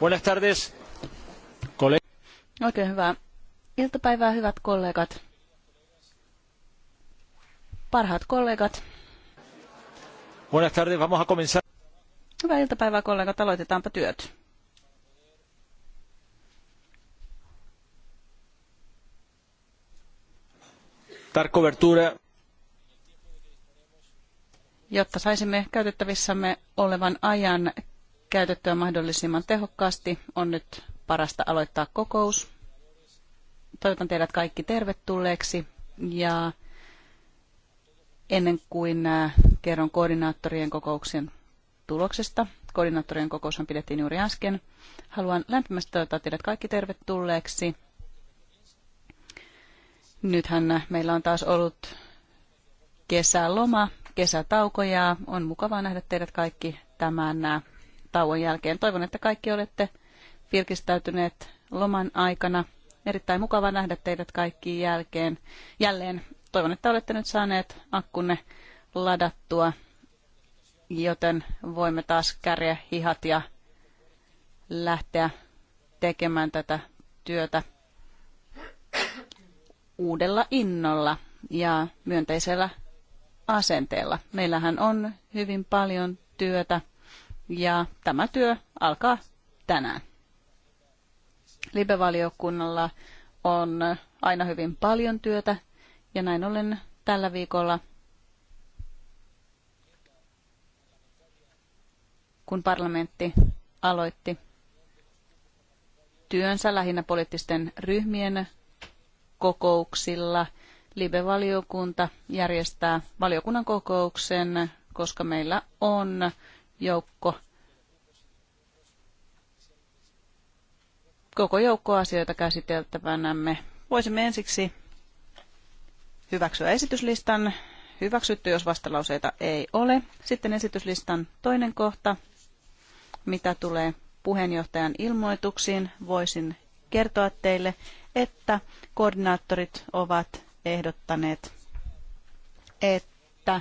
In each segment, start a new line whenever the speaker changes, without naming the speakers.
Buenas tardes.
Oikein hyvää iltapäivää, hyvät kollegat. Parhaat kollegat.
Buenas tardes, vamos a comenzar.
Hyvää iltapäivää, kollegat. Aloitetaanpa työt.
Dar cobertura
jotta saisimme käytettävissämme olevan ajan käytettyä mahdollisimman tehokkaasti, on nyt parasta aloittaa kokous. Toivotan teidät kaikki tervetulleeksi ja ennen kuin äh, kerron koordinaattorien kokouksen tuloksesta, koordinaattorien on pidettiin juuri äsken, haluan lämpimästi toivottaa teidät kaikki tervetulleeksi. Nythän äh, meillä on taas ollut kesäloma, kesätaukoja. on mukavaa nähdä teidät kaikki tämän äh, tauon jälkeen. Toivon, että kaikki olette virkistäytyneet loman aikana. Erittäin mukava nähdä teidät kaikki jälkeen. jälleen. Toivon, että olette nyt saaneet akkunne ladattua, joten voimme taas kärjä hihat ja lähteä tekemään tätä työtä uudella innolla ja myönteisellä asenteella. Meillähän on hyvin paljon työtä ja tämä työ alkaa tänään. Libevaliokunnalla on aina hyvin paljon työtä ja näin ollen tällä viikolla, kun parlamentti aloitti työnsä lähinnä poliittisten ryhmien kokouksilla, Libevaliokunta järjestää valiokunnan kokouksen, koska meillä on joukko, koko joukko asioita käsiteltävänämme. Voisimme ensiksi hyväksyä esityslistan. Hyväksytty, jos vastalauseita ei ole. Sitten esityslistan toinen kohta, mitä tulee puheenjohtajan ilmoituksiin, voisin kertoa teille, että koordinaattorit ovat ehdottaneet, että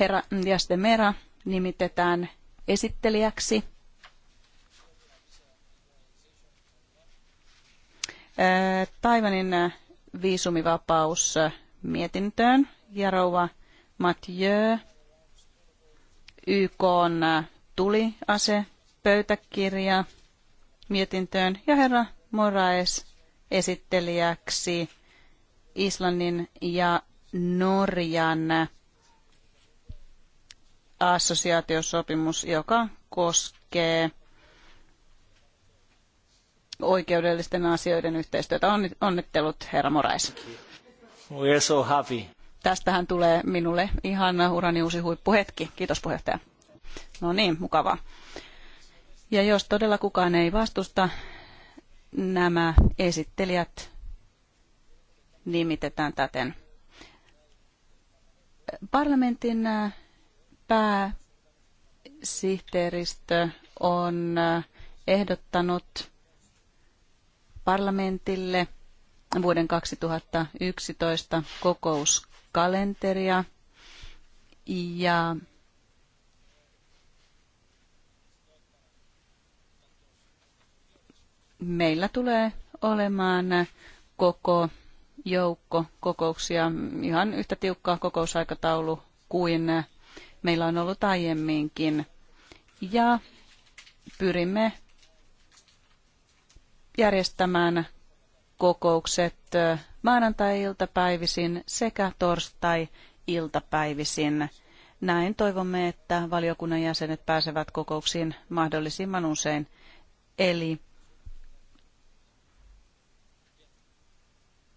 herra diastemera de Mera nimitetään esittelijäksi. Äh, Taivanin viisumivapaus mietintöön Jarova Mathieu YK äh, tuli ase pöytäkirja mietintöön ja herra Moraes esittelijäksi Islannin ja Norjan assosiaatiosopimus, joka koskee oikeudellisten asioiden yhteistyötä. Onnittelut, herra Morais.
We're so happy.
Tästähän tulee minulle ihan urani uusi huippuhetki. Kiitos puheenjohtaja. No niin, mukavaa. Ja jos todella kukaan ei vastusta, nämä esittelijät nimitetään täten. Parlamentin äh, Pääsihteeristö on äh, ehdottanut parlamentille vuoden 2011 kokouskalenteria ja meillä tulee olemaan koko joukko kokouksia, ihan yhtä tiukka kokousaikataulu kuin meillä on ollut aiemminkin. Ja pyrimme järjestämään kokoukset maanantai-iltapäivisin sekä torstai-iltapäivisin. Näin toivomme, että valiokunnan jäsenet pääsevät kokouksiin mahdollisimman usein. Eli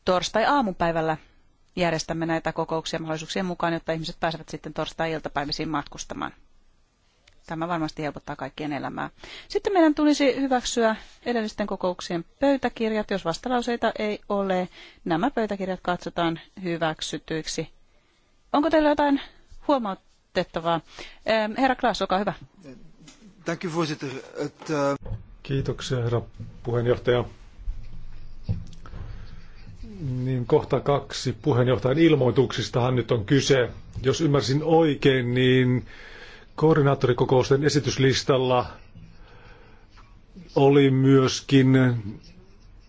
torstai-aamupäivällä järjestämme näitä kokouksia mahdollisuuksien mukaan, jotta ihmiset pääsevät sitten torstai-iltapäivisiin matkustamaan. Tämä varmasti helpottaa kaikkien elämää. Sitten meidän tulisi hyväksyä edellisten kokouksien pöytäkirjat. Jos vastalauseita ei ole, nämä pöytäkirjat katsotaan hyväksytyiksi. Onko teillä jotain huomautettavaa? Herra Klaas, olkaa hyvä. Eh,
Kiitoksia, herra puheenjohtaja. Niin kohta kaksi puheenjohtajan ilmoituksistahan nyt on kyse. Jos ymmärsin oikein, niin koordinaattorikokousten esityslistalla oli myöskin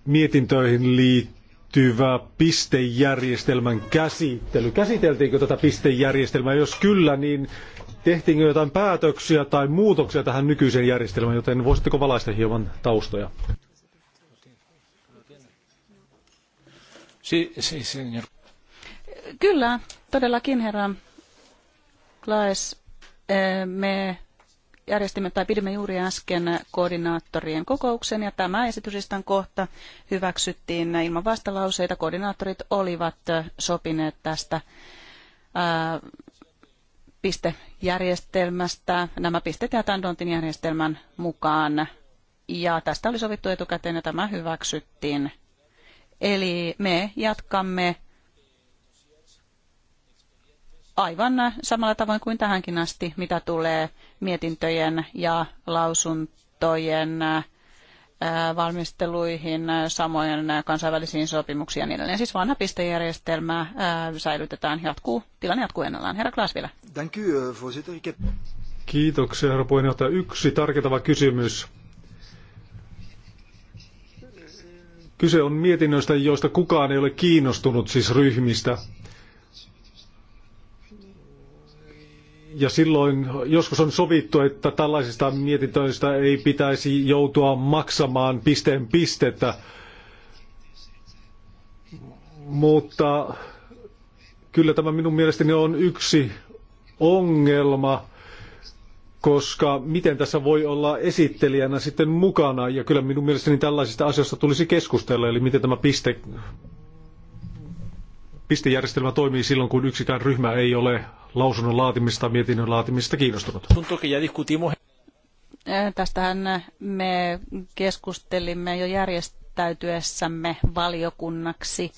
mietintöihin liittyvä pistejärjestelmän käsittely. Käsiteltiinkö tätä pistejärjestelmää? Jos kyllä, niin tehtiinkö jotain päätöksiä tai muutoksia tähän nykyiseen järjestelmään, joten voisitteko valaista hieman taustoja?
Kyllä, todellakin herra Klaes, eh, me järjestimme tai pidimme juuri äsken koordinaattorien kokouksen ja tämä esityslistan kohta hyväksyttiin ilman vastalauseita. Koordinaattorit olivat sopineet tästä ää, pistejärjestelmästä. Nämä pisteet jätään Dontin järjestelmän mukaan ja tästä oli sovittu etukäteen ja tämä hyväksyttiin. Eli me jatkamme aivan samalla tavoin kuin tähänkin asti, mitä tulee mietintöjen ja lausuntojen valmisteluihin, samoin kansainvälisiin sopimuksiin ja niin edelleen. Siis vanha pistejärjestelmä säilytetään, jatkuu, tilanne jatkuu ennallaan. Herra Klaas vielä.
Kiitoksia, herra puheenjohtaja. Yksi tarkentava kysymys. Kyse on mietinnöistä, joista kukaan ei ole kiinnostunut, siis ryhmistä. Ja silloin joskus on sovittu, että tällaisista mietintöistä ei pitäisi joutua maksamaan pisteen pistettä. Mutta kyllä tämä minun mielestäni on yksi ongelma koska miten tässä voi olla esittelijänä sitten mukana, ja kyllä minun mielestäni tällaisista asioista tulisi keskustella, eli miten tämä piste, pistejärjestelmä toimii silloin, kun yksikään ryhmä ei ole lausunnon laatimista tai mietinnön laatimista kiinnostunut.
Eh, tästähän me keskustelimme jo järjestäytyessämme valiokunnaksi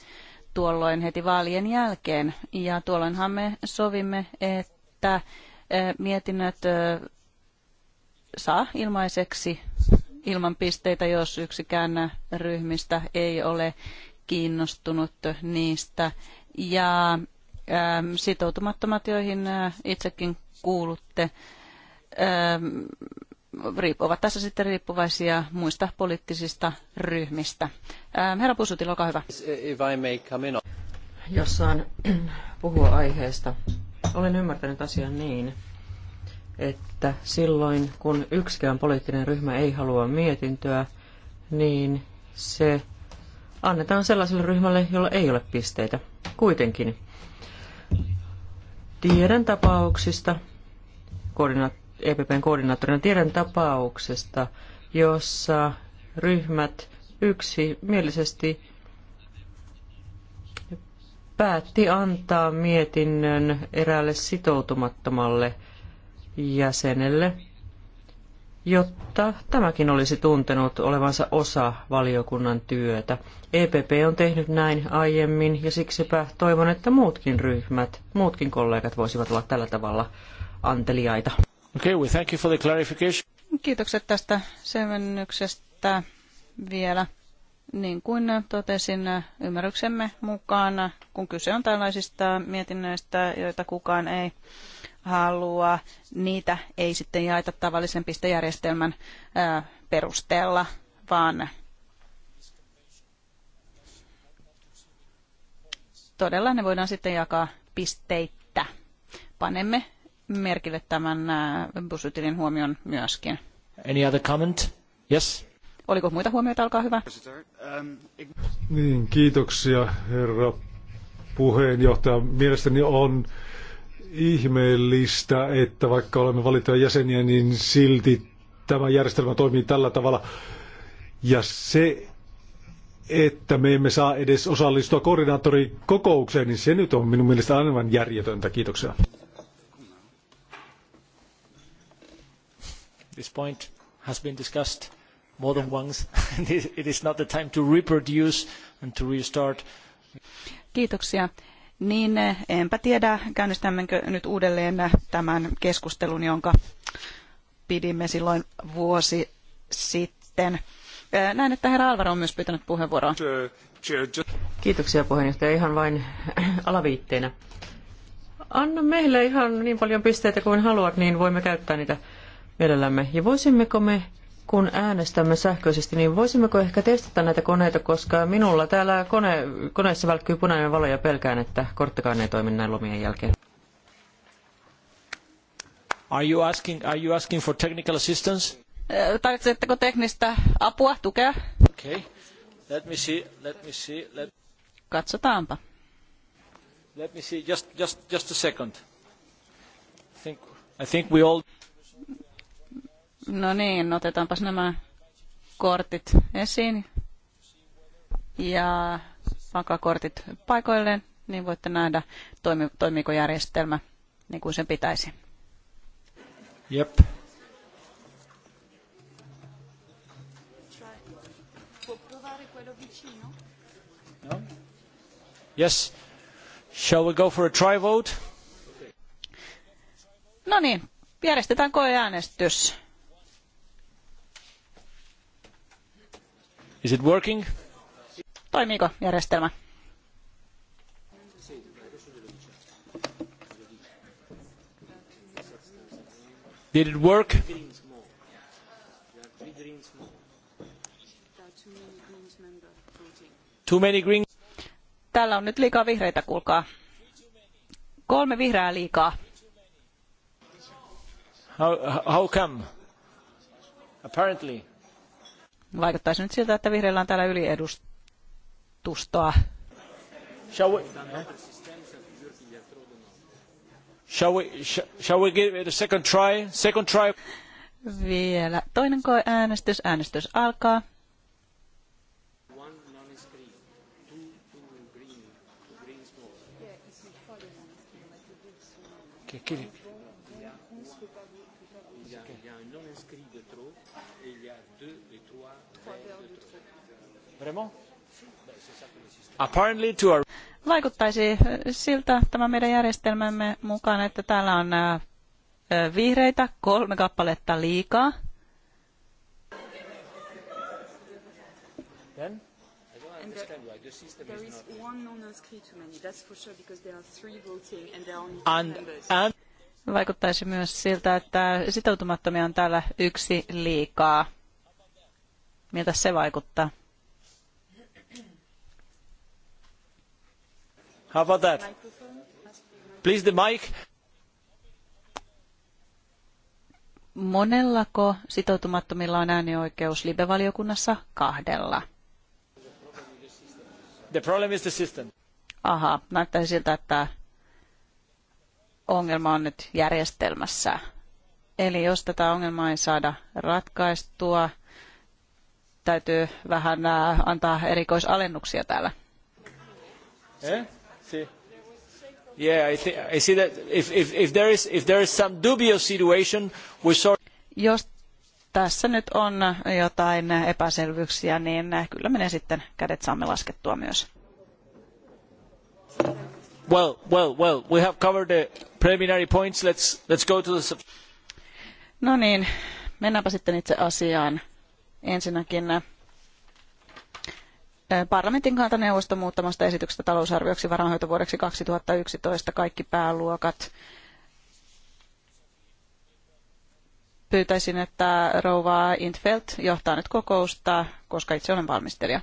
tuolloin heti vaalien jälkeen, ja tuolloinhan me sovimme, että mietinnöt saa ilmaiseksi ilman pisteitä, jos yksikään ryhmistä ei ole kiinnostunut niistä. Ja sitoutumattomat, joihin itsekin kuulutte, ovat tässä sitten riippuvaisia muista poliittisista ryhmistä. Herra Pusutil, olkaa hyvä. Jos saan puhua
aiheesta, olen ymmärtänyt asian niin, että silloin kun yksikään poliittinen ryhmä ei halua mietintöä, niin se annetaan sellaiselle ryhmälle, jolla ei ole pisteitä. Kuitenkin tiedän tapauksista, koordinaat- EPPn koordinaattorina tiedän tapauksesta, jossa ryhmät yksimielisesti päätti antaa mietinnön eräälle sitoutumattomalle jäsenelle, jotta tämäkin olisi tuntenut olevansa osa valiokunnan työtä. EPP on tehnyt näin aiemmin ja siksipä toivon, että muutkin ryhmät, muutkin kollegat voisivat olla tällä tavalla anteliaita. Okay, we thank you for the clarification.
Kiitokset tästä selvennyksestä vielä niin kuin totesin ymmärryksemme mukaan, kun kyse on tällaisista mietinnöistä, joita kukaan ei halua, niitä ei sitten jaeta tavallisen pistejärjestelmän perusteella, vaan todella ne voidaan sitten jakaa pisteittä. Panemme merkille tämän Busutilin huomion myöskin.
Any other comment? Yes.
Oliko muita huomioita? Olkaa hyvä.
Niin, kiitoksia herra puheenjohtaja. Mielestäni on ihmeellistä, että vaikka olemme valittuja jäseniä, niin silti tämä järjestelmä toimii tällä tavalla. Ja se, että me emme saa edes osallistua kokoukseen, niin se nyt on minun mielestä aivan järjetöntä. Kiitoksia.
This point has been discussed modern ones. It is not the time to reproduce and to restart.
Kiitoksia. Niin eh, enpä tiedä, käynnistämmekö nyt uudelleen tämän keskustelun, jonka pidimme silloin vuosi sitten. Eh, Näin, että herra Alvaro on myös pyytänyt puheenvuoroa. Kiitoksia puheenjohtaja. Ihan vain alaviitteenä.
Anna meille ihan niin paljon pisteitä kuin haluat, niin voimme käyttää niitä mielellämme. Ja voisimmeko me kun äänestämme sähköisesti, niin voisimmeko ehkä testata näitä koneita, koska minulla täällä kone, koneessa välkkyy punainen valo ja pelkään, että korttikaan ei toimi näin lomien jälkeen.
Are you asking, are you asking for technical assistance?
Tarvitsetteko teknistä apua, tukea?
Okay. Let me see, let me see, let...
Katsotaanpa.
Let me see, just, just, just a second. I think, I think we all...
No niin, otetaanpas nämä kortit esiin ja pankaa kortit paikoilleen, niin voitte nähdä, toimi, toimiiko järjestelmä niin kuin sen pitäisi. Jep. No?
Yes. Shall we go for a try vote? No niin,
järjestetään koeäänestys.
Is it working?
Toimiiko järjestelmä?
Did it work? Too many green.
Täällä on nyt liikaa vihreitä, kuulkaa. Kolme vihreää liikaa.
How, how come? Apparently.
Vaikuttaisi nyt siltä, että vihreillä on täällä yliedustustoa.
Shall we, shall we, shall we give it a second try? Second try.
Vielä toinen koe Äänestys äänestys alkaa. Okay, Vaikuttaisi äh, siltä tämä meidän järjestelmämme mukaan, että täällä on äh, vihreitä kolme kappaletta liikaa. Then? Vaikuttaisi myös siltä, että sitoutumattomia on täällä yksi liikaa. Miltä se vaikuttaa?
How about that? Please the mic.
Monellako sitoutumattomilla on äänioikeus libevaliokunnassa? Kahdella.
The problem is the system.
Aha, näyttää siltä, että ongelma on nyt järjestelmässä. Eli jos tätä ongelmaa ei saada ratkaistua, täytyy vähän äh, antaa erikoisalennuksia täällä.
Eh? see. Yeah, I, th- I see that if, if, if, there is, if there is some dubious situation, we sort... Jos
tässä nyt on jotain epäselvyyksiä, niin kyllä menee sitten kädet saamme laskettua myös.
Well, well, well, we have covered the preliminary points. Let's, let's go to the...
No niin, mennäänpä sitten itse asiaan. Ensinnäkin parlamentin kanta neuvoston muuttamasta esityksestä talousarvioksi varainhoitovuodeksi 2011 kaikki pääluokat. Pyytäisin, että rouva Intfeld johtaa nyt kokousta, koska itse olen valmistelija.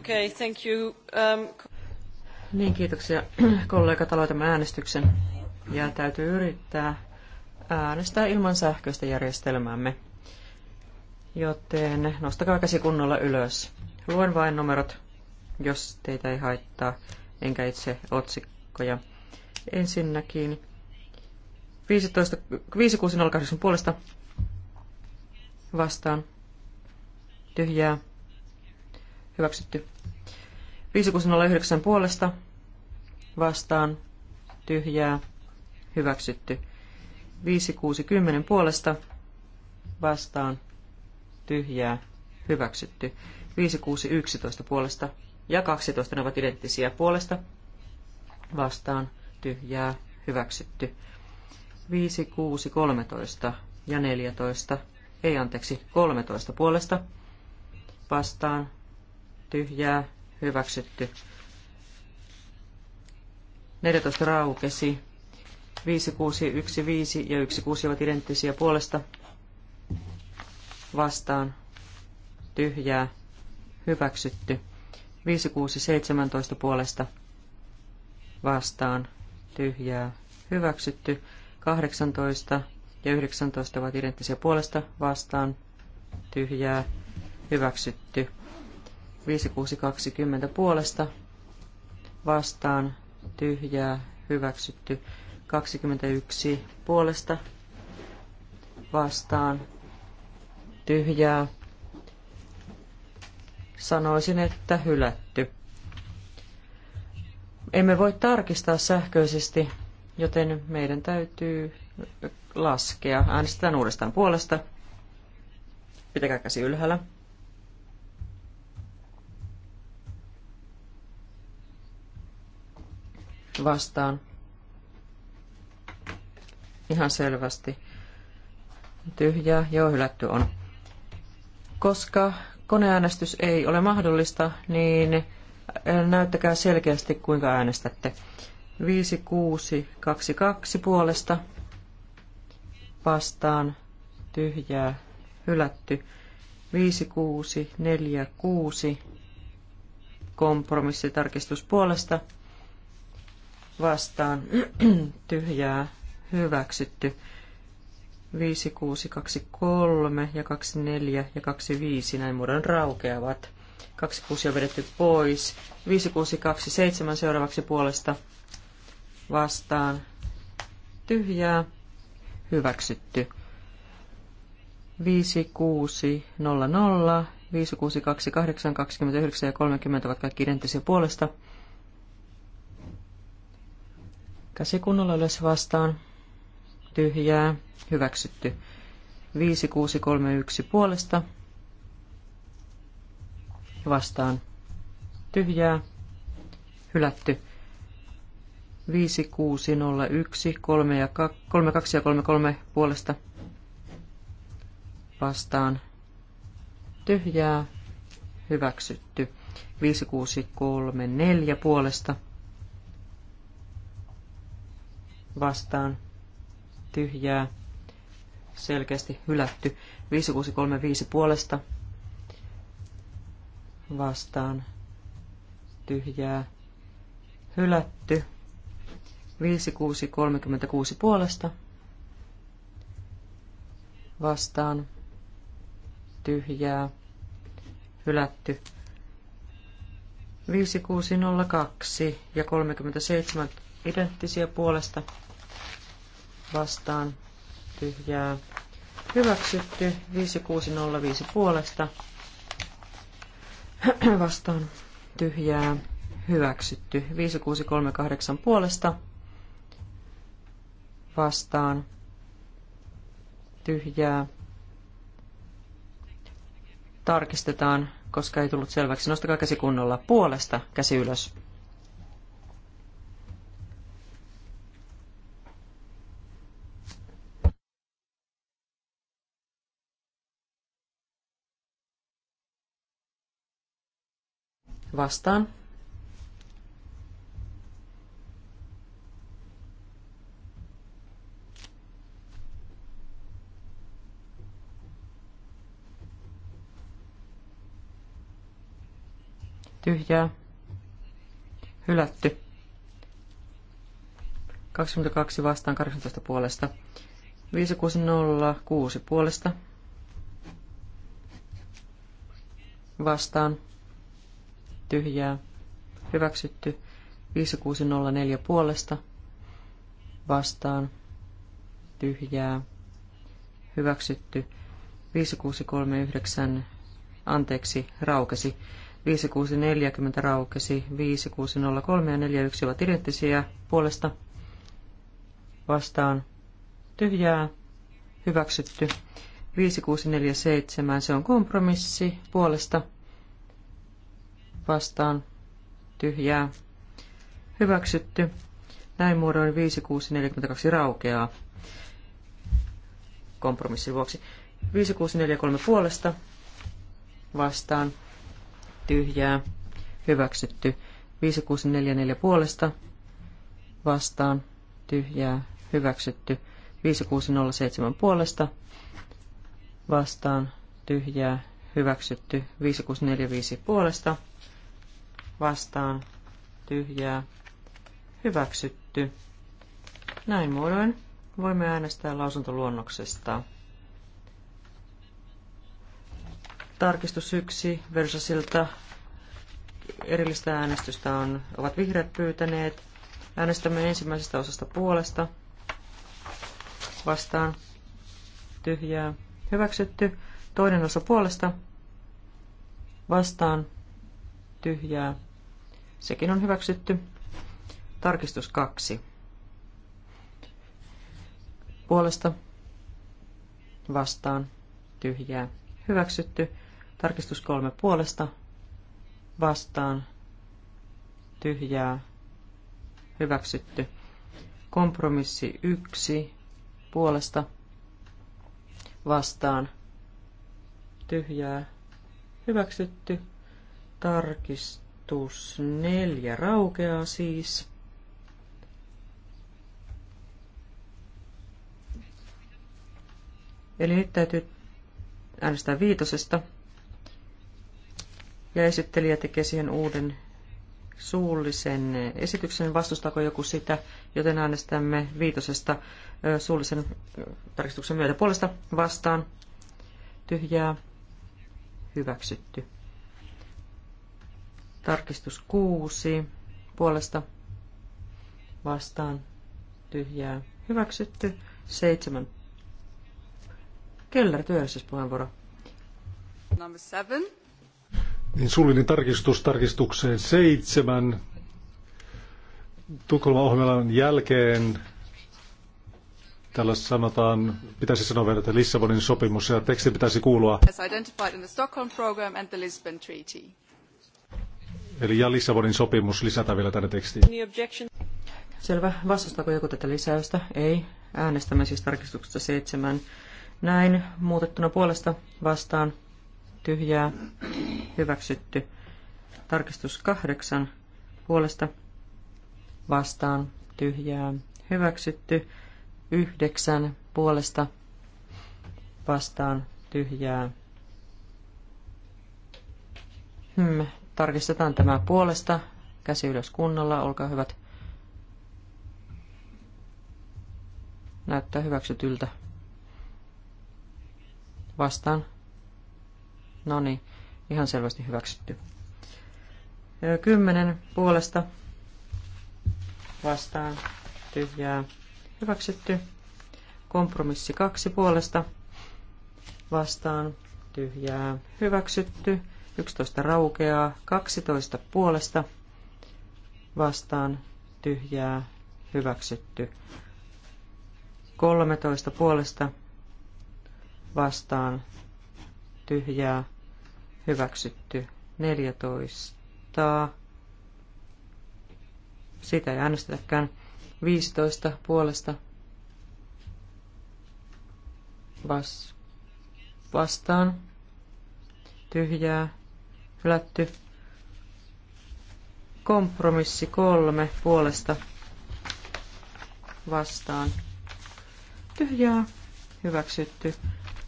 Okay, thank you. Um... Niin, kiitoksia Aloitamme äänestyksen. Ja täytyy yrittää äänestää ilman sähköistä järjestelmäämme. Joten nostakaa käsi kunnolla ylös. Luen vain numerot, jos teitä ei haittaa, enkä itse otsikkoja. Ensinnäkin 15, 5608 puolesta vastaan. Tyhjää Hyväksytty. 5609 puolesta vastaan tyhjää. Hyväksytty. 5610 puolesta vastaan tyhjää. Hyväksytty. 5611 puolesta ja 12 ne ovat identtisiä puolesta vastaan tyhjää. Hyväksytty. 5613 ja 14 ei anteeksi 13 puolesta vastaan tyhjää, hyväksytty. 14 raukesi. 5, 6, 1, 5 ja 1, 6 ovat identtisiä puolesta. Vastaan. Tyhjää. Hyväksytty. 5, 6, 17 puolesta. Vastaan. Tyhjää. Hyväksytty. 18 ja 19 ovat identtisiä puolesta. Vastaan. Tyhjää. Hyväksytty. 5620 puolesta vastaan tyhjää hyväksytty 21 puolesta vastaan tyhjää. Sanoisin, että hylätty. Emme voi tarkistaa sähköisesti, joten meidän täytyy laskea. Äänestetään uudestaan puolesta. Pitäkää käsi ylhäällä. vastaan. Ihan selvästi. Tyhjää, joo hylätty on. Koska koneäänestys ei ole mahdollista, niin näyttäkää selkeästi kuinka äänestätte. 2 puolesta vastaan tyhjää hylätty. 6 kompromissitarkistus puolesta vastaan tyhjää hyväksytty. 5, 6, 2, 3 ja 2, 4 ja 2, 5 näin muodon raukeavat. 2, 6 on vedetty pois. 5, 6, 2, 7 seuraavaksi puolesta vastaan tyhjää hyväksytty. 5, 6, 0, 0, 5, 6, 2, 8, 29 ja 30 ovat kaikki identtisiä puolesta Käsi kunnolla ylös vastaan. Tyhjää. Hyväksytty. 5631 puolesta. Vastaan. Tyhjää. Hylätty. 5601, 3 ja 2, 3, 2 ja 3, 3 puolesta vastaan tyhjää, hyväksytty. 5634 puolesta vastaan tyhjää selkeästi hylätty. 5635 puolesta vastaan tyhjää hylätty. 5636 puolesta vastaan tyhjää hylätty. 5602 ja 37 identtisiä puolesta vastaan tyhjää. Hyväksytty 5605 puolesta vastaan tyhjää. Hyväksytty 5638 puolesta vastaan tyhjää. Tarkistetaan, koska ei tullut selväksi. Nostakaa käsi kunnolla puolesta, käsi ylös. vastaan. Tyhjää. Hylätty. 22 vastaan 18 puolesta. 5606 puolesta. Vastaan tyhjää, hyväksytty. 5604 puolesta, vastaan, tyhjää, hyväksytty. 5639, anteeksi, raukesi. 5640 raukesi, 5603 ja 41 ovat identtisiä puolesta, vastaan, tyhjää, hyväksytty. 5647, se on kompromissi puolesta, vastaan tyhjää hyväksytty. Näin muodoin 5642 raukeaa kompromissin vuoksi. 5643 puolesta vastaan tyhjää hyväksytty. 5644 puolesta vastaan tyhjää hyväksytty. 5607 puolesta vastaan tyhjää hyväksytty. 5645 puolesta vastaan tyhjää hyväksytty. Näin muodoin voimme äänestää lausuntoluonnoksesta. Tarkistus 1 versasilta erillistä äänestystä on, ovat vihreät pyytäneet. Äänestämme ensimmäisestä osasta puolesta. Vastaan. Tyhjää. Hyväksytty. Toinen osa puolesta. Vastaan. Tyhjää. Sekin on hyväksytty. Tarkistus kaksi Puolesta vastaan tyhjää. Hyväksytty. Tarkistus kolme Puolesta vastaan tyhjää. Hyväksytty. Kompromissi yksi Puolesta vastaan tyhjää. Hyväksytty. Tarkistus plus neljä raukeaa siis. Eli nyt täytyy äänestää viitosesta. Ja esittelijä tekee siihen uuden suullisen esityksen. Vastustaako joku sitä, joten äänestämme viitosesta suullisen tarkistuksen myötä puolesta vastaan. Tyhjää. Hyväksytty. Tarkistus kuusi puolesta vastaan tyhjää hyväksytty. Seitsemän. Keller työllisyyspuheenvuoro.
Number seven.
Niin suullinen tarkistus tarkistukseen seitsemän. Tukholman ohjelman jälkeen tällä sanotaan, pitäisi sanoa vielä, että Lissabonin sopimus ja teksti pitäisi kuulua.
As identified in the Stockholm program and the Lisbon treaty.
Eli ja Lissabonin sopimus lisätään vielä tänne tekstiin.
Selvä. Vastustaako joku tätä lisäystä? Ei. Äänestämme siis tarkistuksesta seitsemän. Näin muutettuna puolesta vastaan tyhjää hyväksytty. Tarkistus kahdeksan puolesta vastaan tyhjää hyväksytty. Yhdeksän puolesta vastaan tyhjää. Hmm. Tarkistetaan tämä puolesta. Käsi ylös kunnolla, olkaa hyvät. Näyttää hyväksytyltä. Vastaan. No niin, ihan selvästi hyväksytty. Kymmenen puolesta vastaan tyhjää hyväksytty. Kompromissi kaksi puolesta vastaan tyhjää hyväksytty. 11 raukeaa, 12 puolesta vastaan tyhjää hyväksytty. 13 puolesta vastaan tyhjää hyväksytty. 14 sitä ei äänestetäkään. 15 puolesta vas, vastaan tyhjää Hylätty. Kompromissi kolme puolesta vastaan. Tyhjää. Hyväksytty.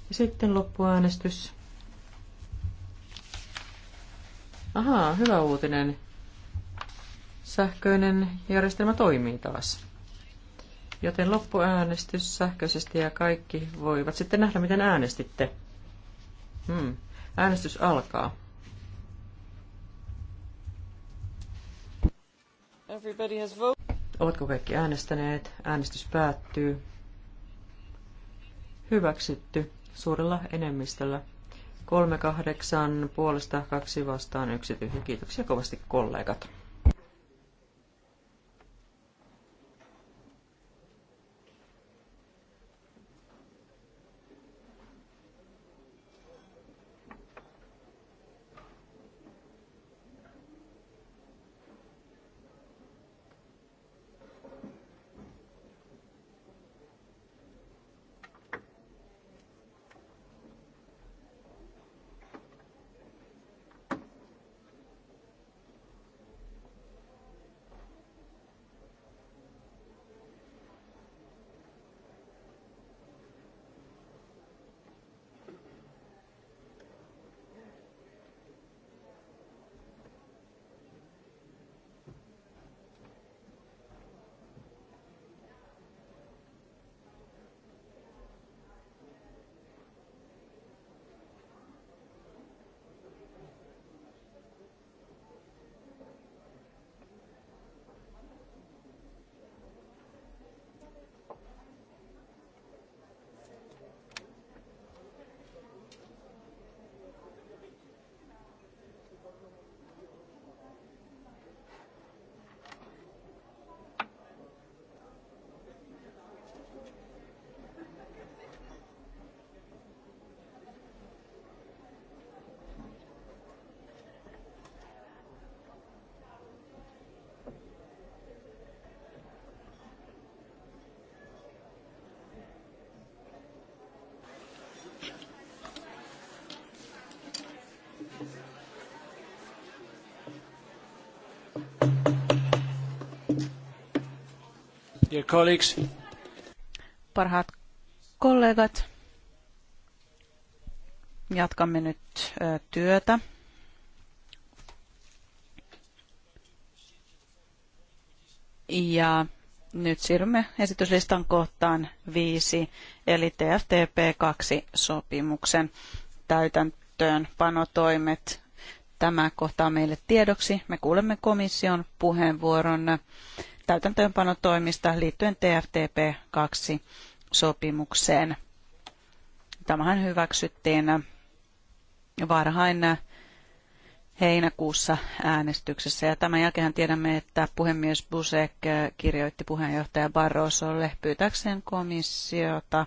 Ja sitten loppuäänestys. Ahaa, hyvä uutinen. Sähköinen järjestelmä toimii taas. Joten loppuäänestys sähköisesti ja kaikki voivat sitten nähdä, miten äänestitte. Hmm. Äänestys alkaa. Everybody has voted. Ovatko kaikki äänestäneet? Äänestys päättyy. Hyväksytty suurella enemmistöllä. Kolme kahdeksan puolesta, kaksi vastaan, yksi tyhjä. Kiitoksia kovasti kollegat.
Dear colleagues.
Parhaat kollegat, jatkamme nyt työtä. Ja nyt siirrymme esityslistan kohtaan viisi, eli TFTP2-sopimuksen täytäntöönpanotoimet. Tämä kohtaa meille tiedoksi. Me kuulemme komission puheenvuoron täytäntöönpanotoimista liittyen TFTP-2-sopimukseen. Tämähän hyväksyttiin varhain heinäkuussa äänestyksessä. Ja tämän jälkeen tiedämme, että puhemies Busek kirjoitti puheenjohtaja Barrosolle pyytäkseen komissiota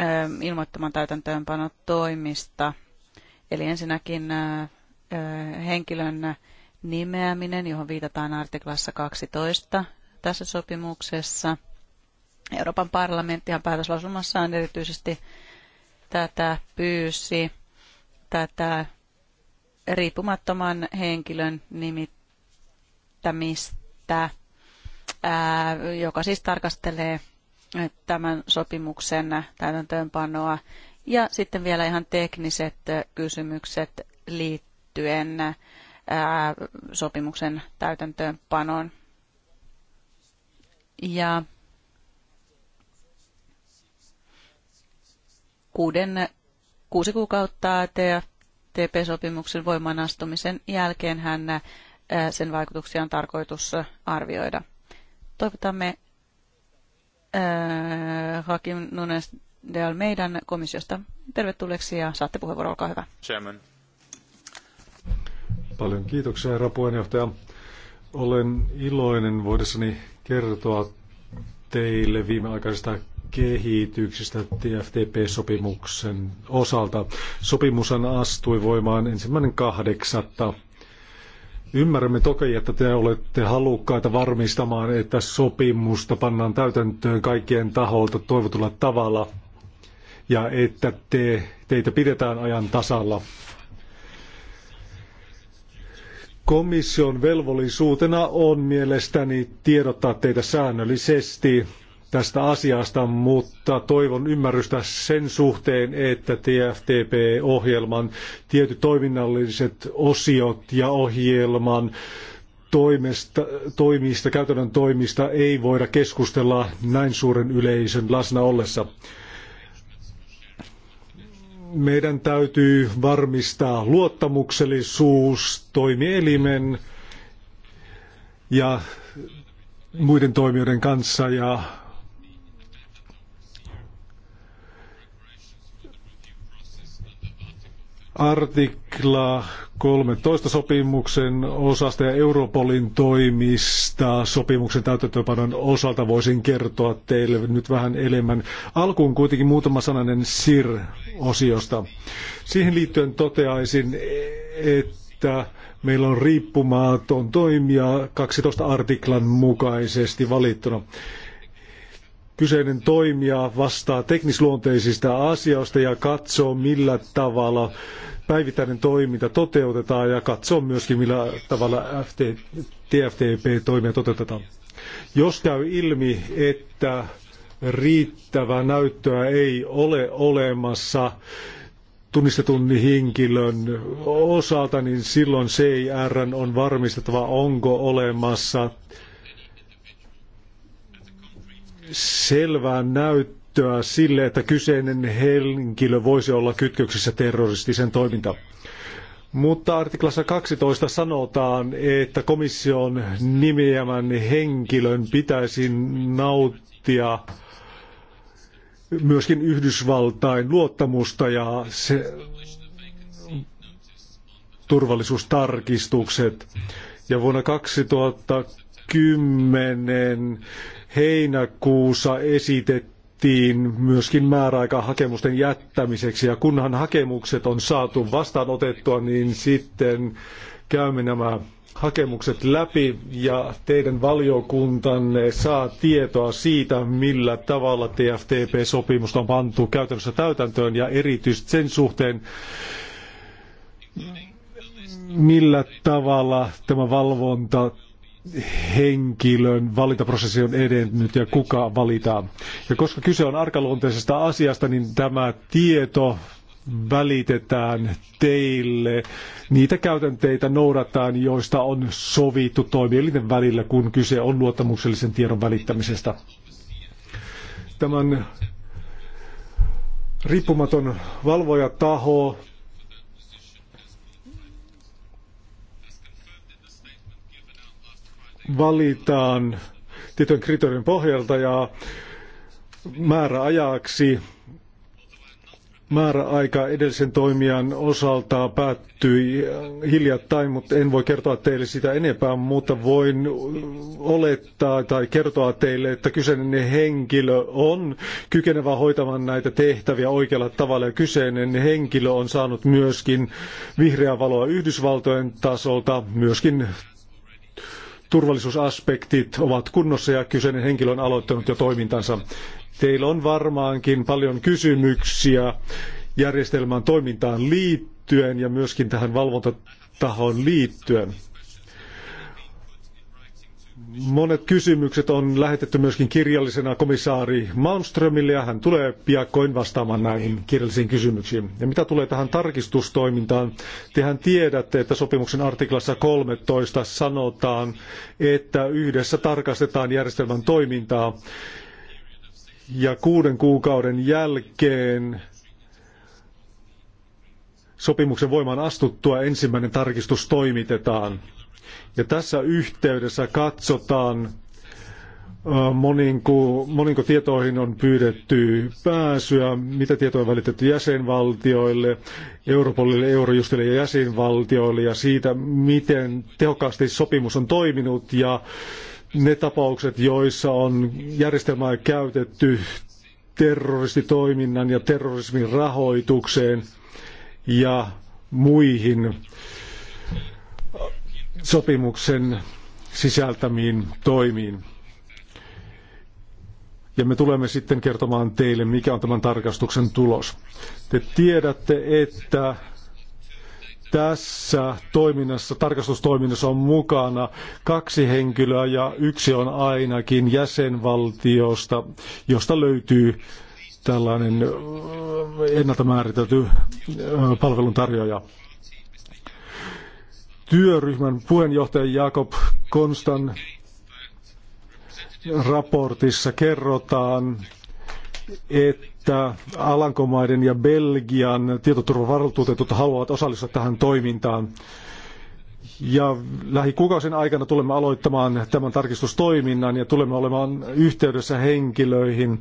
ähm, ilmoittamaan täytäntöönpanotoimista. Eli ensinnäkin äh, äh, henkilön nimeäminen, johon viitataan artiklassa 12 tässä sopimuksessa. Euroopan parlamenttihan päätöslausumassaan erityisesti tätä pyysi, tätä riippumattoman henkilön nimittämistä, joka siis tarkastelee tämän sopimuksen täytäntöönpanoa. Ja sitten vielä ihan tekniset kysymykset liittyen sopimuksen täytäntöönpanoon. Ja kuuden, kuusi kuukautta tp sopimuksen voimaan astumisen jälkeen hän sen vaikutuksia on tarkoitus arvioida. Toivotamme Hakim Nunes de Almeidan komissiosta tervetulleeksi ja saatte puheenvuoron, olkaa hyvä.
Chairman.
Paljon kiitoksia, herra puheenjohtaja. Olen iloinen voidessani kertoa teille viimeaikaisesta kehityksistä TFTP-sopimuksen osalta. Sopimus astui voimaan ensimmäinen kahdeksatta. Ymmärrämme toki, että te olette halukkaita varmistamaan, että sopimusta pannaan täytäntöön kaikkien taholta toivotulla tavalla ja että te, teitä pidetään ajan tasalla Komission velvollisuutena on mielestäni tiedottaa teitä säännöllisesti tästä asiasta, mutta toivon ymmärrystä sen suhteen, että TFTP-ohjelman tietyt toiminnalliset osiot ja ohjelman toimesta, toimista, käytännön toimista ei voida keskustella näin suuren yleisön läsnä ollessa meidän täytyy varmistaa luottamuksellisuus toimielimen ja muiden toimijoiden kanssa ja artikla 13 sopimuksen osasta ja Europolin toimista sopimuksen täytäntöönpanon osalta voisin kertoa teille nyt vähän enemmän. Alkuun kuitenkin muutama sananen SIR-osiosta. Siihen liittyen toteaisin, että meillä on riippumaton toimija 12 artiklan mukaisesti valittuna kyseinen toimija vastaa teknisluonteisista asioista ja katsoo millä tavalla päivittäinen toiminta toteutetaan ja katsoo myöskin millä tavalla FT, TFTP-toimia toteutetaan. Jos käy ilmi, että riittävää näyttöä ei ole olemassa tunnistetun henkilön osalta, niin silloin CIR on varmistettava, onko olemassa selvää näyttöä sille, että kyseinen henkilö voisi olla kytköksissä terroristisen toimintaan. Mutta artiklassa 12 sanotaan, että komission nimeämän henkilön pitäisi nauttia myöskin Yhdysvaltain luottamusta ja se turvallisuustarkistukset. Ja vuonna 2010 heinäkuussa esitettiin myöskin määräaika hakemusten jättämiseksi. Ja kunhan hakemukset on saatu vastaanotettua, niin sitten käymme nämä hakemukset läpi ja teidän valiokuntanne saa tietoa siitä, millä tavalla tftp sopimus on pantu käytännössä täytäntöön ja erityisesti sen suhteen, millä tavalla tämä valvonta henkilön valintaprosessi on edennyt ja kuka valitaan. Ja koska kyse on arkaluonteisesta asiasta, niin tämä tieto välitetään teille niitä käytänteitä noudataan, joista on sovittu toimielinten välillä, kun kyse on luottamuksellisen tiedon välittämisestä. Tämän riippumaton valvoja taho valitaan tietyn kriteerin pohjalta ja määräajaksi määräaika edellisen toimijan osalta päättyi hiljattain, mutta en voi kertoa teille sitä enempää, mutta voin olettaa tai kertoa teille, että kyseinen henkilö on kykenevä hoitamaan näitä tehtäviä oikealla tavalla ja kyseinen henkilö on saanut myöskin vihreää valoa Yhdysvaltojen tasolta myöskin turvallisuusaspektit ovat kunnossa ja kyseinen henkilö on aloittanut jo toimintansa. Teillä on varmaankin paljon kysymyksiä järjestelmän toimintaan liittyen ja myöskin tähän valvontatahoon liittyen. Monet kysymykset on lähetetty myöskin kirjallisena komissaari Malmströmille ja hän tulee piakkoin vastaamaan näihin kirjallisiin kysymyksiin. Ja mitä tulee tähän tarkistustoimintaan, tehän tiedätte, että sopimuksen artiklassa 13 sanotaan, että yhdessä tarkastetaan järjestelmän toimintaa ja kuuden kuukauden jälkeen sopimuksen voimaan astuttua ensimmäinen tarkistus toimitetaan. Ja tässä yhteydessä katsotaan, äh, moninko, moninko tietoihin on pyydetty pääsyä, mitä tietoja on välitetty jäsenvaltioille, Europolille, Eurojustille ja jäsenvaltioille ja siitä, miten tehokkaasti sopimus on toiminut ja ne tapaukset, joissa on järjestelmää käytetty terroristitoiminnan ja terrorismin rahoitukseen ja muihin sopimuksen sisältämiin toimiin. Ja me tulemme sitten kertomaan teille, mikä on tämän tarkastuksen tulos. Te tiedätte, että tässä toiminnassa, tarkastustoiminnassa on mukana kaksi henkilöä ja yksi on ainakin jäsenvaltiosta, josta löytyy tällainen ennalta määritelty palveluntarjoaja työryhmän puheenjohtaja Jakob Konstan raportissa kerrotaan, että Alankomaiden ja Belgian tietoturvavaltuutetut haluavat osallistua tähän toimintaan. Ja lähikuukausien aikana tulemme aloittamaan tämän tarkistustoiminnan ja tulemme olemaan yhteydessä henkilöihin,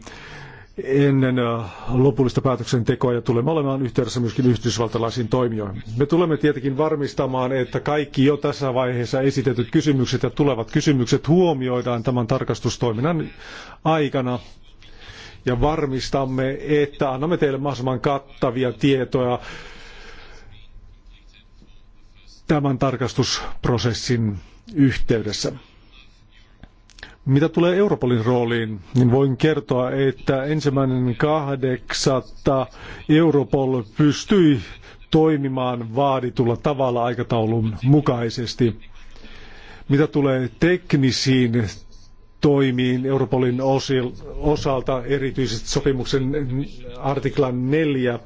ennen äh, lopullista päätöksentekoa ja tulemme olemaan yhteydessä myöskin yhdysvaltalaisiin toimijoihin. Me tulemme tietenkin varmistamaan, että kaikki jo tässä vaiheessa esitetyt kysymykset ja tulevat kysymykset huomioidaan tämän tarkastustoiminnan aikana ja varmistamme, että annamme teille mahdollisimman kattavia tietoja tämän tarkastusprosessin yhteydessä. Mitä tulee Europolin rooliin, niin voin kertoa, että ensimmäinen kahdeksatta Europol pystyi toimimaan vaaditulla tavalla aikataulun mukaisesti. Mitä tulee teknisiin toimiin Europolin osalta, erityisesti sopimuksen artiklan 4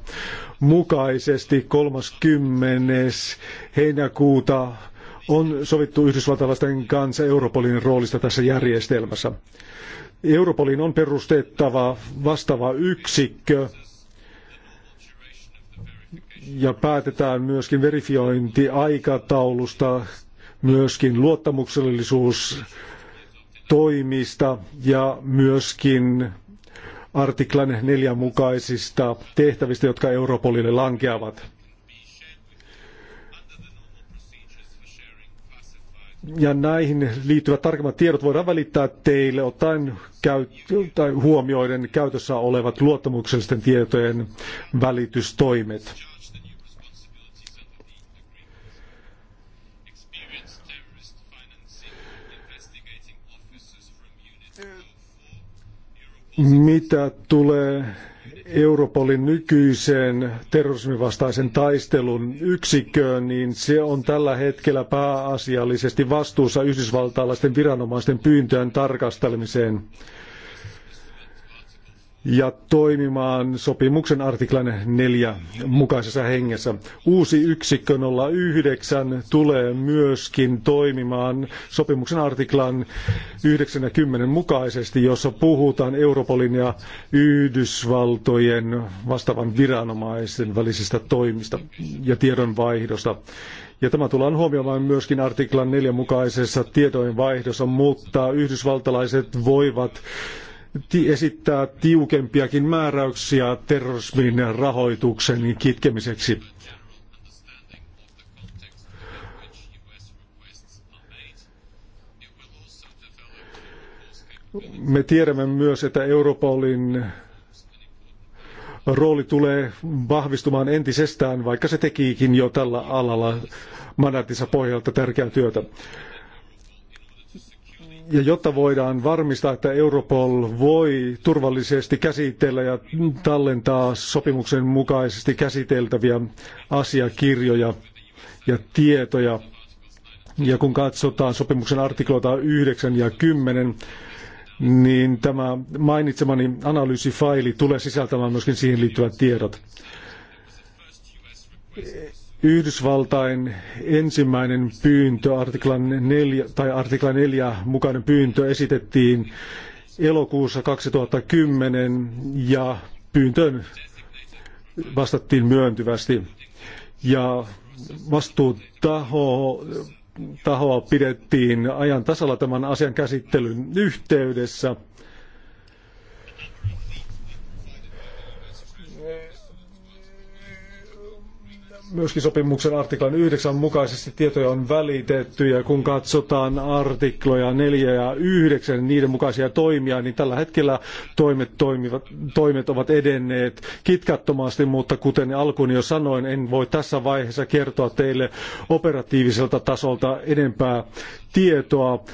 mukaisesti 30. heinäkuuta on sovittu yhdysvaltalaisten kanssa Europolin roolista tässä järjestelmässä. Europolin on perustettava vastaava yksikkö ja päätetään myöskin verifiointiaikataulusta, myöskin luottamuksellisuus toimista ja myöskin artiklan neljän mukaisista tehtävistä, jotka Europolille lankeavat. ja näihin liittyvät tarkemmat tiedot voidaan välittää teille ottaen käyt- huomioiden käytössä olevat luottamuksellisten tietojen välitystoimet. Mitä tulee Europolin nykyiseen terrorismivastaisen taistelun yksikköön, niin se on tällä hetkellä pääasiallisesti vastuussa yhdysvaltalaisten viranomaisten pyyntöjen tarkastelemiseen ja toimimaan sopimuksen artiklan 4 mukaisessa hengessä. Uusi yksikkö 09 tulee myöskin toimimaan sopimuksen artiklan 90 mukaisesti, jossa puhutaan Europolin ja Yhdysvaltojen vastaavan viranomaisten välisistä toimista ja tiedonvaihdosta. Ja tämä tullaan huomioimaan myöskin artiklan 4 mukaisessa tietojenvaihdossa, mutta yhdysvaltalaiset voivat esittää tiukempiakin määräyksiä terrorismin rahoituksen kitkemiseksi. Me tiedämme myös, että Europolin rooli tulee vahvistumaan entisestään, vaikka se tekikin jo tällä alalla mandaattinsa pohjalta tärkeää työtä. Ja jotta voidaan varmistaa, että Europol voi turvallisesti käsitellä ja tallentaa sopimuksen mukaisesti käsiteltäviä asiakirjoja ja tietoja, ja kun katsotaan sopimuksen artikloita 9 ja 10, niin tämä mainitsemani analyysifaili tulee sisältämään myöskin siihen liittyvät tiedot. Yhdysvaltain ensimmäinen pyyntö, artiklan 4, tai artiklan 4 mukainen pyyntö esitettiin elokuussa 2010 ja pyyntöön vastattiin myöntyvästi. Ja vastuutaho tahoa pidettiin ajan tasalla tämän asian käsittelyn yhteydessä – myöskin sopimuksen artiklan 9 mukaisesti tietoja on välitetty ja kun katsotaan artikloja 4 ja 9, niin niiden mukaisia toimia, niin tällä hetkellä toimet, toimivat, toimet ovat edenneet kitkattomasti, mutta kuten alkuun jo sanoin, en voi tässä vaiheessa kertoa teille operatiiviselta tasolta enempää tietoa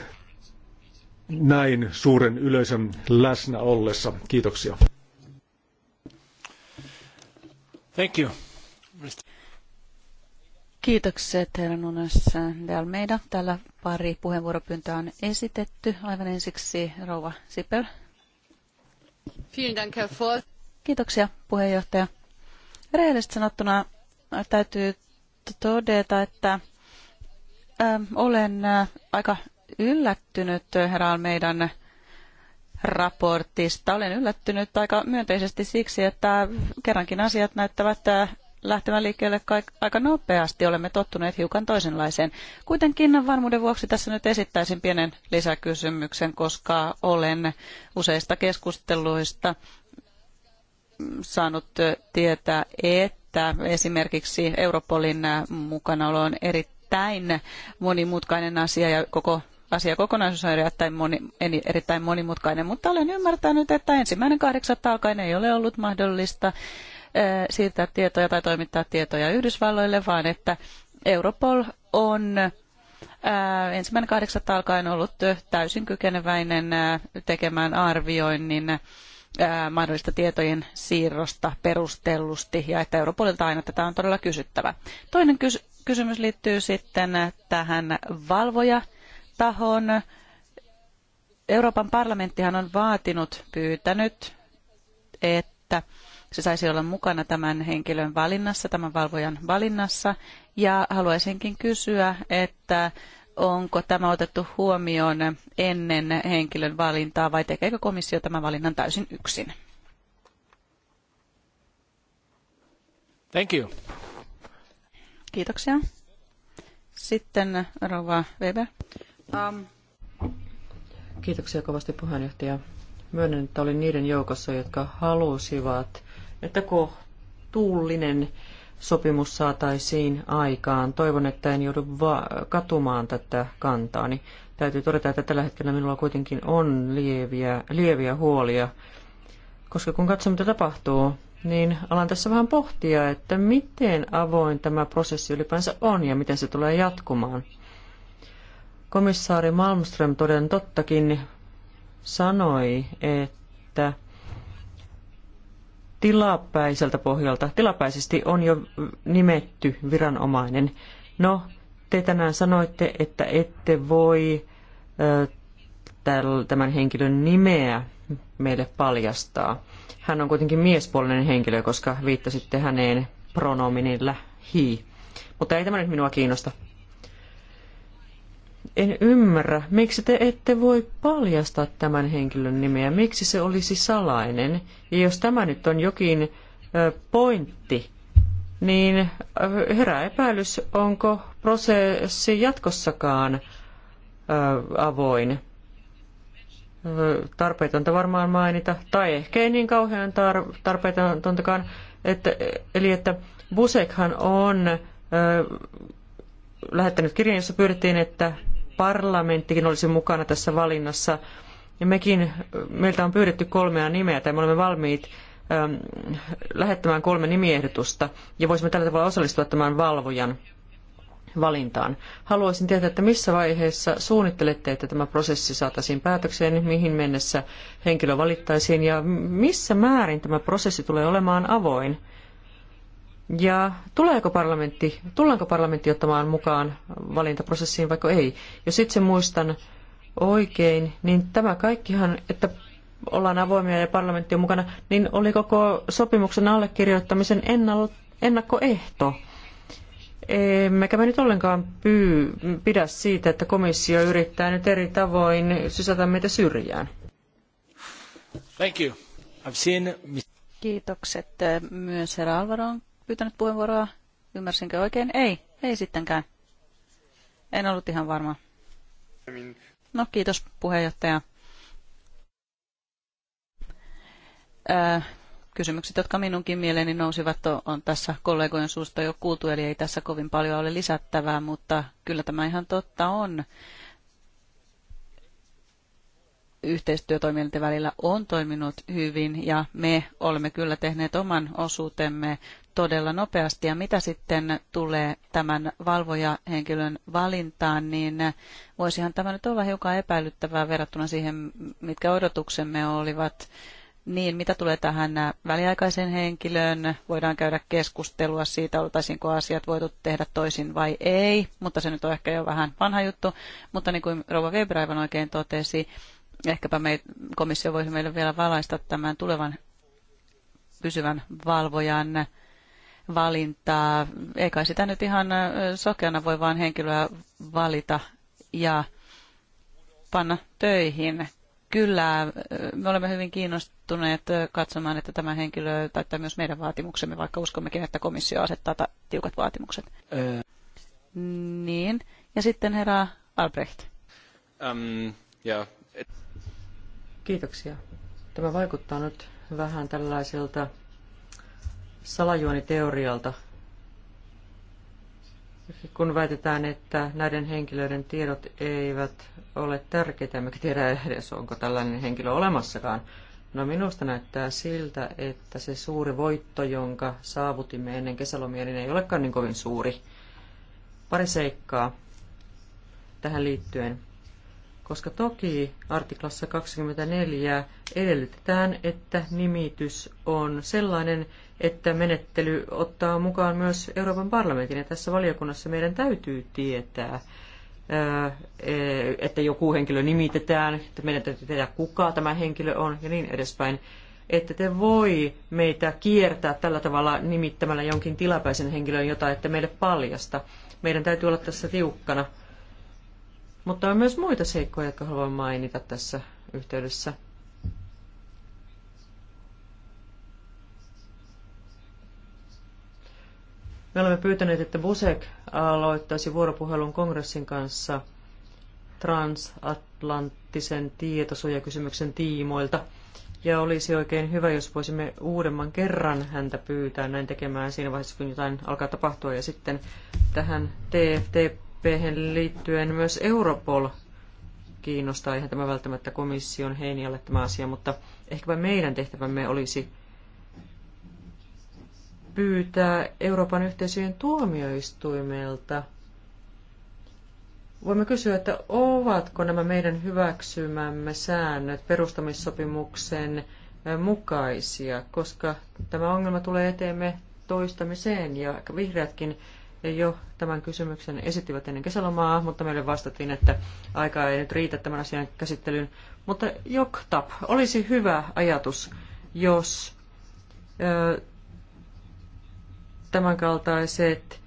näin suuren yleisön läsnä ollessa. Kiitoksia.
Thank you. Mr.
Kiitokset, herra Nunes de Almeida. Täällä pari puheenvuoropyyntöä on esitetty. Aivan ensiksi rouva Sipel. Kiitoksia, puheenjohtaja. Rehellisesti sanottuna täytyy todeta, että ähm, olen äh, aika yllättynyt herra Almeidan raportista. Olen yllättynyt aika myönteisesti siksi, että kerrankin asiat näyttävät äh, lähtemään liikkeelle aika nopeasti. Olemme tottuneet hiukan toisenlaiseen. Kuitenkin varmuuden vuoksi tässä nyt esittäisin pienen lisäkysymyksen, koska olen useista keskusteluista saanut tietää, että esimerkiksi Europolin mukanaolo on erittäin monimutkainen asia ja koko asiakokonaisuus on erittäin, moni, erittäin monimutkainen, mutta olen ymmärtänyt, että ensimmäinen kahdeksatta alkaen ei ole ollut mahdollista siirtää tietoja tai toimittaa tietoja Yhdysvalloille, vaan että Europol on ensimmäinen kahdeksatta alkaen ollut täysin kykeneväinen tekemään arvioinnin mahdollista tietojen siirrosta perustellusti ja että Europolilta aina tätä on todella kysyttävä. Toinen kys- kysymys liittyy sitten tähän valvojatahon. Euroopan parlamenttihan on vaatinut, pyytänyt, että se saisi olla mukana tämän henkilön valinnassa, tämän valvojan valinnassa. Ja haluaisinkin kysyä, että onko tämä otettu huomioon ennen henkilön valintaa vai tekeekö komissio tämän valinnan täysin yksin? Thank you. Kiitoksia. Sitten Rova Weber. Um.
Kiitoksia kovasti puheenjohtaja. Myönnän, että olin niiden joukossa, jotka halusivat että kohtuullinen sopimus saataisiin aikaan. Toivon, että en joudu va- katumaan tätä kantaani. Täytyy todeta, että tällä hetkellä minulla kuitenkin on lieviä, lieviä huolia, koska kun katson, mitä tapahtuu, niin alan tässä vähän pohtia, että miten avoin tämä prosessi ylipäänsä on ja miten se tulee jatkumaan. Komissaari Malmström toden tottakin sanoi, että tilapäiseltä pohjalta. Tilapäisesti on jo nimetty viranomainen. No, te tänään sanoitte, että ette voi tämän henkilön nimeä meille paljastaa. Hän on kuitenkin miespuolinen henkilö, koska viittasitte häneen pronominilla he. Mutta ei tämä nyt minua kiinnosta. En ymmärrä, miksi te ette voi paljastaa tämän henkilön nimeä, miksi se olisi salainen. Ja jos tämä nyt on jokin pointti, niin herää epäilys, onko prosessi jatkossakaan avoin. Tarpeetonta varmaan mainita, tai ehkä ei niin kauhean tar- tarpeetontakaan, että, eli että Busekhan on lähettänyt kirjan, jossa pyydettiin, että parlamenttikin olisi mukana tässä valinnassa. Ja mekin, meiltä on pyydetty kolmea nimeä tai me olemme valmiit ähm, lähettämään kolme nimiehdotusta ja voisimme tällä tavalla osallistua tämän valvojan valintaan. Haluaisin tietää, että missä vaiheessa suunnittelette, että tämä prosessi saataisiin päätökseen, mihin mennessä henkilö valittaisiin ja missä määrin tämä prosessi tulee olemaan avoin. Ja tuleeko parlamentti, tullaanko parlamentti ottamaan mukaan valintaprosessiin vaikka ei? Jos itse muistan oikein, niin tämä kaikkihan, että ollaan avoimia ja parlamentti on mukana, niin oli koko sopimuksen allekirjoittamisen ennakkoehto. Emmekä me nyt ollenkaan pyy, pidä siitä, että komissio yrittää nyt
eri tavoin sysätä meitä syrjään.
Thank you. I've seen...
Kiitokset eh, myös herra Alvaron pyytänyt puheenvuoroa? Ymmärsinkö oikein? Ei, ei sittenkään. En ollut ihan varma. No kiitos puheenjohtaja. Öö, kysymykset, jotka minunkin mieleeni nousivat, on tässä kollegojen suusta jo kuultu, eli ei tässä kovin paljon ole lisättävää, mutta kyllä tämä ihan totta on. Yhteistyötoimielinten välillä on toiminut hyvin ja me olemme kyllä tehneet oman osuutemme todella nopeasti. Ja mitä sitten tulee tämän valvojahenkilön valintaan, niin voisihan tämä nyt olla hiukan epäilyttävää verrattuna siihen, mitkä odotuksemme olivat. Niin, mitä tulee tähän väliaikaisen henkilöön, voidaan käydä keskustelua siitä, oltaisiinko asiat voitu tehdä toisin vai ei, mutta se nyt on ehkä jo vähän vanha juttu. Mutta niin kuin Rova Weber aivan oikein totesi, ehkäpä me, komissio voisi meille vielä valaista tämän tulevan pysyvän valvojan valintaa. Eikä sitä nyt ihan sokeana voi vaan henkilöä valita ja panna töihin. Kyllä, me olemme hyvin kiinnostuneet katsomaan, että tämä henkilö täyttää myös meidän vaatimuksemme, vaikka uskommekin, että komissio asettaa tiukat vaatimukset. Ää... Niin, ja sitten herra Albrecht.
Um, ähm, yeah.
Kiitoksia. Tämä vaikuttaa nyt
vähän tällaiselta salajuoniteorialta, kun väitetään, että näiden henkilöiden tiedot eivät ole tärkeitä, emmekä tiedä edes, onko tällainen henkilö olemassakaan. No minusta näyttää siltä, että se suuri voitto, jonka saavutimme ennen kesälomia, niin ei olekaan niin kovin suuri. Pari seikkaa tähän liittyen. Koska toki artiklassa 24 edellytetään, että nimitys on sellainen, että menettely ottaa mukaan myös Euroopan parlamentin. Ja tässä valiokunnassa meidän täytyy tietää, e, että joku henkilö nimitetään, että meidän täytyy tietää, kuka tämä henkilö on ja niin edespäin. Että te voi meitä kiertää tällä tavalla nimittämällä jonkin tilapäisen henkilön, jota että meille paljasta. Meidän täytyy olla tässä tiukkana. Mutta on myös muita seikkoja, jotka haluan mainita tässä yhteydessä. Me olemme pyytäneet, että Busek aloittaisi vuoropuhelun kongressin kanssa transatlanttisen tietosuojakysymyksen tiimoilta. Ja olisi oikein hyvä, jos voisimme uudemman kerran häntä pyytää näin tekemään siinä vaiheessa, kun jotain alkaa tapahtua. Ja sitten tähän TFTP liittyen myös Europol kiinnostaa. Eihän tämä välttämättä komission heinialle tämä asia, mutta ehkäpä meidän tehtävämme olisi pyytää Euroopan yhteisöjen tuomioistuimelta. Voimme kysyä, että ovatko nämä meidän hyväksymämme säännöt perustamissopimuksen mukaisia, koska tämä ongelma tulee eteemme toistamiseen ja vihreätkin jo tämän kysymyksen esittivät ennen kesälomaa, mutta meille vastattiin, että aika ei nyt riitä tämän asian käsittelyyn. Mutta joktap, olisi hyvä ajatus, jos ö, tämänkaltaiset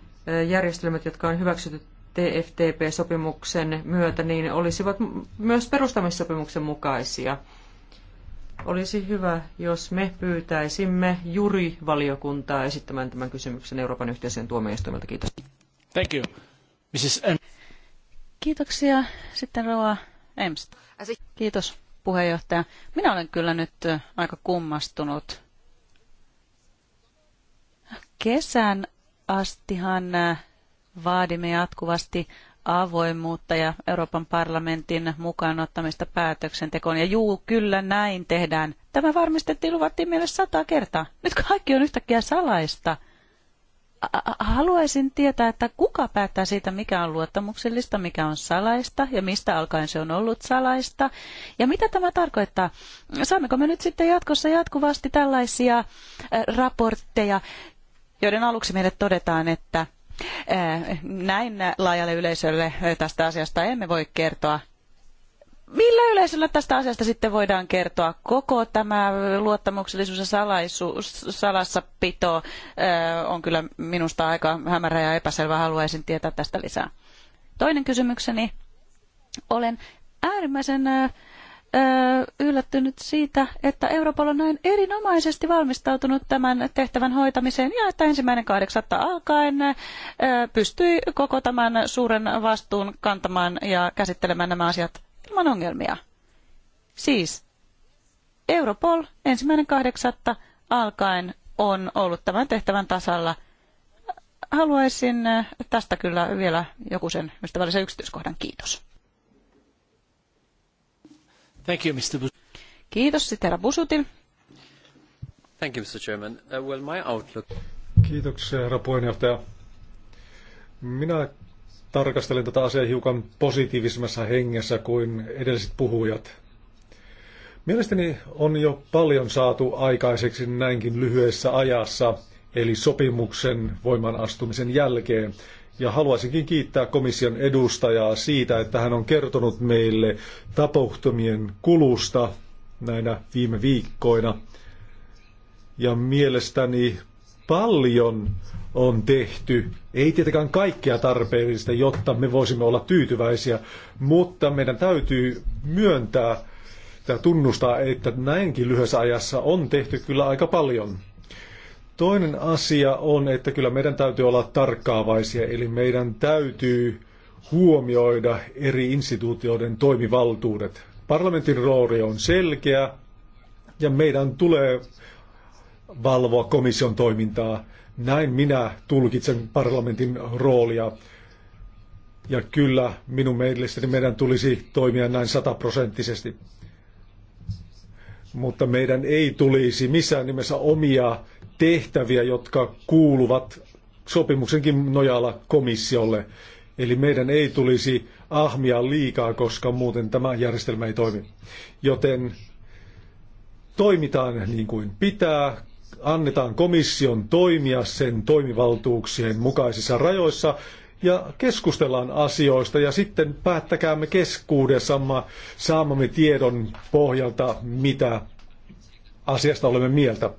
järjestelmät, jotka on hyväksytty TFTP-sopimuksen myötä, niin olisivat myös perustamissopimuksen mukaisia. Olisi hyvä, jos me pyytäisimme jurivaliokuntaa esittämään tämän kysymyksen Euroopan yhteisön tuomioistuimelta. Kiitos.
Thank you. Mrs.
M. Kiitoksia. Sitten Roa Emst. Kiitos puheenjohtaja. Minä olen kyllä nyt aika kummastunut kesän astihan äh, vaadimme jatkuvasti avoimuutta ja Euroopan parlamentin mukaan ottamista päätöksentekoon. Ja juu, kyllä näin tehdään. Tämä varmistettiin, luvattiin meille sata kertaa. Nyt kaikki on yhtäkkiä salaista. Haluaisin tietää, että kuka päättää siitä, mikä on luottamuksellista, mikä on salaista ja mistä alkaen se on ollut salaista. Ja mitä tämä tarkoittaa? Saammeko me nyt sitten jatkossa jatkuvasti tällaisia äh, raportteja? joiden aluksi meille todetaan, että eh, näin laajalle yleisölle eh, tästä asiasta emme voi kertoa. Millä yleisöllä tästä asiasta sitten voidaan kertoa? Koko tämä luottamuksellisuus ja salaisuus, salassapito eh, on kyllä minusta aika hämärä ja epäselvä. Haluaisin tietää tästä lisää. Toinen kysymykseni. Olen äärimmäisen yllättynyt siitä, että Europol on näin erinomaisesti valmistautunut tämän tehtävän hoitamiseen ja että ensimmäinen kahdeksatta alkaen pystyi koko tämän suuren vastuun kantamaan ja käsittelemään nämä asiat ilman ongelmia. Siis Europol ensimmäinen kahdeksatta alkaen on ollut tämän tehtävän tasalla. Haluaisin tästä kyllä vielä joku sen ystävällisen yksityiskohdan. Kiitos.
Thank you, Mr. Kiitos, sitten Busutin. Thank you, Mr. Chairman. Uh, well, my outlook... Kiitoksia, herra puheenjohtaja. Minä tarkastelen tätä asiaa hiukan positiivisemmassa hengessä kuin edelliset puhujat. Mielestäni on jo paljon saatu aikaiseksi näinkin lyhyessä ajassa, eli sopimuksen voiman astumisen jälkeen. Ja haluaisinkin kiittää komission edustajaa siitä, että hän on kertonut meille tapahtumien kulusta näinä viime viikkoina. Ja mielestäni paljon on tehty. Ei tietenkään kaikkea tarpeellista, jotta me voisimme olla tyytyväisiä, mutta meidän täytyy myöntää ja tunnustaa, että näinkin lyhyessä ajassa on tehty kyllä aika paljon. Toinen asia on, että kyllä meidän täytyy olla tarkkaavaisia, eli meidän täytyy huomioida eri instituutioiden toimivaltuudet. Parlamentin rooli on selkeä ja meidän tulee valvoa komission toimintaa. Näin minä tulkitsen parlamentin roolia. Ja kyllä, minun mielestäni meidän tulisi toimia näin sataprosenttisesti. Mutta meidän ei tulisi missään nimessä omia tehtäviä, jotka kuuluvat sopimuksenkin nojalla komissiolle. Eli meidän ei tulisi ahmia liikaa, koska muuten tämä järjestelmä ei toimi. Joten toimitaan niin kuin pitää, annetaan komission toimia sen toimivaltuuksien mukaisissa rajoissa ja keskustellaan asioista ja sitten päättäkäämme keskuudessamme saamamme tiedon pohjalta, mitä asiasta olemme mieltä.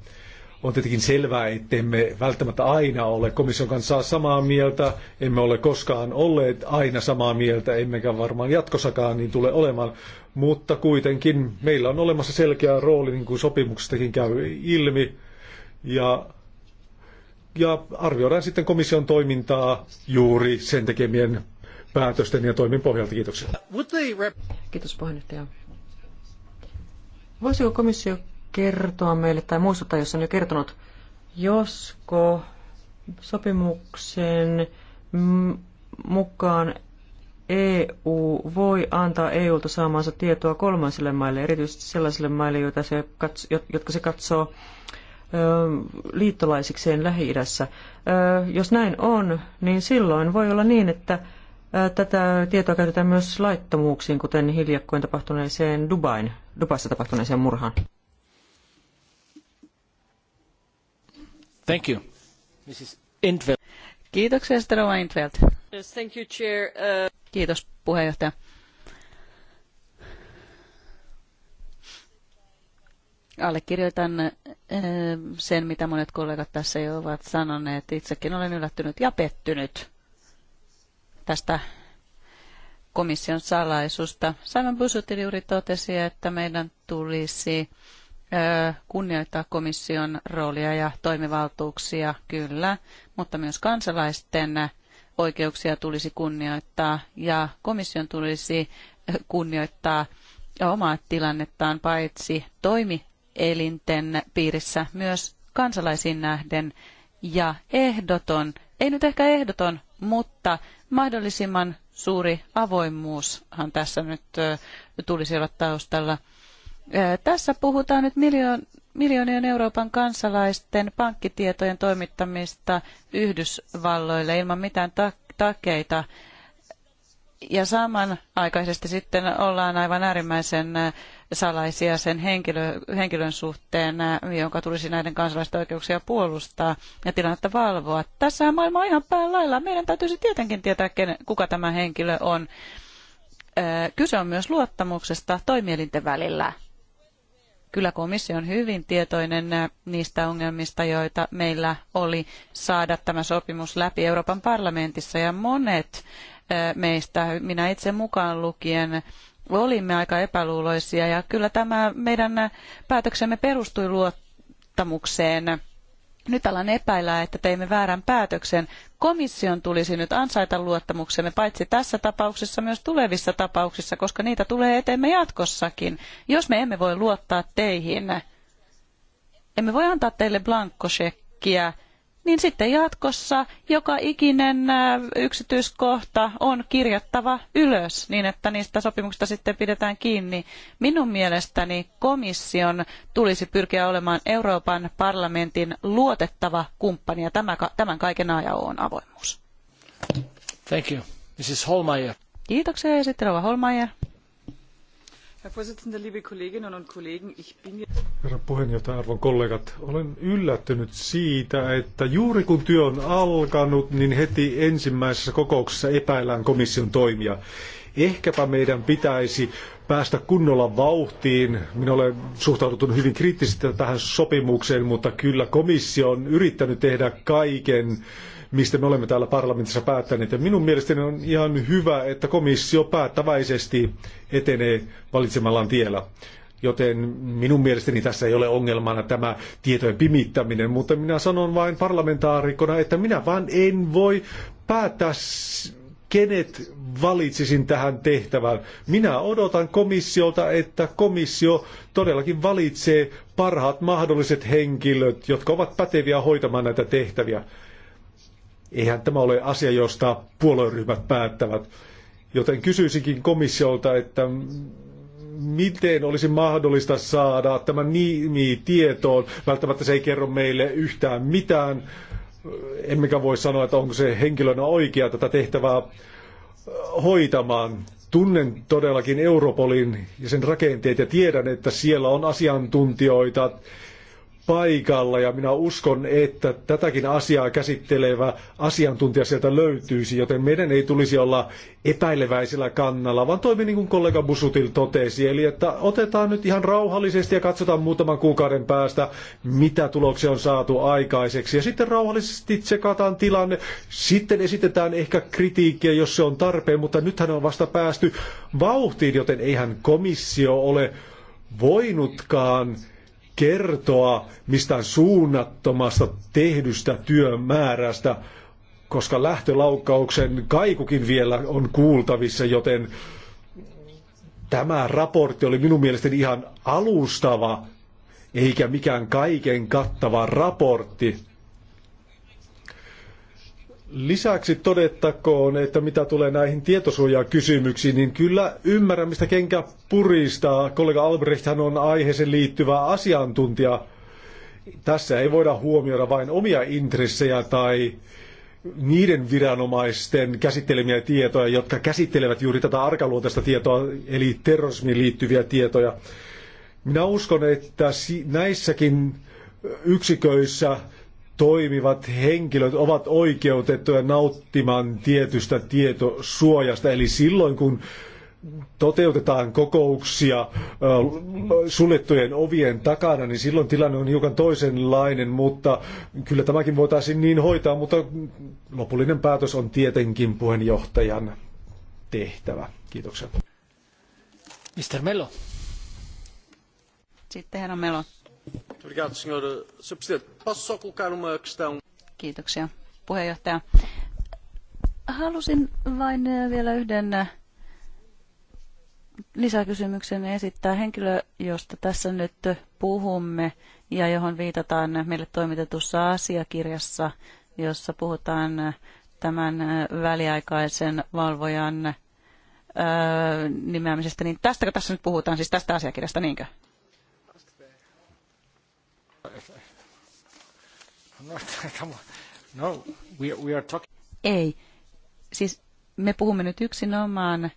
On tietenkin selvää, ettemme välttämättä aina ole komission kanssa samaa mieltä, emme ole koskaan olleet aina samaa mieltä, emmekä varmaan jatkossakaan niin tule olemaan, mutta kuitenkin meillä on olemassa selkeä rooli, niin kuin sopimuksestakin käy ilmi, ja, ja arvioidaan sitten komission toimintaa juuri sen tekemien päätösten ja toimin pohjalta. Kiitoksia.
Kiitos puheenjohtaja. Voisiko komissio kertoa meille tai muistuttaa, jos on jo kertonut, josko sopimuksen mukaan EU voi antaa EUlta saamansa tietoa kolmansille maille, erityisesti sellaisille maille, joita se katso, jotka se katsoo liittolaisikseen Lähi-idässä. Jos näin on, niin silloin voi olla niin, että tätä tietoa käytetään myös laittomuuksiin, kuten hiljakkoin tapahtuneeseen Dubain, Dubassa tapahtuneeseen murhaan.
Thank you. Mrs.
Intveld. Kiitoksia, Sterova Intveld.
Yes, thank you, chair. Uh...
Kiitos, puheenjohtaja. Allekirjoitan uh, sen, mitä monet kollegat tässä jo ovat sanoneet. Itsekin olen yllättynyt ja pettynyt tästä komission salaisusta. Simon Busuttil juuri totesi, että meidän tulisi kunnioittaa komission roolia ja toimivaltuuksia, kyllä, mutta myös kansalaisten oikeuksia tulisi kunnioittaa ja komission tulisi kunnioittaa omaa tilannettaan paitsi toimielinten piirissä myös kansalaisiin nähden ja ehdoton, ei nyt ehkä ehdoton, mutta mahdollisimman suuri avoimuushan tässä nyt tulisi olla taustalla. Tässä puhutaan nyt miljoon, miljoonien Euroopan kansalaisten pankkitietojen toimittamista Yhdysvalloille ilman mitään takeita. Ja samanaikaisesti sitten ollaan aivan äärimmäisen salaisia sen henkilö, henkilön suhteen, jonka tulisi näiden kansalaisten oikeuksia puolustaa ja tilannetta valvoa. Tässä maailma on ihan päällä Meidän täytyisi tietenkin tietää, ken, kuka tämä henkilö on. Kyse on myös luottamuksesta toimielinten välillä Kyllä komissio on hyvin tietoinen äh, niistä ongelmista, joita meillä oli saada tämä sopimus läpi Euroopan parlamentissa ja monet äh, meistä, minä itse mukaan lukien, olimme aika epäluuloisia ja kyllä tämä meidän äh, päätöksemme perustui luottamukseen nyt alan epäillä, että teimme väärän päätöksen. Komission tulisi nyt ansaita luottamuksemme paitsi tässä tapauksessa myös tulevissa tapauksissa, koska niitä tulee eteemme jatkossakin. Jos me emme voi luottaa teihin, emme voi antaa teille blankkosekkiä niin sitten jatkossa joka ikinen yksityiskohta on kirjattava ylös niin, että niistä sopimuksista sitten pidetään kiinni. Minun mielestäni komission tulisi pyrkiä olemaan Euroopan parlamentin luotettava kumppani ja tämän kaiken ajan on avoimuus.
Thank you. Mrs. Holmeyer. Kiitoksia ja sitten Rova Holmeyer.
Herra puheenjohtaja, arvon kollegat, olen yllättynyt siitä, että juuri kun työ on alkanut, niin heti ensimmäisessä kokouksessa epäillään komission toimia. Ehkäpä meidän pitäisi päästä kunnolla vauhtiin. Minä olen suhtautunut hyvin kriittisesti tähän sopimukseen, mutta kyllä komissio on yrittänyt tehdä kaiken, mistä me olemme täällä parlamentissa päättäneet. Ja minun mielestäni on ihan hyvä, että komissio päättäväisesti etenee valitsemallaan tiellä. Joten minun mielestäni tässä ei ole ongelmana tämä tietojen pimittäminen, mutta minä sanon vain parlamentaarikona, että minä vaan en voi päättää kenet valitsisin tähän tehtävään. Minä odotan komissiolta, että komissio todellakin valitsee parhaat mahdolliset henkilöt, jotka ovat päteviä hoitamaan näitä tehtäviä. Eihän tämä ole asia, josta puolueryhmät päättävät. Joten kysyisinkin komissiolta, että miten olisi mahdollista saada tämä nimi tietoon. Välttämättä se ei kerro meille yhtään mitään. Emmekä voi sanoa, että onko se henkilönä oikea tätä tehtävää hoitamaan. Tunnen todellakin Europolin ja sen rakenteet ja tiedän, että siellä on asiantuntijoita paikalla ja minä uskon, että tätäkin asiaa käsittelevä asiantuntija sieltä löytyisi, joten meidän ei tulisi olla epäileväisellä kannalla, vaan toimi niin kuin kollega Busutil totesi, eli että otetaan nyt ihan rauhallisesti ja katsotaan muutaman kuukauden päästä, mitä tuloksia on saatu aikaiseksi ja sitten rauhallisesti tsekataan tilanne, sitten esitetään ehkä kritiikkiä, jos se on tarpeen, mutta nythän on vasta päästy vauhtiin, joten eihän komissio ole voinutkaan kertoa mistään suunnattomasta tehdystä työmäärästä, koska lähtölaukkauksen kaikukin vielä on kuultavissa, joten tämä raportti oli minun mielestäni ihan alustava, eikä mikään kaiken kattava raportti. Lisäksi todettakoon, että mitä tulee näihin tietosuojakysymyksiin, niin kyllä ymmärrän, mistä kenkä puristaa. Kollega hän on aiheeseen liittyvä asiantuntija. Tässä ei voida huomioida vain omia intressejä tai niiden viranomaisten käsittelemiä tietoja, jotka käsittelevät juuri tätä arkaluonteista tietoa, eli terrorismiin liittyviä tietoja. Minä uskon, että näissäkin yksiköissä toimivat henkilöt ovat oikeutettuja nauttimaan tietystä tietosuojasta. Eli silloin kun toteutetaan kokouksia suljettujen ovien takana, niin silloin tilanne on hiukan toisenlainen, mutta kyllä tämäkin voitaisiin niin hoitaa, mutta lopullinen päätös on tietenkin puheenjohtajan tehtävä. Kiitoksia.
Mr. Melo. Sitten herra Melo.
Eh, arvoisa
puhemies Halusin vain eh, vielä yhden eh, lisäkysymyksen esittää henkilö, josta tässä nyt puhumme ja johon viitataan meille toimitetussa asiakirjassa, jossa puhutaan tämän väliaikaisen valvojan nimeämisestä, niin tästäkö tässä nyt puhutaan, siis tästä asiakirjasta, niinkö?
No, we, we are talking...
Ei. Siis me puhumme nyt yksinomaan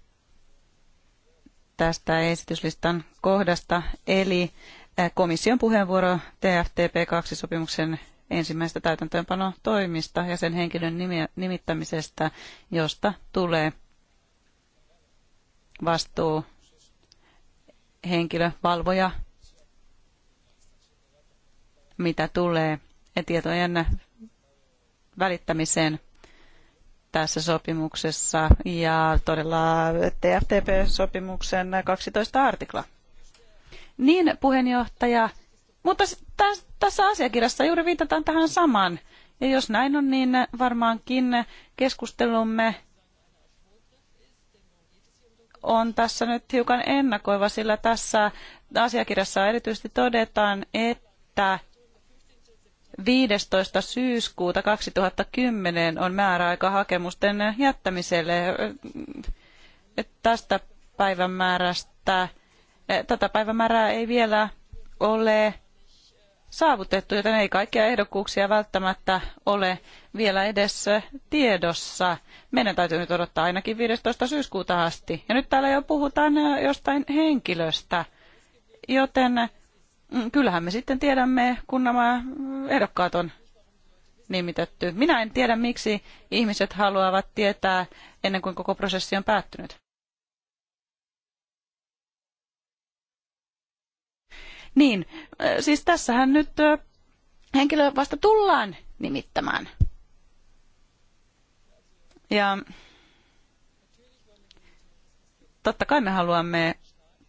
tästä esityslistan kohdasta, eli eh, komission puheenvuoro TFTP2-sopimuksen ensimmäistä täytäntöönpano toimista ja sen henkilön nimittämisestä, josta tulee vastuu henkilö, valvoja, mitä tulee tietojen välittämiseen tässä sopimuksessa ja todella TFTP-sopimuksen 12 artikla. Niin, puheenjohtaja. Mutta tässä asiakirjassa juuri viitataan tähän samaan. Ja jos näin on, niin varmaankin keskustelumme on tässä nyt hiukan ennakoiva, sillä tässä asiakirjassa erityisesti todetaan, että 15. syyskuuta 2010 on määräaika hakemusten jättämiselle. Tästä päivämäärästä, eh, tätä päivämäärää ei vielä ole saavutettu, joten ei kaikkia ehdokkuuksia välttämättä ole vielä edes tiedossa. Meidän täytyy nyt odottaa ainakin 15. syyskuuta asti. Ja nyt täällä jo puhutaan eh, jostain henkilöstä, joten Mm, kyllähän me sitten tiedämme, kun nämä ehdokkaat on nimitetty. Minä en tiedä, miksi ihmiset haluavat tietää ennen kuin koko prosessi on päättynyt. Niin, siis tässähän nyt henkilö vasta tullaan nimittämään. Ja totta kai me haluamme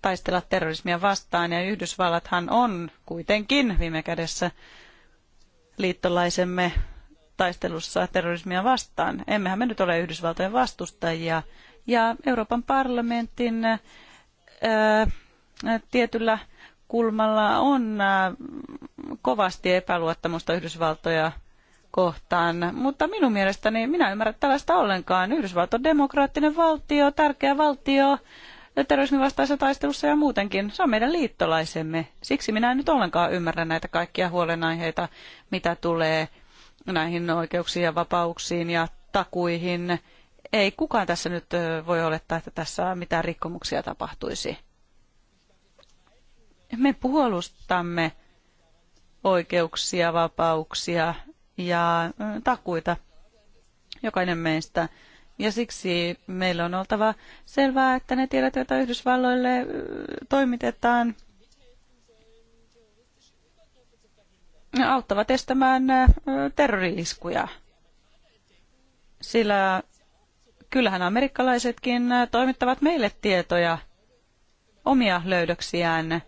taistella terrorismia vastaan ja Yhdysvallathan on kuitenkin viime kädessä liittolaisemme taistelussa terrorismia vastaan. Emmehän me nyt ole Yhdysvaltojen vastustajia ja Euroopan parlamentin ää, tietyllä kulmalla on ää, kovasti epäluottamusta Yhdysvaltoja kohtaan, mutta minun mielestäni minä ymmärrän tällaista ollenkaan. Yhdysvalto on demokraattinen valtio, tärkeä valtio, terrorismin vastaisessa taistelussa ja muutenkin. Se on meidän liittolaisemme. Siksi minä en nyt ollenkaan ymmärrä näitä kaikkia huolenaiheita, mitä tulee näihin oikeuksiin ja vapauksiin ja takuihin. Ei kukaan tässä nyt voi olettaa, että tässä mitään rikkomuksia tapahtuisi. Me puolustamme oikeuksia, vapauksia ja takuita. Jokainen meistä ja siksi meillä on oltava selvää, että ne tiedot, joita Yhdysvalloille toimitetaan, auttavat estämään terroriiskuja. Sillä kyllähän amerikkalaisetkin toimittavat meille tietoja omia löydöksiään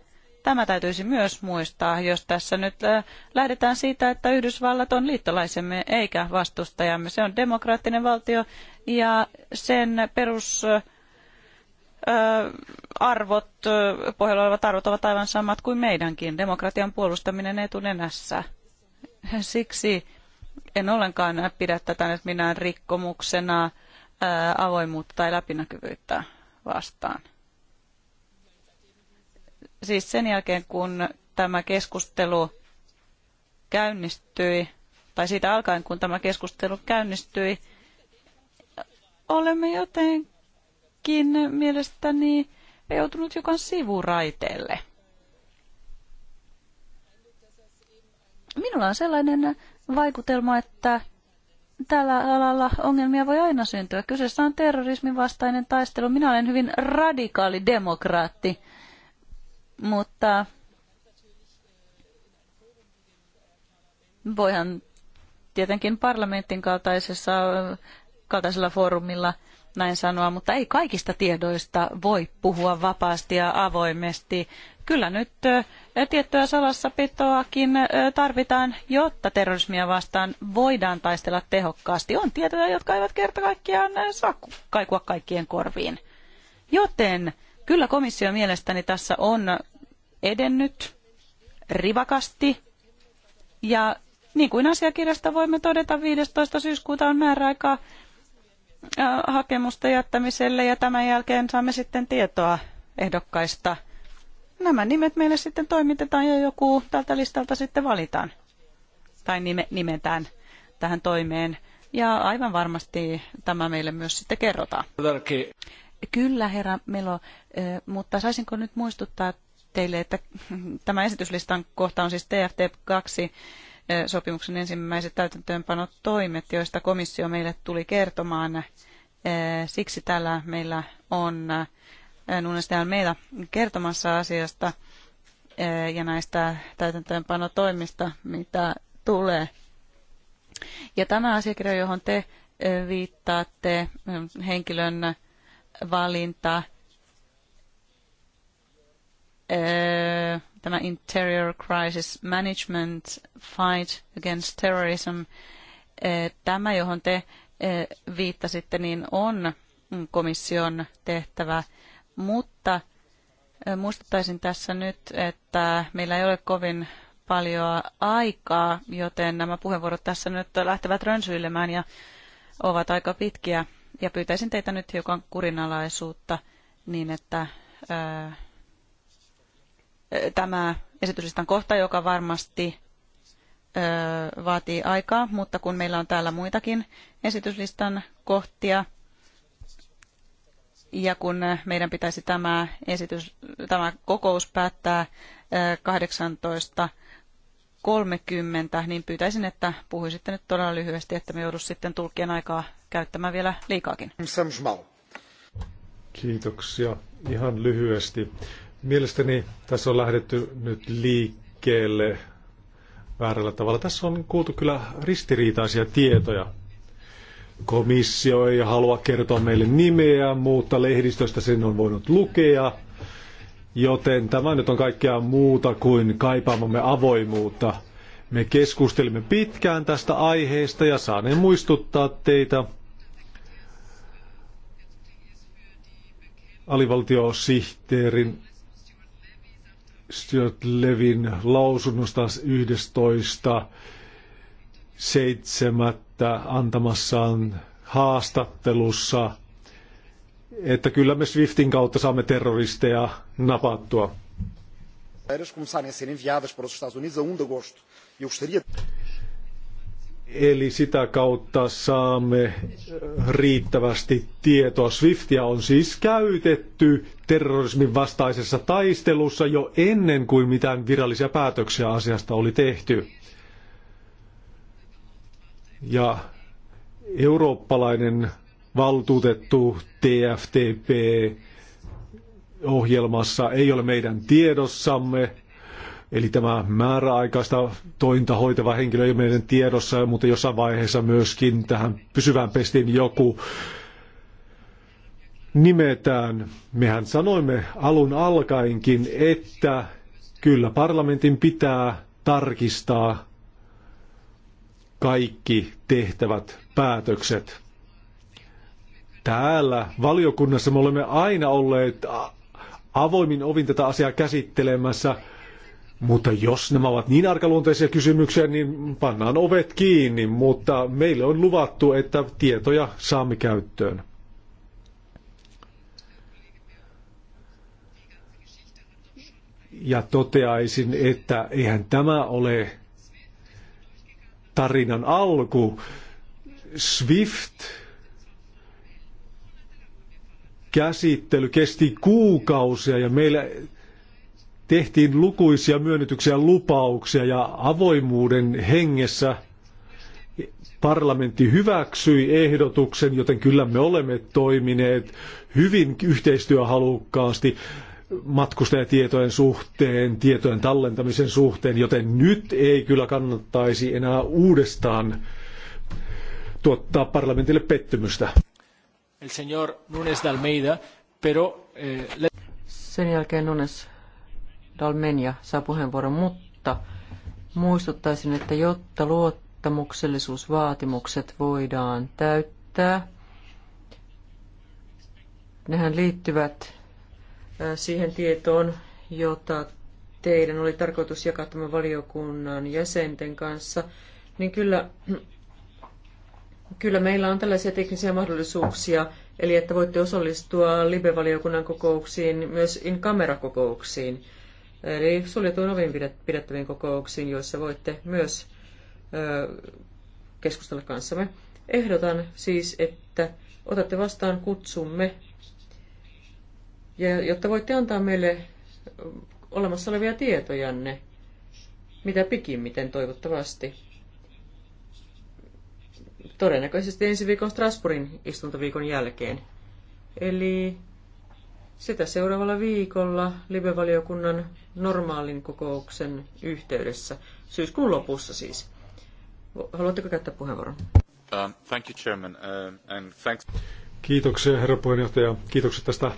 Tämä täytyisi myös muistaa, jos tässä nyt äh, lähdetään siitä, että Yhdysvallat on liittolaisemme eikä vastustajamme. Se on demokraattinen valtio ja sen perus äh, arvot, äh, pohjalla olevat arvot ovat aivan samat kuin meidänkin. Demokratian puolustaminen etunenässä. Siksi en ollenkaan pidä tätä nyt minään rikkomuksena avoimuutta tai läpinäkyvyyttä vastaan siis sen jälkeen, kun tämä keskustelu käynnistyi, tai siitä alkaen, kun tämä keskustelu käynnistyi, olemme jotenkin mielestäni joutunut jokan sivuraiteelle. Minulla on sellainen vaikutelma, että tällä alalla ongelmia voi aina syntyä. Kyseessä on terrorismin vastainen taistelu. Minä olen hyvin radikaali demokraatti mutta voihan tietenkin parlamentin kaltaisessa, kaltaisella foorumilla näin sanoa, mutta ei kaikista tiedoista voi puhua vapaasti ja avoimesti. Kyllä nyt tiettyä salassapitoakin tarvitaan, jotta terrorismia vastaan voidaan taistella tehokkaasti. On tietoja, jotka eivät kerta kaikkiaan saa kaikua kaikkien korviin. Joten Kyllä komissio mielestäni tässä on edennyt rivakasti ja niin kuin asiakirjasta voimme todeta, 15. syyskuuta on määräaika äh, hakemusta jättämiselle ja tämän jälkeen saamme sitten tietoa ehdokkaista. Nämä nimet meille sitten toimitetaan ja joku tältä listalta sitten valitaan tai nime, nimetään tähän toimeen. Ja aivan varmasti tämä meille myös sitten kerrotaan. Kyllä, herra Melo, mutta saisinko nyt muistuttaa teille, että tämä esityslistan kohta on siis TFT2 sopimuksen ensimmäiset täytäntöönpanot toimet, joista komissio meille tuli kertomaan. Siksi täällä meillä on Nunes meitä kertomassa asiasta ja näistä täytäntöönpanotoimista, mitä tulee. Ja tämä asiakirja, johon te viittaatte henkilön valinta, eh, tämä Interior Crisis Management Fight Against Terrorism, eh, tämä johon te eh, viittasitte, niin on komission tehtävä, mutta muistuttaisin tässä nyt, että meillä ei ole kovin paljon aikaa, joten nämä puheenvuorot tässä nyt lähtevät rönsyilemään ja ovat aika pitkiä. Ja pyytäisin teitä nyt hiukan kurinalaisuutta niin, että ää, tämä esityslistan kohta, joka varmasti ää, vaatii aikaa, mutta kun meillä on täällä muitakin esityslistan kohtia, ja kun meidän pitäisi tämä, esitys, tämä kokous päättää 18.30, niin pyytäisin, että puhuisitte nyt todella lyhyesti, että me joudu sitten tulkien aikaa käyttämään vielä liikaakin.
Kiitoksia. Ihan lyhyesti. Mielestäni tässä on lähdetty nyt liikkeelle väärällä tavalla. Tässä on kuultu kyllä ristiriitaisia tietoja. Komissio ei halua kertoa meille nimeä, mutta lehdistöstä sen on voinut lukea. Joten tämä nyt on kaikkea muuta kuin kaipaamamme avoimuutta. Me keskustelimme pitkään tästä aiheesta ja saaneen muistuttaa teitä alivaltiosihteerin Stuart Levin lausunnosta seitsemättä antamassaan haastattelussa, että kyllä me Swiftin kautta saamme terroristeja napattua. Eli sitä kautta saamme riittävästi tietoa. Swiftia on siis käytetty terrorismin vastaisessa taistelussa jo ennen kuin mitään virallisia päätöksiä asiasta oli tehty. Ja eurooppalainen valtuutettu TFTP ohjelmassa ei ole meidän tiedossamme. Eli tämä määräaikaista tointa hoitava henkilö ei ole meidän tiedossa, mutta jossain vaiheessa myöskin tähän pysyvään pestiin joku nimetään. Mehän sanoimme alun alkaenkin, että kyllä parlamentin pitää tarkistaa kaikki tehtävät päätökset. Täällä valiokunnassa me olemme aina olleet avoimin ovin tätä asiaa käsittelemässä – mutta jos nämä ovat niin arkaluonteisia kysymyksiä, niin pannaan ovet kiinni, mutta meille on luvattu, että tietoja saamme käyttöön. Ja toteaisin, että eihän tämä ole tarinan alku. Swift käsittely kesti kuukausia ja meillä tehtiin lukuisia myönnytyksiä lupauksia ja avoimuuden hengessä parlamentti hyväksyi ehdotuksen, joten kyllä me olemme toimineet hyvin yhteistyöhalukkaasti matkustajatietojen suhteen, tietojen tallentamisen suhteen, joten nyt ei kyllä kannattaisi enää uudestaan tuottaa parlamentille pettymystä.
El señor Nunes de Almeida, pero... Eh, Sen jälkeen
Nunes Dalmenia saa puheenvuoron, mutta muistuttaisin, että jotta luottamuksellisuusvaatimukset voidaan täyttää, nehän liittyvät siihen tietoon, jota teidän oli tarkoitus jakaa tämän valiokunnan jäsenten kanssa, niin kyllä, kyllä meillä on tällaisia teknisiä mahdollisuuksia, eli että voitte osallistua live-valiokunnan kokouksiin, myös in kamerakokouksiin kokouksiin eli suljetuin ovin pidettäviin kokouksiin, joissa voitte myös keskustella kanssamme. Ehdotan siis, että otatte vastaan kutsumme, ja jotta voitte antaa meille olemassa olevia tietojanne, mitä pikimmiten toivottavasti. Todennäköisesti ensi viikon Strasbourgin istuntoviikon jälkeen. Eli sitä seuraavalla viikolla live normaalin kokouksen yhteydessä, syyskuun lopussa siis.
Haluatteko käyttää puheenvuoron?
Uh, thank you, Chairman, uh, and thanks.
Kiitoksia, herra puheenjohtaja. Kiitokset tästä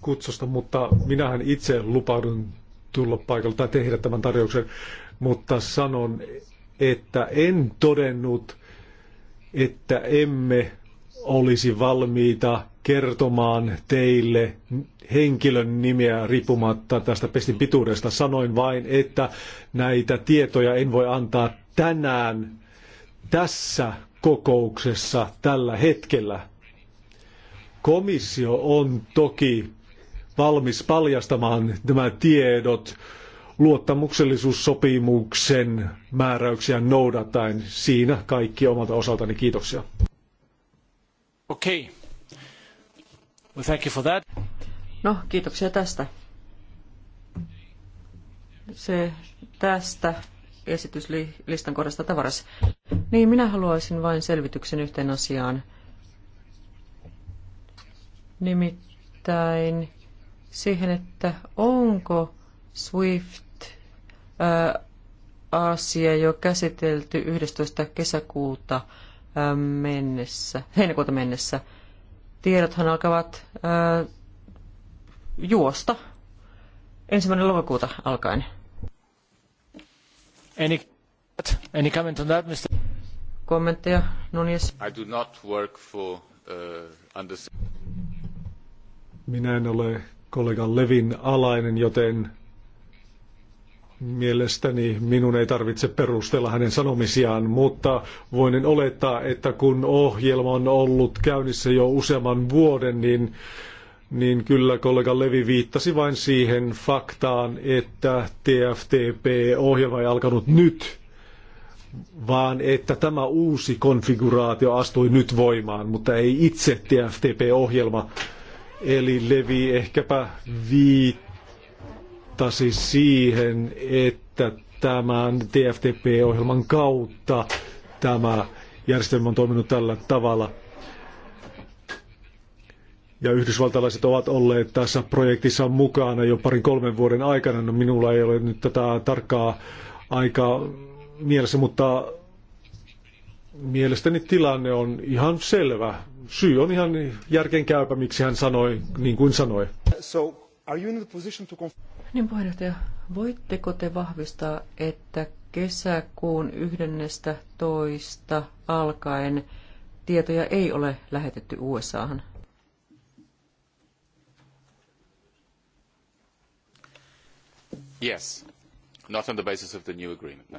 kutsusta, mutta minähän itse lupaudun tulla paikalle tai tehdä tämän tarjouksen, mutta sanon, että en todennut, että emme olisi valmiita kertomaan teille henkilön nimeä riippumatta tästä pestin pituudesta. Sanoin vain, että näitä tietoja en voi antaa tänään tässä kokouksessa tällä hetkellä. Komissio on toki valmis paljastamaan nämä tiedot luottamuksellisuussopimuksen määräyksiä noudattaen. Siinä kaikki omalta osaltani. Kiitoksia.
Okei. Okay. Well, thank you for that. No, kiitoksia tästä.
Se tästä
esityslistan
kohdasta tavaras. Niin, minä haluaisin vain selvityksen yhteen asiaan. Nimittäin siihen, että onko SWIFT ää, asia jo käsitelty 11. kesäkuuta ää, mennessä, heinäkuuta mennessä – tiedothan alkavat ää, juosta ensimmäinen lokakuuta alkaen. Any, any
comment on that, Mr. Kommentteja, Nunes?
I do not work for, uh, under...
Minä en ole kollegan Levin alainen, joten Mielestäni minun ei tarvitse perustella hänen sanomisiaan, mutta voin olettaa, että kun ohjelma on ollut käynnissä jo useamman vuoden, niin, niin kyllä kollega Levi viittasi vain siihen faktaan, että TFTP-ohjelma ei alkanut nyt, vaan että tämä uusi konfiguraatio astui nyt voimaan, mutta ei itse TFTP-ohjelma. Eli Levi ehkäpä viittasi viittasi siihen, että tämän TFTP-ohjelman kautta tämä järjestelmä on toiminut tällä tavalla. Ja yhdysvaltalaiset ovat olleet tässä projektissa mukana jo parin kolmen vuoden aikana. No minulla ei ole nyt tätä tarkkaa aikaa mielessä, mutta mielestäni tilanne on ihan selvä. Syy on ihan järkeenkäypä, miksi hän sanoi niin kuin sanoi. So Are you in the position to
niin puheenjohtaja, voitteko te vahvistaa, että kesäkuun 11. alkaen tietoja ei ole lähetetty USAhan?
Yes. Not on the basis of the new agreement, no.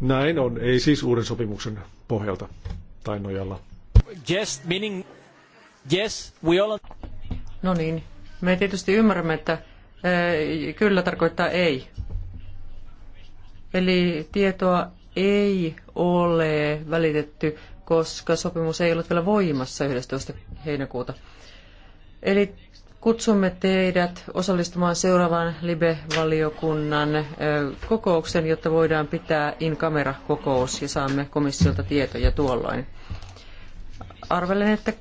Näin on, ei siis uuden sopimuksen pohjalta tai nojalla.
Yes, meaning, yes, we all...
No niin, me tietysti ymmärrämme, että kyllä tarkoittaa ei. Eli tietoa ei ole välitetty, koska sopimus ei ollut vielä voimassa 11. heinäkuuta. Eli kutsumme teidät osallistumaan seuraavaan LIBE-valiokunnan kokoukseen, jotta voidaan pitää in-kamera-kokous ja saamme komissiolta tietoja tuolloin. Arvelen, että 26.–27.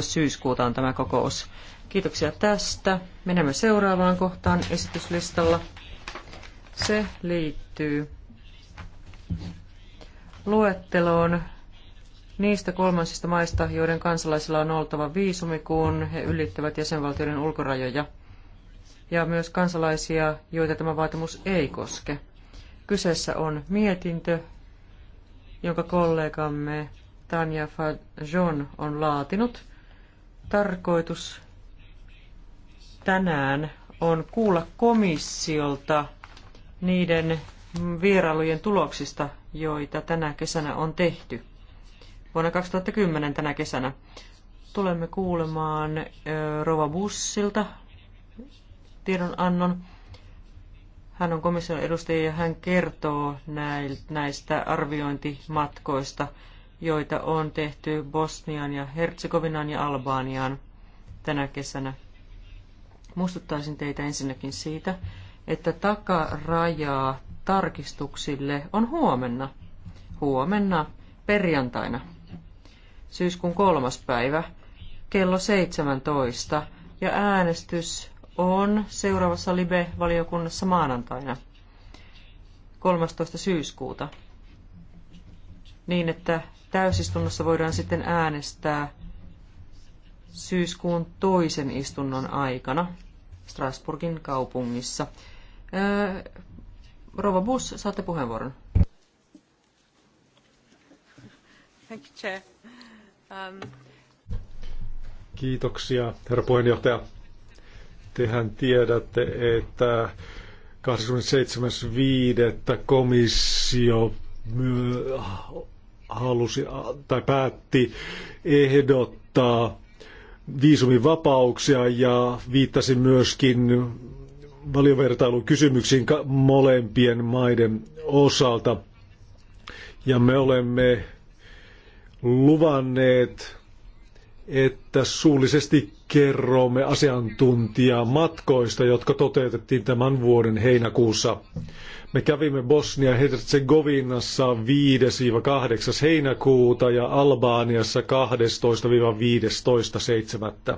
syyskuuta on tämä kokous. Kiitoksia tästä. Menemme seuraavaan kohtaan esityslistalla. Se liittyy luetteloon niistä kolmansista maista, joiden kansalaisilla on oltava viisumi, kun he ylittävät jäsenvaltioiden ulkorajoja, ja myös kansalaisia, joita tämä vaatimus ei koske. Kyseessä on mietintö, jonka kollegamme Tanja Fajon on laatinut. Tarkoitus tänään on kuulla komissiolta niiden vierailujen tuloksista, joita tänä kesänä on tehty. Vuonna 2010 tänä kesänä tulemme kuulemaan Rova Bussilta tiedonannon. Hän on komission edustaja ja hän kertoo näistä arviointimatkoista, joita on tehty Bosnian ja Herzegovinan ja Albaniaan tänä kesänä. Muistuttaisin teitä ensinnäkin siitä, että takarajaa tarkistuksille on huomenna. Huomenna perjantaina, syyskuun kolmas päivä, kello 17 ja äänestys on seuraavassa Libe-valiokunnassa maanantaina 13. syyskuuta, niin että täysistunnossa voidaan sitten äänestää syyskuun toisen istunnon aikana Strasbourgin kaupungissa. Öö, Rova Bus,
saatte puheenvuoron.
Thank you, Chair.
Um,
Kiitoksia, herra puheenjohtaja. Tehän tiedätte, että 27.5. komissio halusi tai päätti ehdottaa viisumivapauksia ja viittasi myöskin valiovertailukysymyksiin molempien maiden osalta. Ja me olemme luvanneet että suullisesti kerromme asiantuntijamatkoista, jotka toteutettiin tämän vuoden heinäkuussa. Me kävimme Bosnia-Herzegovinassa 5-8. heinäkuuta ja Albaaniassa 12-15.7.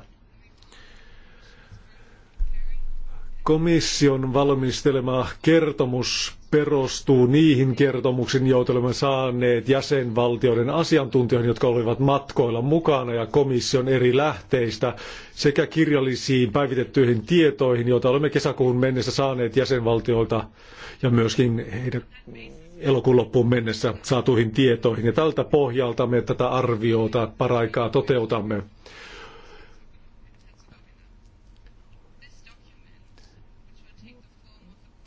Komission valmistelema kertomus perustuu niihin kertomuksiin, joita olemme saaneet jäsenvaltioiden asiantuntijoihin, jotka olivat matkoilla mukana ja komission eri lähteistä sekä kirjallisiin päivitettyihin tietoihin, joita olemme kesäkuun mennessä saaneet jäsenvaltioilta ja myöskin heidän elokuun loppuun mennessä saatuihin tietoihin. Ja tältä pohjalta me tätä arviota paraikaa toteutamme.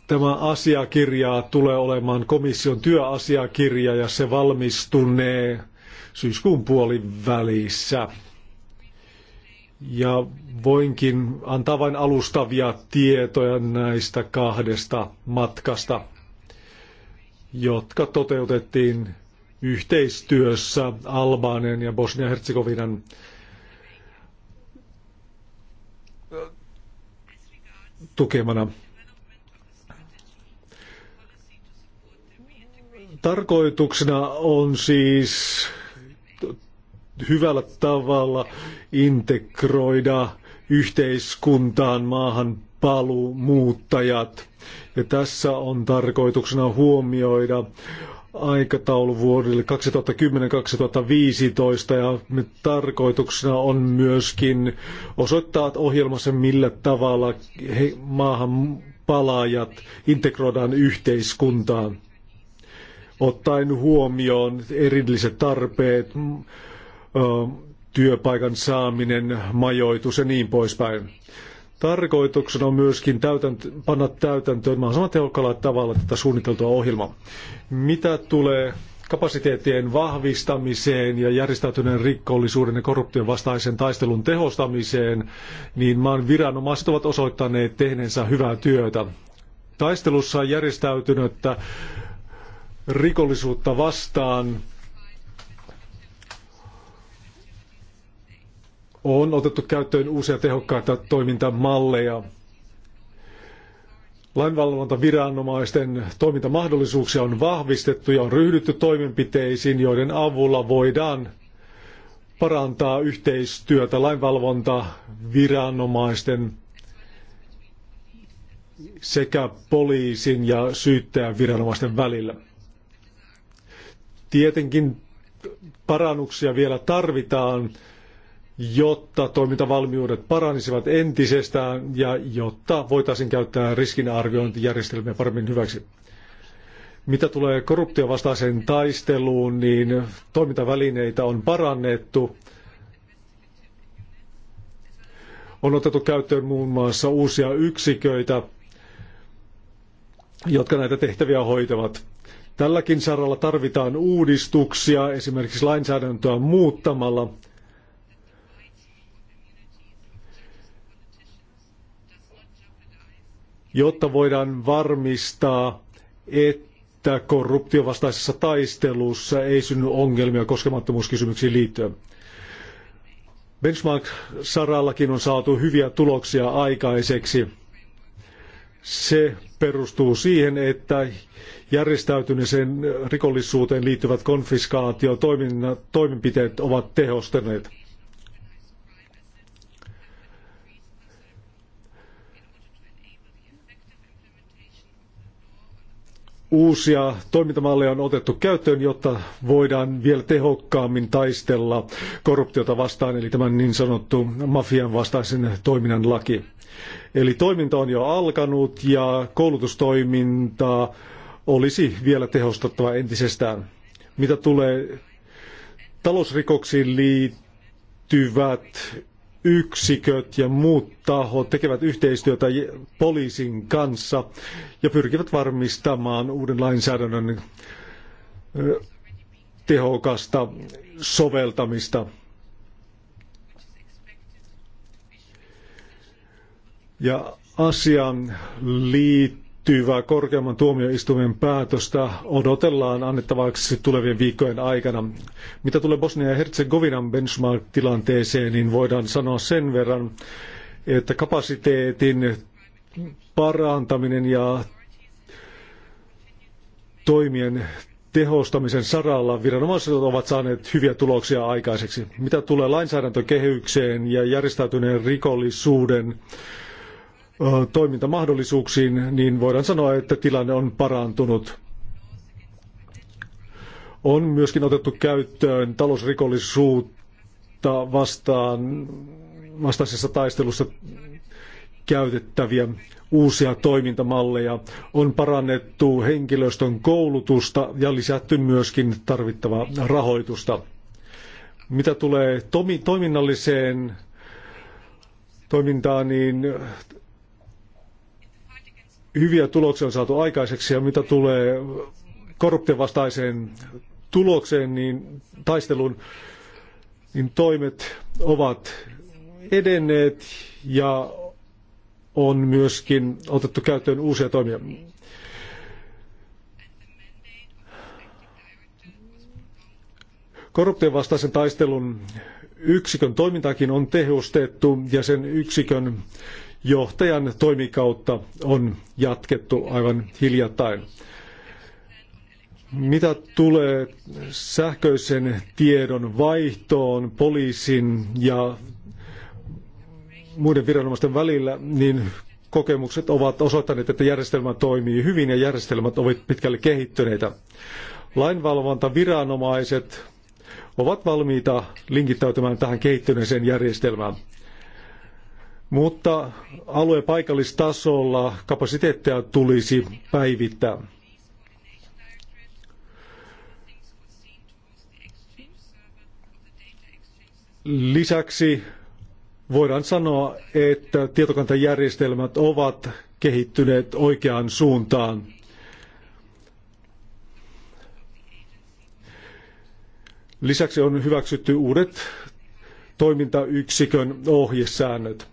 Tämä asiakirja tulee olemaan komission työasiakirja ja se valmistunee syyskuun puolin välissä. Ja voinkin antaa vain alustavia tietoja näistä kahdesta matkasta, jotka toteutettiin yhteistyössä Albanian ja Bosnia-Herzegovinan tukemana. Tarkoituksena on siis hyvällä tavalla integroida yhteiskuntaan maahan paluu Ja tässä on tarkoituksena huomioida aikataulu vuodelle 2010-2015 ja tarkoituksena on myöskin osoittaa ohjelmassa millä tavalla he, maahan palaajat integroidaan yhteiskuntaan ottaen huomioon erilliset tarpeet, työpaikan saaminen, majoitus ja niin poispäin. Tarkoituksena on myöskin täytäntö, panna täytäntöön mahdollisimman tehokkaalla tavalla tätä suunniteltua ohjelmaa. Mitä tulee kapasiteettien vahvistamiseen ja järjestäytyneen rikollisuuden ja korruption vastaisen taistelun tehostamiseen, niin maan viranomaiset ovat osoittaneet tehneensä hyvää työtä. Taistelussa järjestäytynyttä rikollisuutta vastaan on otettu käyttöön uusia tehokkaita toimintamalleja. Lainvalvontaviranomaisten toimintamahdollisuuksia on vahvistettu ja on ryhdytty toimenpiteisiin, joiden avulla voidaan parantaa yhteistyötä lainvalvontaviranomaisten sekä poliisin ja syyttäjän viranomaisten välillä. Tietenkin parannuksia vielä tarvitaan, jotta toimintavalmiudet paranisivat entisestään ja jotta voitaisiin käyttää riskinarviointijärjestelmiä paremmin hyväksi. Mitä tulee korruptiovastaiseen taisteluun, niin toimintavälineitä on parannettu. On otettu käyttöön muun muassa uusia yksiköitä, jotka näitä tehtäviä hoitavat. Tälläkin saralla tarvitaan uudistuksia, esimerkiksi lainsäädäntöä muuttamalla. jotta voidaan varmistaa, että korruptiovastaisessa taistelussa ei synny ongelmia koskemattomuuskysymyksiin liittyen. Benchmark-sarallakin on saatu hyviä tuloksia aikaiseksi. Se perustuu siihen, että järjestäytyneeseen rikollisuuteen liittyvät konfiskaatiotoimenpiteet ovat tehostuneet. Uusia toimintamalleja on otettu käyttöön, jotta voidaan vielä tehokkaammin taistella korruptiota vastaan, eli tämän niin sanottu mafian vastaisen toiminnan laki. Eli toiminta on jo alkanut ja koulutustoimintaa olisi vielä tehostettava entisestään. Mitä tulee talousrikoksiin liittyvät yksiköt ja muut tahot tekevät yhteistyötä poliisin kanssa ja pyrkivät varmistamaan uuden lainsäädännön tehokasta soveltamista. Ja asiaan liittyvää korkeamman tuomioistuimen päätöstä odotellaan annettavaksi tulevien viikkojen aikana. Mitä tulee Bosnia ja Herzegovinan benchmark-tilanteeseen, niin voidaan sanoa sen verran, että kapasiteetin parantaminen ja toimien tehostamisen saralla viranomaiset ovat saaneet hyviä tuloksia aikaiseksi. Mitä tulee lainsäädäntökehykseen ja järjestäytyneen rikollisuuden toimintamahdollisuuksiin, niin voidaan sanoa, että tilanne on parantunut. On myöskin otettu käyttöön talousrikollisuutta vastaan, vastaisessa taistelussa käytettäviä uusia toimintamalleja. On parannettu henkilöstön koulutusta ja lisätty myöskin tarvittavaa rahoitusta. Mitä tulee toiminnalliseen toimintaan, niin hyviä tuloksia on saatu aikaiseksi ja mitä tulee korruption vastaiseen tulokseen, niin taistelun niin toimet ovat edenneet ja on myöskin otettu käyttöön uusia toimia. Korruption vastaisen taistelun yksikön toimintaakin on tehostettu ja sen yksikön johtajan toimikautta on jatkettu aivan hiljattain. Mitä tulee sähköisen tiedon vaihtoon poliisin ja muiden viranomaisten välillä, niin kokemukset ovat osoittaneet, että järjestelmä toimii hyvin ja järjestelmät ovat pitkälle kehittyneitä. Lainvalvontaviranomaiset ovat valmiita linkittäytymään tähän kehittyneeseen järjestelmään. Mutta alue paikallistasolla kapasiteettia tulisi päivittää. Lisäksi voidaan sanoa, että tietokantajärjestelmät ovat kehittyneet oikeaan suuntaan. Lisäksi on hyväksytty uudet toimintayksikön ohjesäännöt.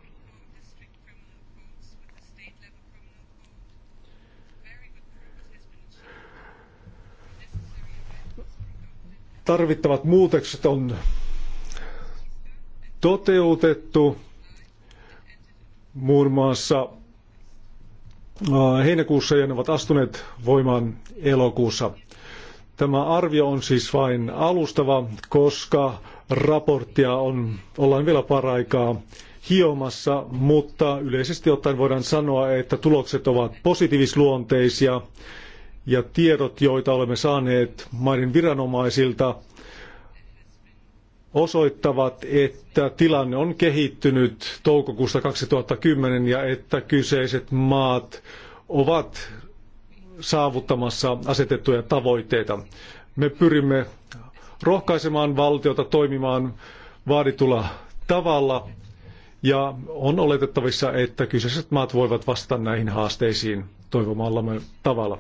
tarvittavat muutokset on toteutettu muun muassa heinäkuussa ja ne ovat astuneet voimaan elokuussa. Tämä arvio on siis vain alustava, koska raporttia on, ollaan vielä paraikaa hiomassa, mutta yleisesti ottaen voidaan sanoa, että tulokset ovat positiivisluonteisia ja tiedot, joita olemme saaneet maiden viranomaisilta, osoittavat, että tilanne on kehittynyt toukokuusta 2010 ja että kyseiset maat ovat saavuttamassa asetettuja tavoitteita. Me pyrimme rohkaisemaan valtiota toimimaan vaaditulla tavalla ja on oletettavissa, että kyseiset maat voivat vastata näihin haasteisiin toivomallamme tavalla.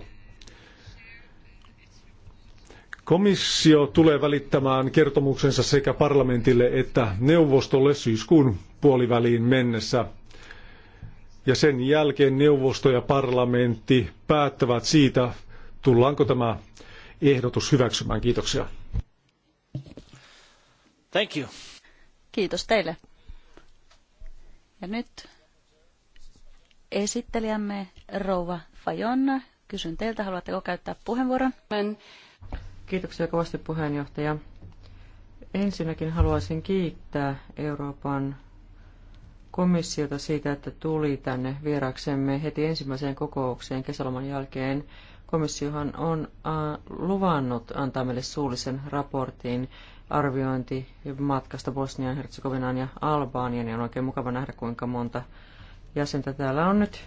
Komissio tulee välittämään kertomuksensa sekä parlamentille että neuvostolle syyskuun puoliväliin mennessä. Ja sen jälkeen neuvosto ja parlamentti päättävät siitä, tullaanko tämä ehdotus hyväksymään. Kiitoksia.
Thank you.
Kiitos teille. Ja nyt esittelijämme Rouva Kysyn teiltä, haluatteko käyttää puheenvuoron?
Kiitoksia kovasti puheenjohtaja. Ensinnäkin haluaisin kiittää Euroopan komissiota siitä, että tuli tänne vieraksemme heti ensimmäiseen kokoukseen kesäloman jälkeen. Komissiohan on äh, luvannut antaa meille suullisen raportin arviointi matkasta Bosnian, Herzegovinaan ja Albaanian. Ja on oikein mukava nähdä, kuinka monta jäsentä täällä on nyt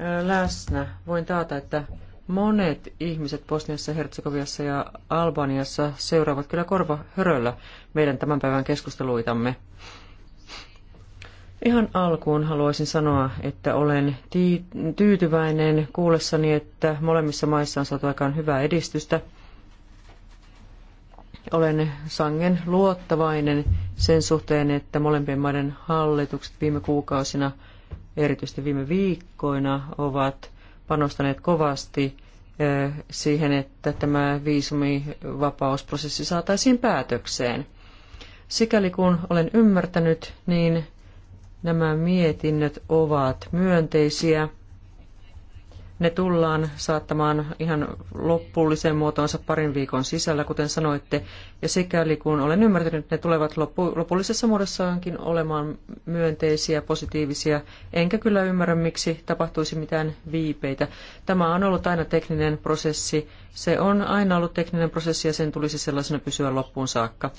äh, läsnä. Voin taata, että Monet ihmiset Bosniassa, Herzegoviassa ja Albaniassa seuraavat kyllä korva höröllä meidän tämän päivän keskusteluitamme. Ihan alkuun haluaisin sanoa, että olen tyytyväinen kuullessani, että molemmissa maissa on saatu aikaan hyvää edistystä. Olen sangen luottavainen sen suhteen, että molempien maiden hallitukset viime kuukausina, erityisesti viime viikkoina, ovat panostaneet kovasti siihen, että tämä viisumivapausprosessi saataisiin päätökseen. Sikäli kun olen ymmärtänyt, niin nämä mietinnöt ovat myönteisiä – ne tullaan saattamaan ihan loppuulliseen muotoonsa parin viikon sisällä, kuten sanoitte, ja sikäli kun olen ymmärtänyt, ne tulevat loppu- lopullisessa muodossaankin olemaan myönteisiä, positiivisia, enkä kyllä ymmärrä, miksi tapahtuisi mitään viipeitä. Tämä on ollut aina tekninen prosessi, se on aina ollut tekninen prosessi ja sen tulisi sellaisena pysyä loppuun saakka.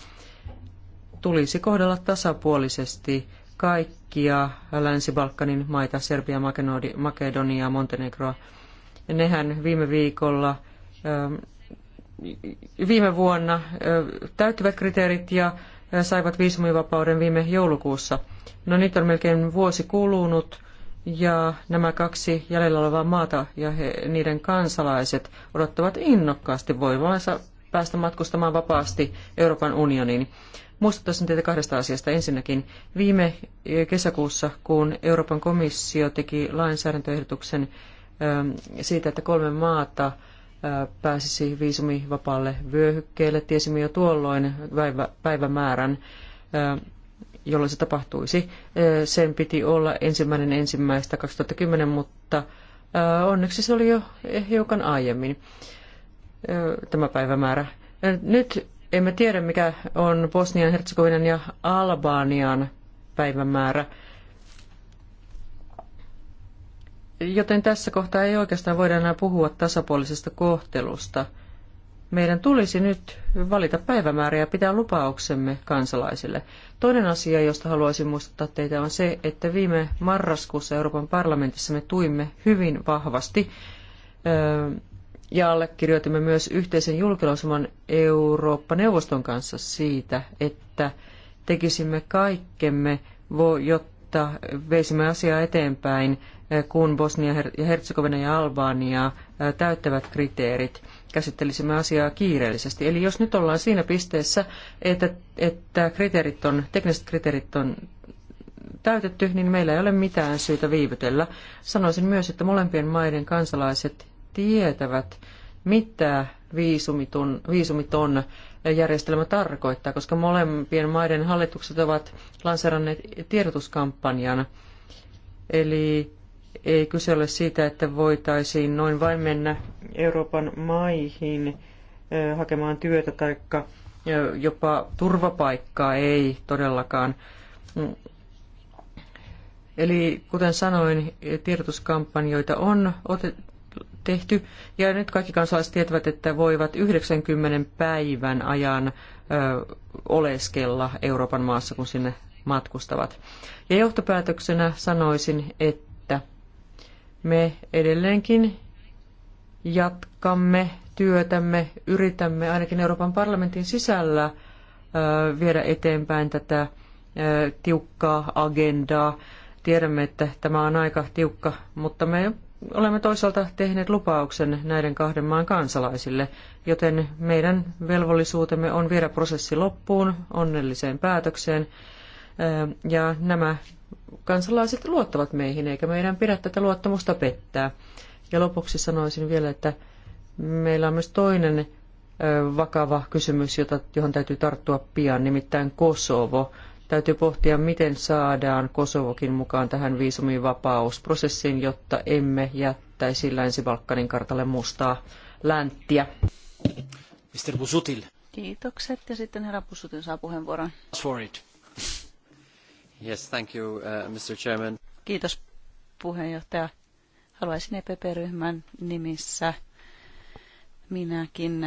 Tulisi kohdella tasapuolisesti kaikkia Länsi-Balkanin maita, Serbia, Makedonia, Montenegroa. Nehän viime viikolla, ähm, viime vuonna äh, täyttivät kriteerit ja äh, saivat viisumivapauden viime joulukuussa. No nyt on melkein vuosi kulunut ja nämä kaksi jäljellä olevaa maata ja he, niiden kansalaiset odottavat innokkaasti voivansa päästä matkustamaan vapaasti Euroopan unioniin. Muistuttaisin teitä kahdesta asiasta. Ensinnäkin viime eh, kesäkuussa, kun Euroopan komissio teki lainsäädäntöehdotuksen ähm, siitä, että kolme maata äh, pääsisi viisumivapaalle vyöhykkeelle, tiesimme jo tuolloin päivämäärän, äh, jolloin se tapahtuisi. Äh, sen piti olla ensimmäinen ensimmäistä 2010, mutta onneksi se oli jo eh, hiukan aiemmin tämä päivämäärä. Nyt emme tiedä, mikä on Bosnian, Herzegovinan ja Albanian päivämäärä. Joten tässä kohtaa ei oikeastaan voida enää puhua tasapuolisesta kohtelusta. Meidän tulisi nyt valita päivämäärä ja pitää lupauksemme kansalaisille. Toinen asia, josta haluaisin muistuttaa teitä, on se, että viime marraskuussa Euroopan parlamentissa me tuimme hyvin vahvasti ja allekirjoitimme myös yhteisen julkilausuman Eurooppa-neuvoston kanssa siitä, että tekisimme kaikkemme, jotta veisimme asiaa eteenpäin, eh, kun Bosnia ja Herzegovina ja Albania eh, täyttävät kriteerit. Käsittelisimme asiaa kiireellisesti. Eli jos nyt ollaan siinä pisteessä, että, että kriteerit on, tekniset kriteerit on täytetty, niin meillä ei ole mitään syytä viivytellä. Sanoisin myös, että molempien maiden kansalaiset tietävät, mitä viisumiton, viisumiton järjestelmä tarkoittaa, koska molempien maiden hallitukset ovat lanseranneet tiedotuskampanjan. Eli ei kyse ole siitä, että voitaisiin noin vain mennä Euroopan maihin hakemaan työtä tai jopa turvapaikkaa ei todellakaan. Eli kuten sanoin, tiedotuskampanjoita on tehty. Ja nyt kaikki kansalaiset tietävät, että voivat 90 päivän ajan ö, oleskella Euroopan maassa, kun sinne matkustavat. Ja johtopäätöksenä sanoisin, että me edelleenkin jatkamme työtämme, yritämme ainakin Euroopan parlamentin sisällä ö, viedä eteenpäin tätä ö, tiukkaa agendaa. Tiedämme, että tämä on aika tiukka, mutta me olemme toisaalta tehneet lupauksen näiden kahden maan kansalaisille, joten meidän velvollisuutemme on viedä prosessi loppuun, onnelliseen päätökseen. Eh, ja nämä kansalaiset luottavat meihin, eikä meidän pidä tätä luottamusta pettää. Ja lopuksi sanoisin vielä, että meillä on myös toinen eh, vakava kysymys, jota, johon täytyy tarttua pian, nimittäin Kosovo. Täytyy pohtia, miten saadaan Kosovokin mukaan tähän viisumivapausprosessiin, jotta emme jättäisi Länsi-Balkanin kartalle mustaa länttiä.
Mr. Busutil.
Kiitokset. Ja sitten herra Busutil saa puheenvuoron.
Yes, thank you, uh, Mr. Chairman.
Kiitos puheenjohtaja. Haluaisin EPP-ryhmän nimissä minäkin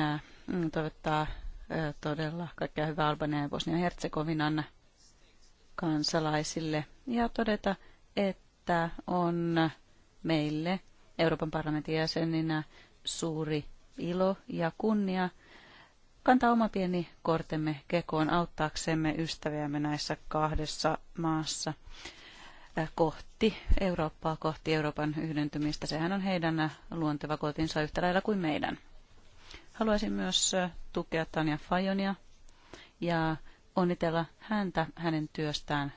uh, toivottaa uh, todella kaikkea hyvää Albanian ja Bosnian Herzegovinan kansalaisille ja todeta, että on meille Euroopan parlamentin jäseninä suuri ilo ja kunnia kantaa oma pieni kortemme kekoon auttaaksemme ystäviämme näissä kahdessa maassa äh, kohti Eurooppaa, kohti Euroopan yhdentymistä. Sehän on heidän luonteva kotinsa yhtä lailla kuin meidän. Haluaisin myös äh, tukea Tanja Fajonia ja onnitella häntä hänen työstään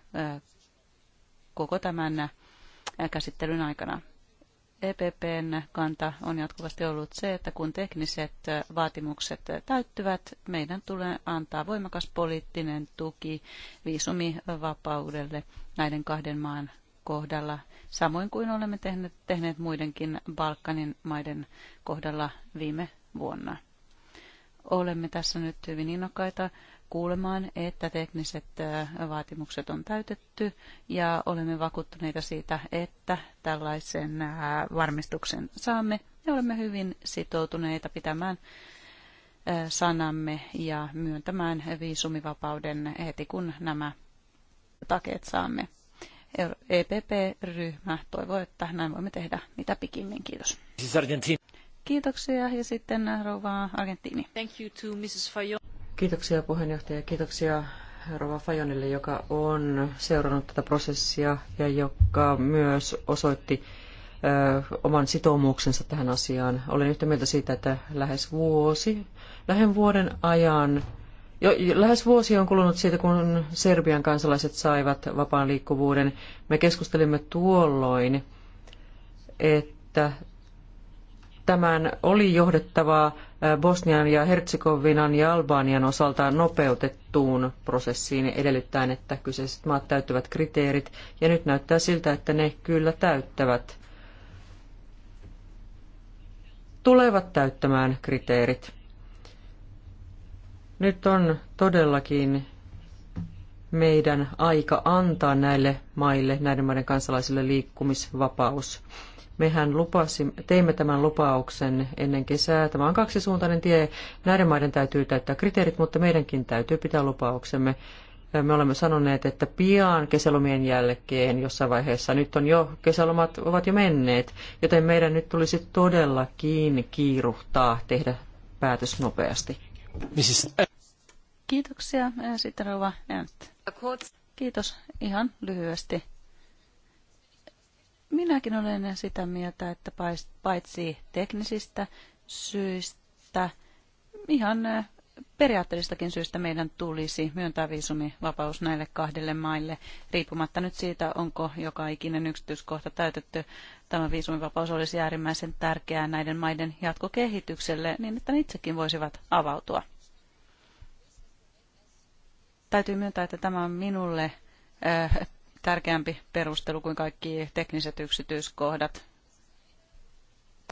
koko tämän käsittelyn aikana. EPPn kanta on jatkuvasti ollut se, että kun tekniset vaatimukset täyttyvät, meidän tulee antaa voimakas poliittinen tuki viisumivapaudelle näiden kahden maan kohdalla, samoin kuin olemme tehneet, tehneet muidenkin Balkanin maiden kohdalla viime vuonna. Olemme tässä nyt hyvin innokkaita kuulemaan, että tekniset vaatimukset on täytetty ja olemme vakuuttuneita siitä, että tällaisen varmistuksen saamme ja olemme hyvin sitoutuneita pitämään sanamme ja myöntämään viisumivapauden heti, kun nämä takeet saamme. EPP-ryhmä e toivoo, että näin voimme tehdä mitä pikimmin. Kiitos. Siis Kiitoksia ja sitten rouva Argentiini. Thank you to Mrs. Fajon.
Kiitoksia puheenjohtaja, kiitoksia rouva Fajonille, joka on seurannut tätä prosessia ja joka myös osoitti oman sitoumuksensa tähän asiaan. Olen yhtä mieltä siitä, että lähes vuosi, lähen vuoden ajan, jo, lähes vuosi on kulunut siitä, kun Serbian kansalaiset saivat vapaan liikkuvuuden. Me keskustelimme tuolloin, että Tämän oli johdettava äh, Bosnian ja Herzegovinan ja Albanian osalta nopeutettuun prosessiin edellyttäen, että kyseiset maat täyttävät kriteerit, ja nyt näyttää siltä, että ne kyllä täyttävät, tulevat täyttämään kriteerit. Nyt on todellakin meidän aika antaa näille maille, näiden maiden kansalaisille liikkumisvapaus. Mehän lupasi, teimme tämän lupauksen ennen kesää. Tämä on kaksisuuntainen tie. Näiden maiden täytyy täyttää kriteerit, mutta meidänkin täytyy pitää lupauksemme. Me olemme sanoneet, että pian kesälomien jälkeen jossain vaiheessa, nyt on jo, kesälomat ovat jo menneet, joten meidän nyt tulisi todellakin kiiruhtaa tehdä päätös nopeasti.
Kiitoksia. Sitten rouva Kiitos ihan lyhyesti. Minäkin olen sitä mieltä, että paitsi teknisistä syistä, ihan äh, periaatteellistakin syistä meidän tulisi myöntää viisumivapaus näille kahdelle maille, riippumatta nyt siitä, onko joka ikinen yksityiskohta täytetty. Tämä viisumivapaus olisi äärimmäisen tärkeää näiden maiden jatkokehitykselle, niin että ne itsekin voisivat avautua. Täytyy myöntää, että tämä on minulle äh, tärkeämpi perustelu kuin kaikki tekniset yksityiskohdat.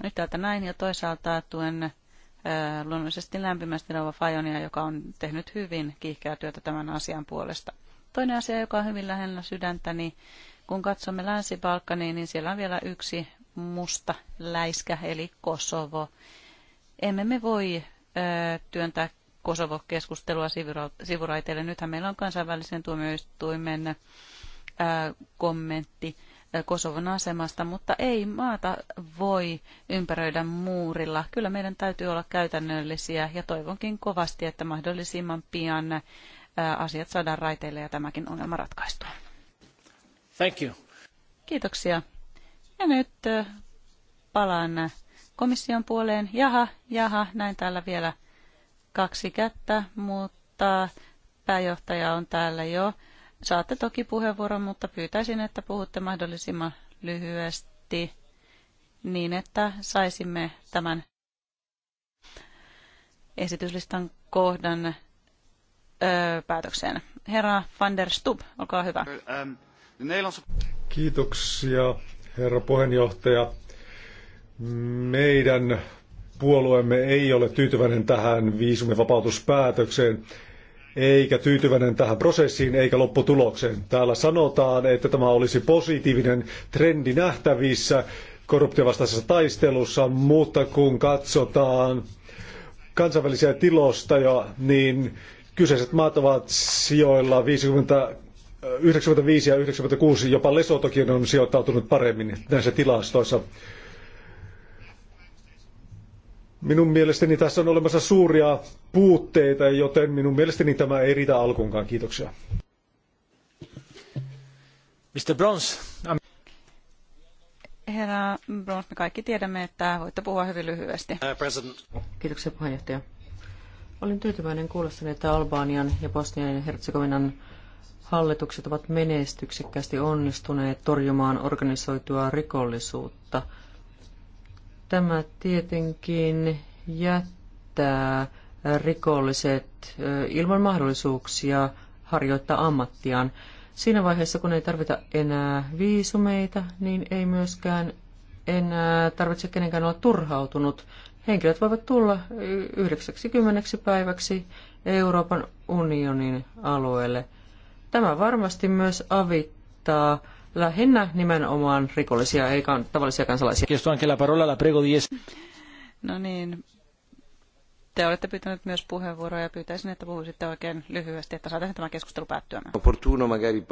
Nyt täältä näin ja toisaalta tuen äh, luonnollisesti lämpimästi Rova Fajonia, joka on tehnyt hyvin kiihkeää työtä tämän asian puolesta. Toinen asia, joka on hyvin lähellä sydäntäni, niin kun katsomme Länsi-Balkania, niin siellä on vielä yksi musta läiskä, eli Kosovo. Emme me voi ö, äh, työntää Kosovo-keskustelua sivuraiteille. Nythän meillä on kansainvälisen tuomioistuimen kommentti Kosovon asemasta, mutta ei maata voi ympäröidä muurilla. Kyllä meidän täytyy olla käytännöllisiä ja toivonkin kovasti, että mahdollisimman pian asiat saadaan raiteille ja tämäkin ongelma ratkaistua. Thank you. Kiitoksia. Ja nyt palaan komission puoleen. Jaha, jaha, näin täällä vielä kaksi kättä, mutta pääjohtaja on täällä jo. Saatte toki puheenvuoron, mutta pyytäisin, että puhutte mahdollisimman lyhyesti niin, että saisimme tämän esityslistan kohdan öö, päätökseen. Herra van der Stub, olkaa hyvä.
Kiitoksia, herra puheenjohtaja. Meidän puolueemme ei ole tyytyväinen tähän viisumivapautuspäätökseen eikä tyytyväinen tähän prosessiin eikä lopputulokseen. Täällä sanotaan, että tämä olisi positiivinen trendi nähtävissä korruptiovastaisessa taistelussa, mutta kun katsotaan kansainvälisiä tilostoja, niin kyseiset maat ovat sijoilla 50 95 ja 96, jopa Lesotokin on sijoittautunut paremmin näissä tilastoissa. Minun mielestäni tässä on olemassa suuria puutteita, joten minun mielestäni tämä ei riitä alkuunkaan. Kiitoksia. Mr. Brons. I'm...
Herra Brons, me kaikki tiedämme, että voitte puhua hyvin lyhyesti.
Kiitoksia
puheenjohtaja. Olin tyytyväinen kuullessani, että Albanian ja Bosnian ja Herzegovinan hallitukset ovat menestyksekkäästi onnistuneet torjumaan organisoitua rikollisuutta – Tämä tietenkin jättää rikolliset ilman mahdollisuuksia harjoittaa ammattiaan. Siinä vaiheessa, kun ei tarvita enää viisumeita, niin ei myöskään enää tarvitse kenenkään olla turhautunut. Henkilöt voivat tulla 90 päiväksi Euroopan unionin alueelle. Tämä varmasti myös avittaa lähinnä nimenomaan rikollisia, ei
tavallisia kansalaisia.
No niin, te olette pyytäneet myös puheenvuoroa ja pyytäisin, että puhuisitte oikein lyhyesti, että saataisiin tämä keskustelu päättyä.
Opportuno magari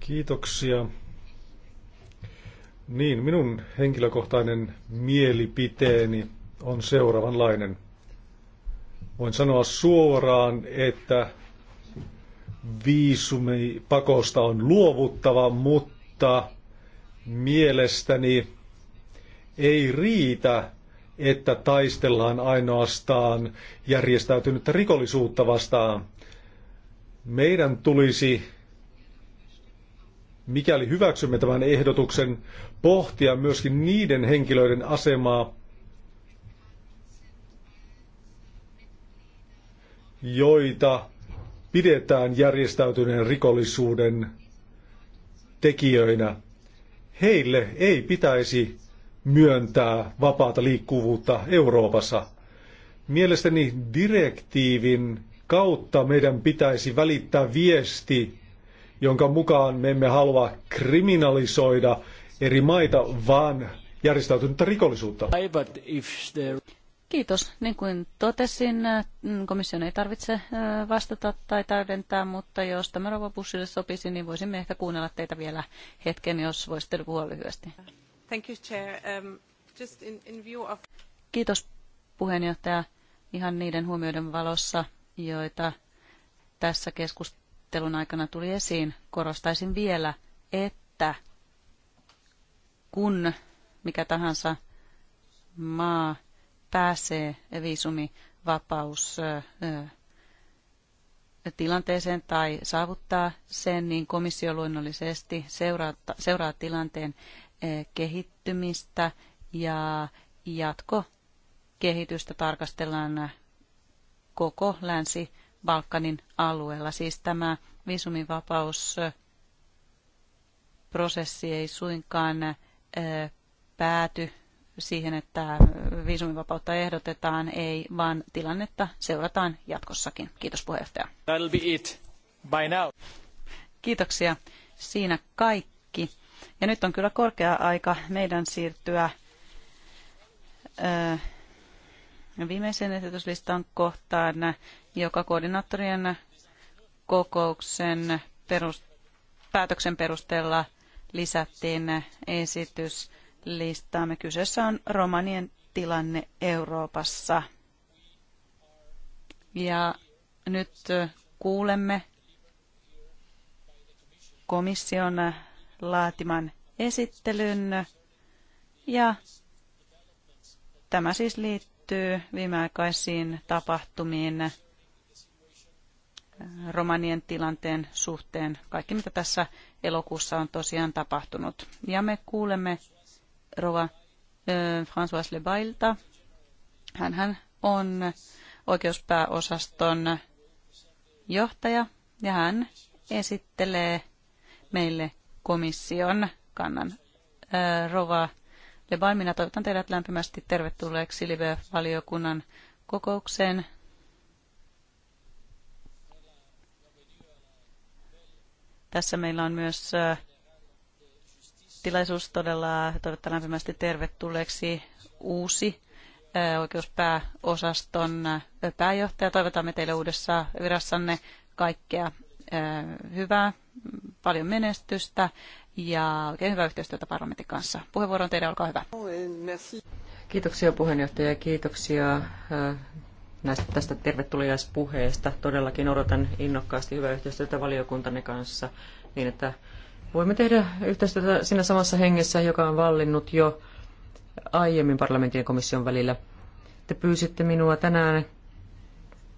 Kiitoksia. Niin, minun henkilökohtainen mielipiteeni on seuraavanlainen. Voin sanoa suoraan, että viisumipakosta on luovuttava, mutta mielestäni ei riitä, että taistellaan ainoastaan järjestäytynyttä rikollisuutta vastaan. Meidän tulisi, mikäli hyväksymme tämän ehdotuksen, pohtia myöskin niiden henkilöiden asemaa, joita pidetään järjestäytyneen rikollisuuden tekijöinä. Heille ei pitäisi myöntää vapaata liikkuvuutta Euroopassa. Mielestäni direktiivin kautta meidän pitäisi välittää viesti, jonka mukaan me emme halua kriminalisoida eri maita, vaan järjestäytynyttä rikollisuutta.
Kiitos. Niin kuin totesin, mm, komission ei tarvitse vastata tai täydentää, mutta jos tämä rouva Bushille sopisi, niin voisimme ehkä kuunnella teitä vielä hetken, jos voisitte puhua lyhyesti.
Thank you, Chair. Um, just in, in view of...
Kiitos puheenjohtaja ihan niiden huomioiden valossa, joita tässä keskustelun aikana tuli esiin. Korostaisin vielä, että kun mikä tahansa maa pääsee viisumivapaus tilanteeseen tai saavuttaa sen, niin komissio luonnollisesti seuraa, seuraa tilanteen kehittymistä ja jatkokehitystä tarkastellaan koko Länsi-Balkanin alueella. Siis tämä viisumivapausprosessi ei suinkaan pääty siihen, että viisumivapautta ehdotetaan, ei, vaan tilannetta seurataan jatkossakin. Kiitos puheenjohtaja.
That'll be it now.
Kiitoksia. Siinä kaikki. Ja nyt on kyllä korkea aika meidän siirtyä ö, viimeiseen esityslistan kohtaan, joka koordinaattorien kokouksen perus, päätöksen perusteella lisättiin esityslistaamme. Kyseessä on romanien tilanne Euroopassa. Ja nyt kuulemme komission laatiman esittelyn ja tämä siis liittyy viimeaikaisiin tapahtumiin romanien tilanteen suhteen. Kaikki mitä tässä elokuussa on tosiaan tapahtunut. Ja me kuulemme Rova Äh, François Lebailta. hän on oikeuspääosaston johtaja ja hän esittelee meille komission kannan. Äh, Rova Lebail, minä toivotan teidät lämpimästi tervetulleeksi Live-valiokunnan kokoukseen. Tässä meillä on myös äh, tilaisuus todella toivottaa lämpimästi tervetulleeksi uusi oikeuspääosaston pääjohtaja. Toivotamme teille uudessa virassanne kaikkea hyvää, paljon menestystä ja oikein hyvää yhteistyötä parlamentin kanssa. Puheenvuoro on teidän, olkaa hyvä.
Kiitoksia puheenjohtaja ja kiitoksia näistä, tästä tervetuliaispuheesta. Todellakin odotan innokkaasti hyvää yhteistyötä valiokuntanne kanssa niin, että voimme tehdä yhteistyötä siinä samassa hengessä, joka on vallinnut jo aiemmin parlamentin ja komission välillä. Te pyysitte minua tänään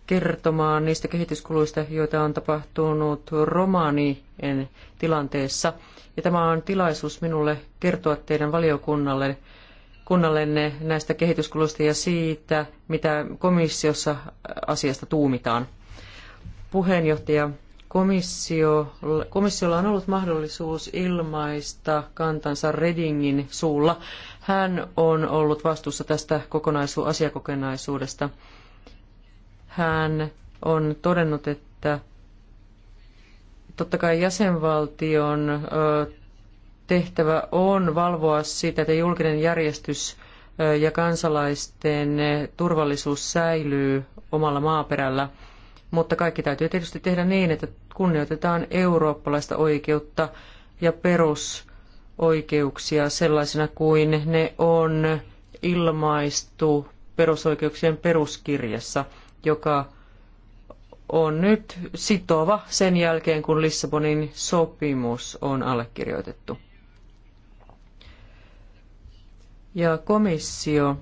kertomaan niistä kehityskuluista, joita on tapahtunut romaanien tilanteessa. Ja tämä on tilaisuus minulle kertoa teidän valiokunnalle kunnallenne näistä kehityskuluista ja siitä, mitä komissiossa asiasta tuumitaan. Puheenjohtaja Komissio, komissiolla on ollut mahdollisuus ilmaista kantansa Redingin suulla. Hän on ollut vastuussa tästä kokonaisu- asiakokonaisuudesta. Hän on todennut, että totta kai jäsenvaltion tehtävä on valvoa sitä, että julkinen järjestys ja kansalaisten turvallisuus säilyy omalla maaperällä – mutta kaikki täytyy tietysti tehdä niin, että kunnioitetaan eurooppalaista oikeutta ja perusoikeuksia sellaisina kuin ne on ilmaistu perusoikeuksien peruskirjassa, joka on nyt sitova sen jälkeen, kun Lissabonin sopimus on allekirjoitettu. Ja komissio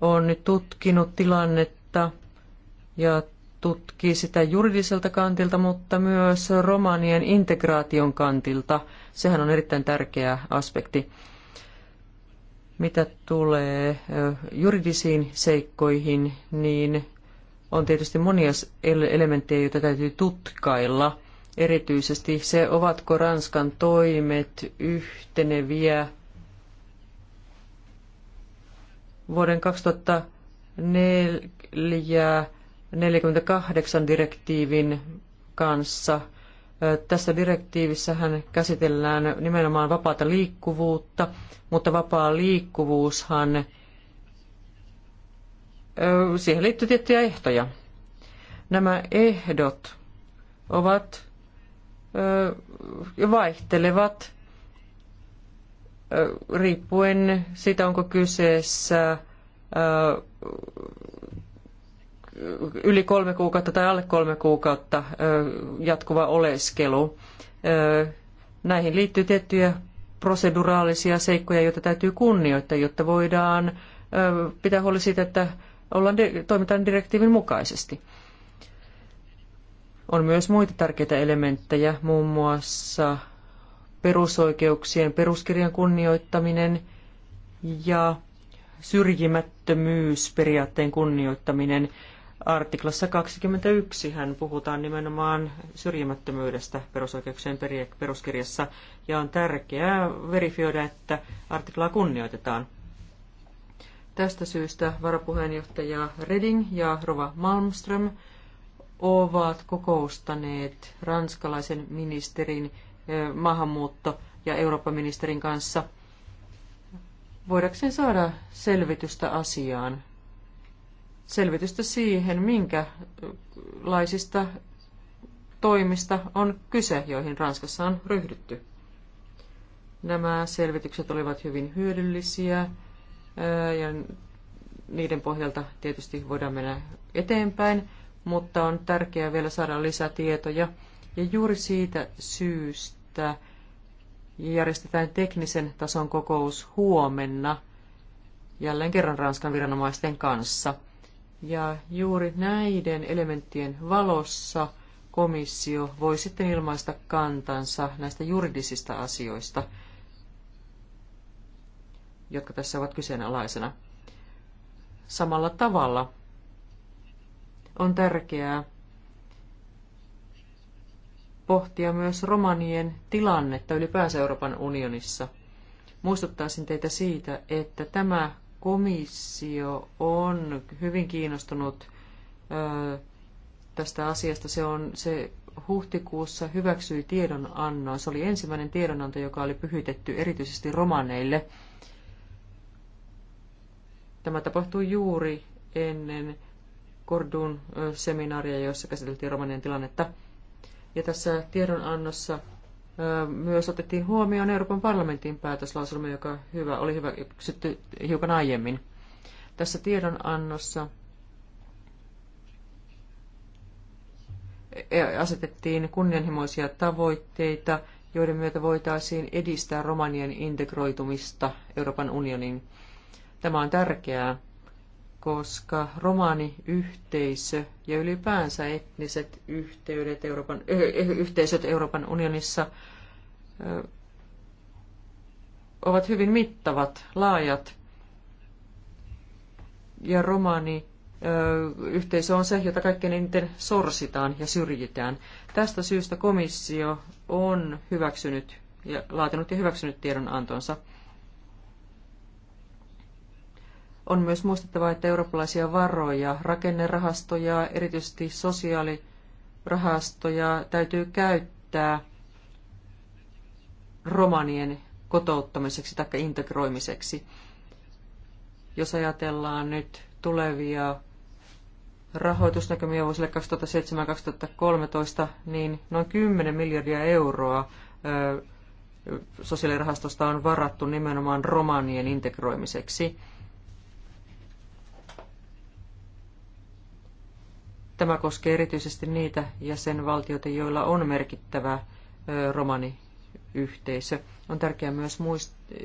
on nyt tutkinut tilannetta ja tutkii sitä juridiselta kantilta, mutta myös romanien integraation kantilta. Sehän on erittäin tärkeä aspekti. Mitä tulee juridisiin seikkoihin, niin on tietysti monia elementtejä, joita täytyy tutkailla. Erityisesti se, ovatko Ranskan toimet yhteneviä vuoden 2004 48 direktiivin kanssa. Tässä direktiivissähän käsitellään nimenomaan vapaata liikkuvuutta, mutta vapaa liikkuvuushan, siihen liittyy tiettyjä ehtoja. Nämä ehdot ovat vaihtelevat riippuen siitä, onko kyseessä yli kolme kuukautta tai alle kolme kuukautta jatkuva oleskelu. Näihin liittyy tiettyjä proseduraalisia seikkoja, joita täytyy kunnioittaa, jotta voidaan pitää huoli siitä, että ollaan, toimitaan direktiivin mukaisesti. On myös muita tärkeitä elementtejä, muun muassa perusoikeuksien peruskirjan kunnioittaminen ja syrjimättömyysperiaatteen kunnioittaminen. Artiklassa 21 hän puhutaan nimenomaan syrjimättömyydestä perusoikeuksien peruskirjassa ja on tärkeää verifioida, että artiklaa kunnioitetaan. Tästä syystä varapuheenjohtaja Reding ja Rova Malmström ovat kokoustaneet ranskalaisen ministerin maahanmuutto- ja eurooppaministerin ministerin kanssa voidakseen saada selvitystä asiaan selvitystä siihen, minkälaisista toimista on kyse, joihin Ranskassa on ryhdytty. Nämä selvitykset olivat hyvin hyödyllisiä ja niiden pohjalta tietysti voidaan mennä eteenpäin, mutta on tärkeää vielä saada lisätietoja. Ja juuri siitä syystä järjestetään teknisen tason kokous huomenna jälleen kerran Ranskan viranomaisten kanssa – ja juuri näiden elementtien valossa komissio voi sitten ilmaista kantansa näistä juridisista asioista, jotka tässä ovat kyseenalaisena. Samalla tavalla on tärkeää pohtia myös romanien tilannetta ylipäänsä Euroopan unionissa. Muistuttaisin teitä siitä, että tämä komissio on hyvin kiinnostunut ö, tästä asiasta. Se, on, se huhtikuussa hyväksyi tiedonannon. Se oli ensimmäinen tiedonanto, joka oli pyhitetty erityisesti romaneille. Tämä tapahtui juuri ennen Kordun seminaaria, jossa käsiteltiin romanien tilannetta. Ja tässä tiedonannossa myös otettiin huomioon Euroopan parlamentin päätöslauselma, joka hyvä, oli hyvä hyväksytty hiukan aiemmin. Tässä tiedonannossa e, asetettiin kunnianhimoisia tavoitteita, joiden myötä voitaisiin edistää romanien integroitumista Euroopan unionin. Tämä on tärkeää koska romaaniyhteisö ja ylipäänsä etniset yhteydet Euroopan, eh, eh, yhteisöt Euroopan unionissa eh, ovat hyvin mittavat, laajat. Ja romaani yhteisö on se, jota kaikkein eniten sorsitaan ja syrjitään. Tästä syystä komissio on hyväksynyt ja laatinut ja hyväksynyt tiedonantonsa. antonsa On myös muistettava, että eurooppalaisia varoja, rakennerahastoja, erityisesti sosiaalirahastoja täytyy käyttää romanien kotouttamiseksi tai integroimiseksi. Jos ajatellaan nyt tulevia rahoitusnäkymiä vuosille 2007-2013, niin noin 10 miljardia euroa sosiaalirahastosta on varattu nimenomaan romanien integroimiseksi. Tämä koskee erityisesti niitä jäsenvaltioita, joilla on merkittävä romaniyhteisö. On tärkeää myös muist-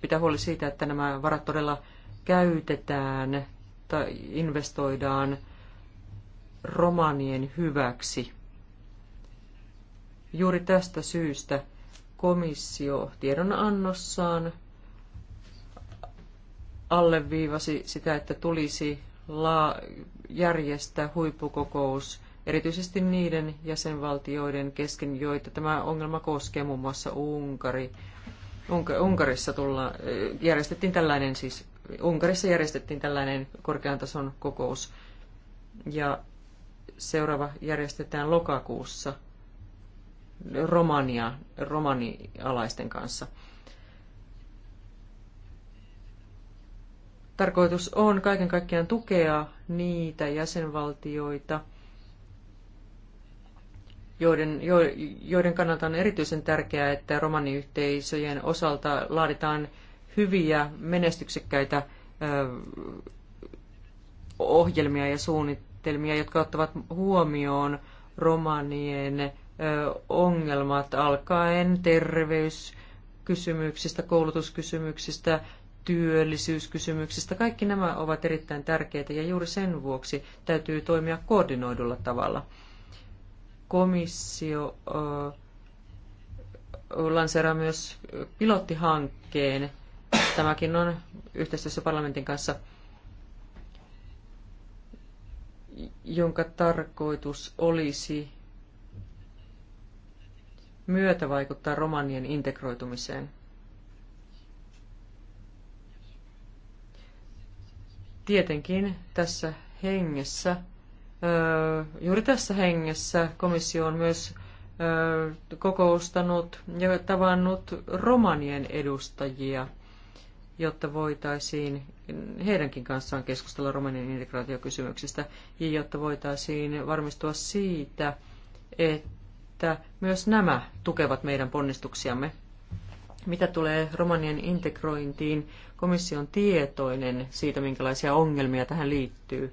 pitää huoli siitä, että nämä varat todella käytetään tai investoidaan romanien hyväksi. Juuri tästä syystä komissio tiedonannossaan alleviivasi sitä, että tulisi la- järjestää huippukokous erityisesti niiden jäsenvaltioiden kesken, joita tämä ongelma koskee, muun muassa Unkari. Unkarissa tulla, järjestettiin tällainen siis, Unkarissa järjestettiin tällainen korkean tason kokous ja seuraava järjestetään lokakuussa Romania, romanialaisten kanssa. tarkoitus on kaiken kaikkiaan tukea niitä jäsenvaltioita, joiden, jo, joiden kannalta on erityisen tärkeää, että romaniyhteisöjen osalta laaditaan hyviä, menestyksekkäitä ohjelmia ja suunnitelmia, jotka ottavat huomioon romanien ongelmat alkaen terveyskysymyksistä, koulutuskysymyksistä, työllisyyskysymyksistä. Kaikki nämä ovat erittäin tärkeitä ja juuri sen vuoksi täytyy toimia koordinoidulla tavalla. Komissio lanseeraa myös pilottihankkeen. Tämäkin on yhteistyössä parlamentin kanssa, jonka tarkoitus olisi myötävaikuttaa romanien integroitumiseen. Tietenkin tässä hengessä, juuri tässä hengessä komissio on myös kokoustanut ja tavannut romanien edustajia, jotta voitaisiin heidänkin kanssaan keskustella romanien integraatiokysymyksistä ja jotta voitaisiin varmistua siitä, että myös nämä tukevat meidän ponnistuksiamme. Mitä tulee romanien integrointiin, komissio on tietoinen siitä, minkälaisia ongelmia tähän liittyy.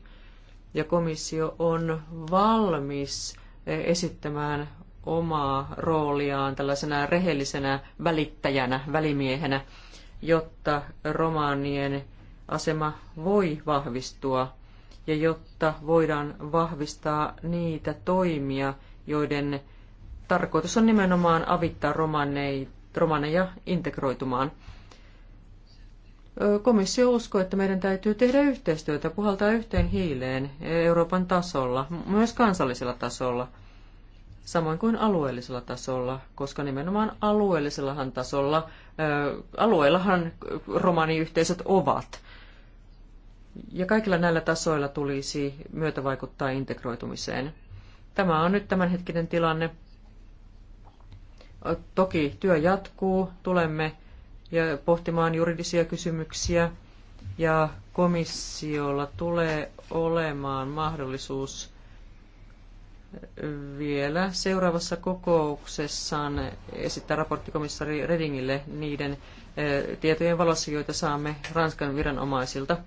Ja komissio on valmis eh, esittämään omaa rooliaan tällaisena rehellisenä välittäjänä, välimiehenä, jotta romaanien asema voi vahvistua ja jotta voidaan vahvistaa niitä toimia, joiden tarkoitus on nimenomaan avittaa romaneita romaneja integroitumaan. Komissio uskoo, että meidän täytyy tehdä yhteistyötä, puhaltaa yhteen hiileen Euroopan tasolla, myös kansallisella tasolla, samoin kuin alueellisella tasolla, koska nimenomaan alueellisellahan tasolla, alueellahan romaniyhteisöt ovat. Ja kaikilla näillä tasoilla tulisi myötävaikuttaa integroitumiseen. Tämä on nyt tämänhetkinen tilanne. Toki työ jatkuu, tulemme ja pohtimaan juridisia kysymyksiä ja komissiolla tulee olemaan mahdollisuus vielä seuraavassa kokouksessaan esittää raporttikomissari Redingille niiden eh, tietojen valossa, joita saamme Ranskan viranomaisilta.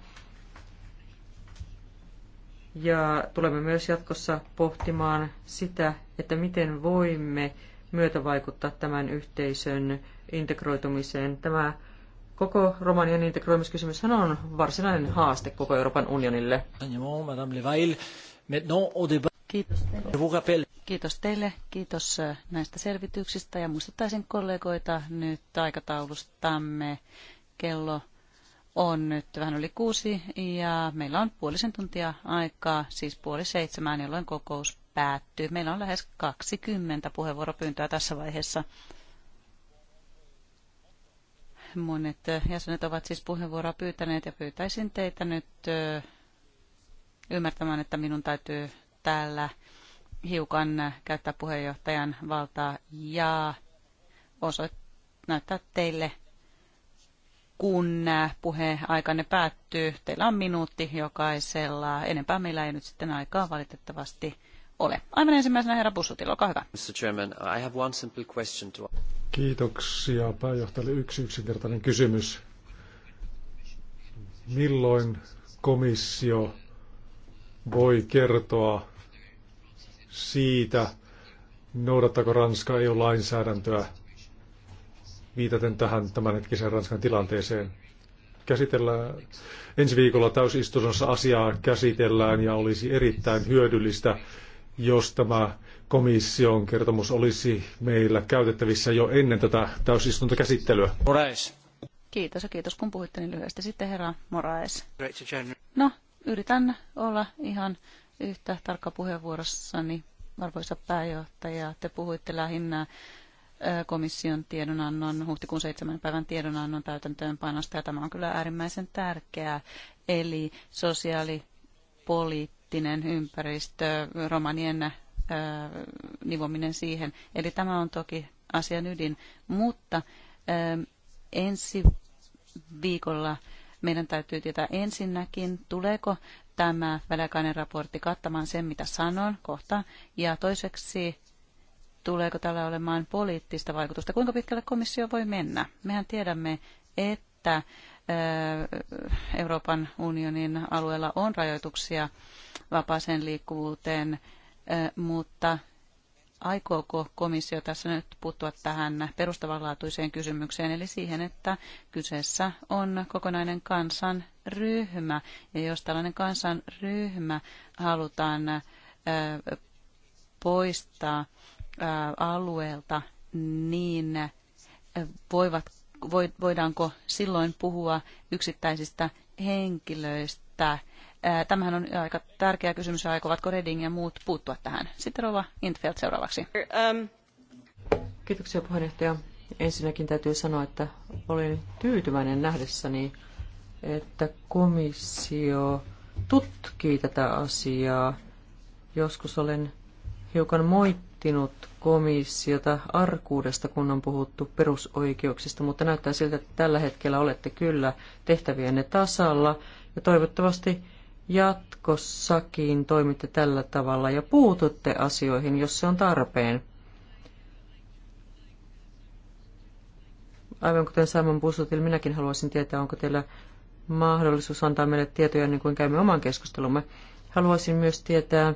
Ja tulemme myös jatkossa pohtimaan sitä, että miten voimme myötävaikuttaa tämän yhteisön integroitumiseen. Tämä koko Romanian integroimiskysymys on varsinainen haaste koko Euroopan
unionille. Kiitos teille. Kiitos teille, kiitos äh, näistä selvityksistä ja muistuttaisin kollegoita nyt aikataulustamme. Kello on nyt vähän yli kuusi ja meillä on puolisen tuntia aikaa, siis puoli seitsemään, jolloin kokous päättyy. Meillä on lähes 20 puheenvuoropyyntöä tässä vaiheessa. Monet jäsenet ovat siis puheenvuoroa pyytäneet ja pyytäisin teitä nyt ymmärtämään, että minun täytyy täällä hiukan käyttää puheenjohtajan valtaa ja osoit näyttää teille, kun puheaikanne päättyy. Teillä on minuutti jokaisella. Enempää meillä ei nyt sitten aikaa valitettavasti ole. Aivan ensimmäisenä herra Bussutil, olkaa hyvä. Mr. Chairman, I have one simple question to...
Kiitoksia pääjohtajalle. Yksi yksinkertainen kysymys. Milloin komissio voi kertoa siitä, noudattaako Ranska EU-lainsäädäntöä viitaten tähän tämänhetkiseen Ranskan tilanteeseen. Käsitellään ensi viikolla täysistunnossa asiaa käsitellään ja olisi erittäin hyödyllistä, jos tämä komission kertomus olisi meillä käytettävissä jo ennen tätä täysistuntokäsittelyä.
Moraes.
Kiitos ja kiitos kun puhuitte niin lyhyesti. Sitten herra Moraes. No, yritän olla ihan yhtä tarkka puheenvuorossani, arvoisa pääjohtaja. Te puhuitte lähinnä komission tiedonannon, huhtikuun 7. päivän tiedonannon täytäntöönpanosta, ja tämä on kyllä äärimmäisen tärkeää. Eli sosiaalipoliittinen poliittinen ympäristö, romanien nivominen siihen. Eli tämä on toki asian ydin, mutta ensi viikolla meidän täytyy tietää ensinnäkin, tuleeko tämä väliaikainen raportti kattamaan sen, mitä sanon kohta, ja toiseksi, tuleeko tällä olemaan poliittista vaikutusta, kuinka pitkälle komissio voi mennä. Mehän tiedämme, että että Euroopan unionin alueella on rajoituksia vapaaseen liikkuvuuteen, mutta aikooko komissio tässä nyt puuttua tähän perustavanlaatuiseen kysymykseen, eli siihen, että kyseessä on kokonainen kansanryhmä, ja jos tällainen kansanryhmä halutaan poistaa alueelta, niin voivat voidaanko silloin puhua yksittäisistä henkilöistä. Tämähän on aika tärkeä kysymys, aikovatko Reding ja muut puuttua tähän. Sitten Rova Intfeld seuraavaksi. Ähm.
Kiitoksia puheenjohtaja. Ensinnäkin täytyy sanoa, että olin tyytyväinen nähdessäni, että komissio tutkii tätä asiaa. Joskus olen hiukan moittanut pohtinut komissiota arkuudesta, kun on puhuttu perusoikeuksista, mutta näyttää siltä, että tällä hetkellä olette kyllä tehtävienne tasalla ja toivottavasti jatkossakin toimitte tällä tavalla ja puututte asioihin, jos se on tarpeen. Aivan kuten Simon Busutil, minäkin haluaisin tietää, onko teillä mahdollisuus antaa meille tietoja, niin kuin käymme oman keskustelumme. Haluaisin myös tietää,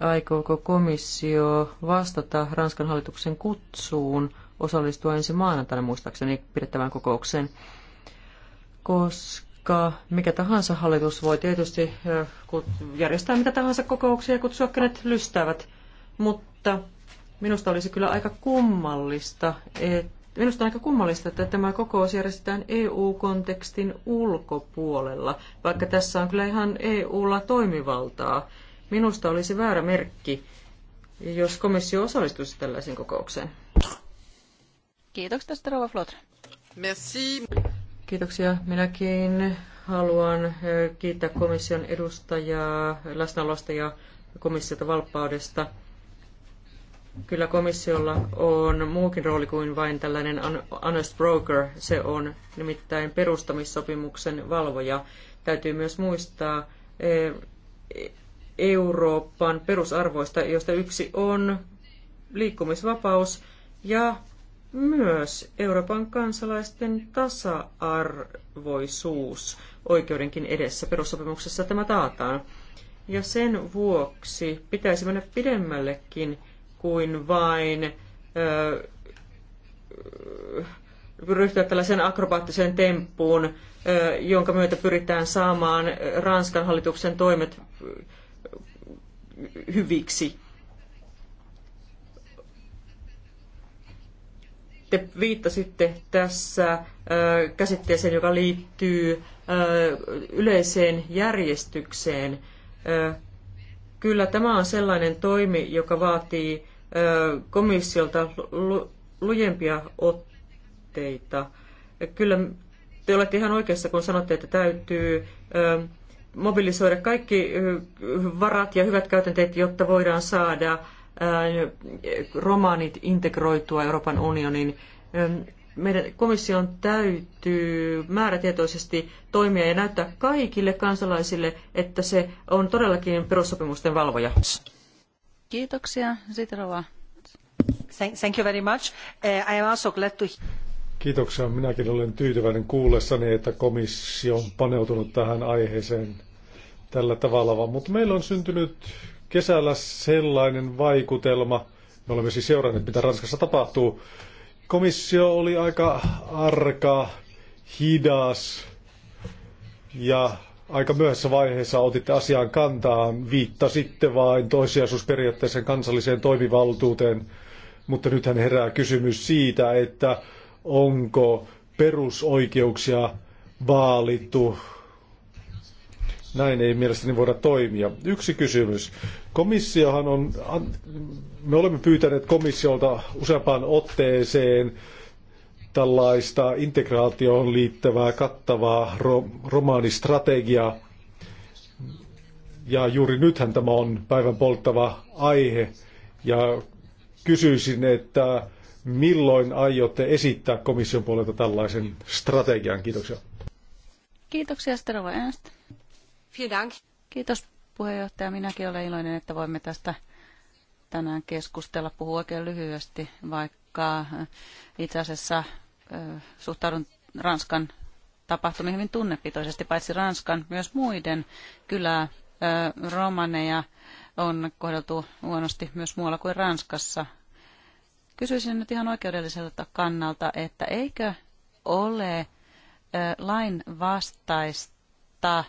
aikooko komissio vastata Ranskan hallituksen kutsuun osallistua ensi maanantaina muistaakseni pidettävään kokoukseen, koska mikä tahansa hallitus voi tietysti järjestää mitä tahansa kokouksia ja kutsua kenet lystävät, mutta minusta olisi kyllä aika kummallista, että Minusta on aika kummallista, että tämä kokous järjestetään EU-kontekstin ulkopuolella, vaikka tässä on kyllä ihan EUlla toimivaltaa Minusta olisi väärä merkki, jos komissio osallistuisi tällaiseen kokoukseen.
Kiitoksia tästä, Rova Flotre. Merci.
Kiitoksia. Minäkin haluan eh, kiittää komission edustajaa läsnäolosta ja komissiota valppaudesta. Kyllä komissiolla on muukin rooli kuin vain tällainen honest broker. Se on nimittäin perustamissopimuksen valvoja. Täytyy myös muistaa eh, Euroopan perusarvoista, joista yksi on liikkumisvapaus ja myös Euroopan kansalaisten tasa-arvoisuus oikeudenkin edessä. Perussopimuksessa tämä taataan. Ja sen vuoksi pitäisi mennä pidemmällekin kuin vain öö, ryhtyä tällaiseen akrobaattiseen temppuun, jonka myötä pyritään saamaan Ranskan hallituksen toimet hyviksi. Te viittasitte tässä käsitteeseen, joka liittyy yleiseen järjestykseen. Kyllä tämä on sellainen toimi, joka vaatii komissiolta lujempia otteita. Kyllä te olette ihan oikeassa, kun sanotte, että täytyy mobilisoida kaikki varat ja hyvät käytänteet, jotta voidaan saada romaanit integroitua Euroopan unionin. Meidän komission täytyy määrätietoisesti toimia ja näyttää kaikille kansalaisille, että se on todellakin perussopimusten valvoja.
Kiitoksia. Sitrova. Thank you very much. Uh, I am also glad to...
Kiitoksia. Minäkin olen tyytyväinen kuullessani, että komissio on paneutunut tähän aiheeseen tällä tavalla, vaan, mutta meillä on syntynyt kesällä sellainen vaikutelma, me olemme siis seuranneet, mitä Ranskassa tapahtuu. Komissio oli aika arka, hidas ja aika myöhässä vaiheessa otitte asiaan kantaa, viittasitte vain toissijaisuusperiaatteeseen kansalliseen toimivaltuuteen, mutta nythän herää kysymys siitä, että onko perusoikeuksia vaalittu näin ei mielestäni voida toimia. Yksi kysymys. Komissiohan on, me olemme pyytäneet komissiolta useampaan otteeseen tällaista integraatioon liittävää kattavaa romaanistrategiaa. Ja juuri nythän tämä on päivän polttava aihe. Ja kysyisin, että milloin aiotte esittää komission puolelta tällaisen strategian? Kiitoksia.
Kiitoksia, Sterova Ernst. Kiitos puheenjohtaja. Minäkin olen iloinen, että voimme tästä tänään keskustella. Puhu oikein lyhyesti, vaikka eh, itse asiassa eh, suhtaudun Ranskan tapahtumiin hyvin tunnepitoisesti, paitsi Ranskan, myös muiden kylää eh, romaneja on kohdeltu huonosti myös muualla kuin Ranskassa. Kysyisin nyt ihan oikeudelliselta kannalta, että eikö ole lain vastaista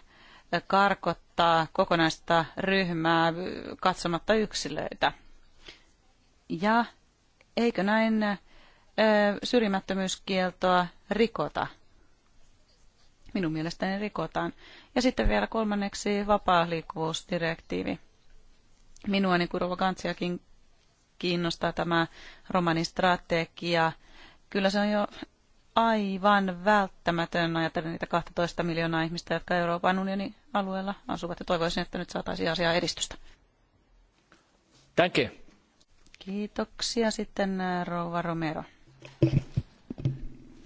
karkottaa kokonaista ryhmää katsomatta yksilöitä. Ja eikö näin syrjimättömyyskieltoa rikota? Minun mielestäni rikotaan. Ja sitten vielä kolmanneksi vapaa liikkuvuusdirektiivi. Minua niin kuin Rovagantsiakin kiinnostaa tämä romanistrategia. Kyllä se on jo aivan välttämätön ajatellen niitä 12 miljoonaa ihmistä, jotka Euroopan unionin alueella asuvat. Ja toivoisin, että nyt saataisiin asiaa edistystä. Thank you. Kiitoksia. Sitten äh, rouva Romero.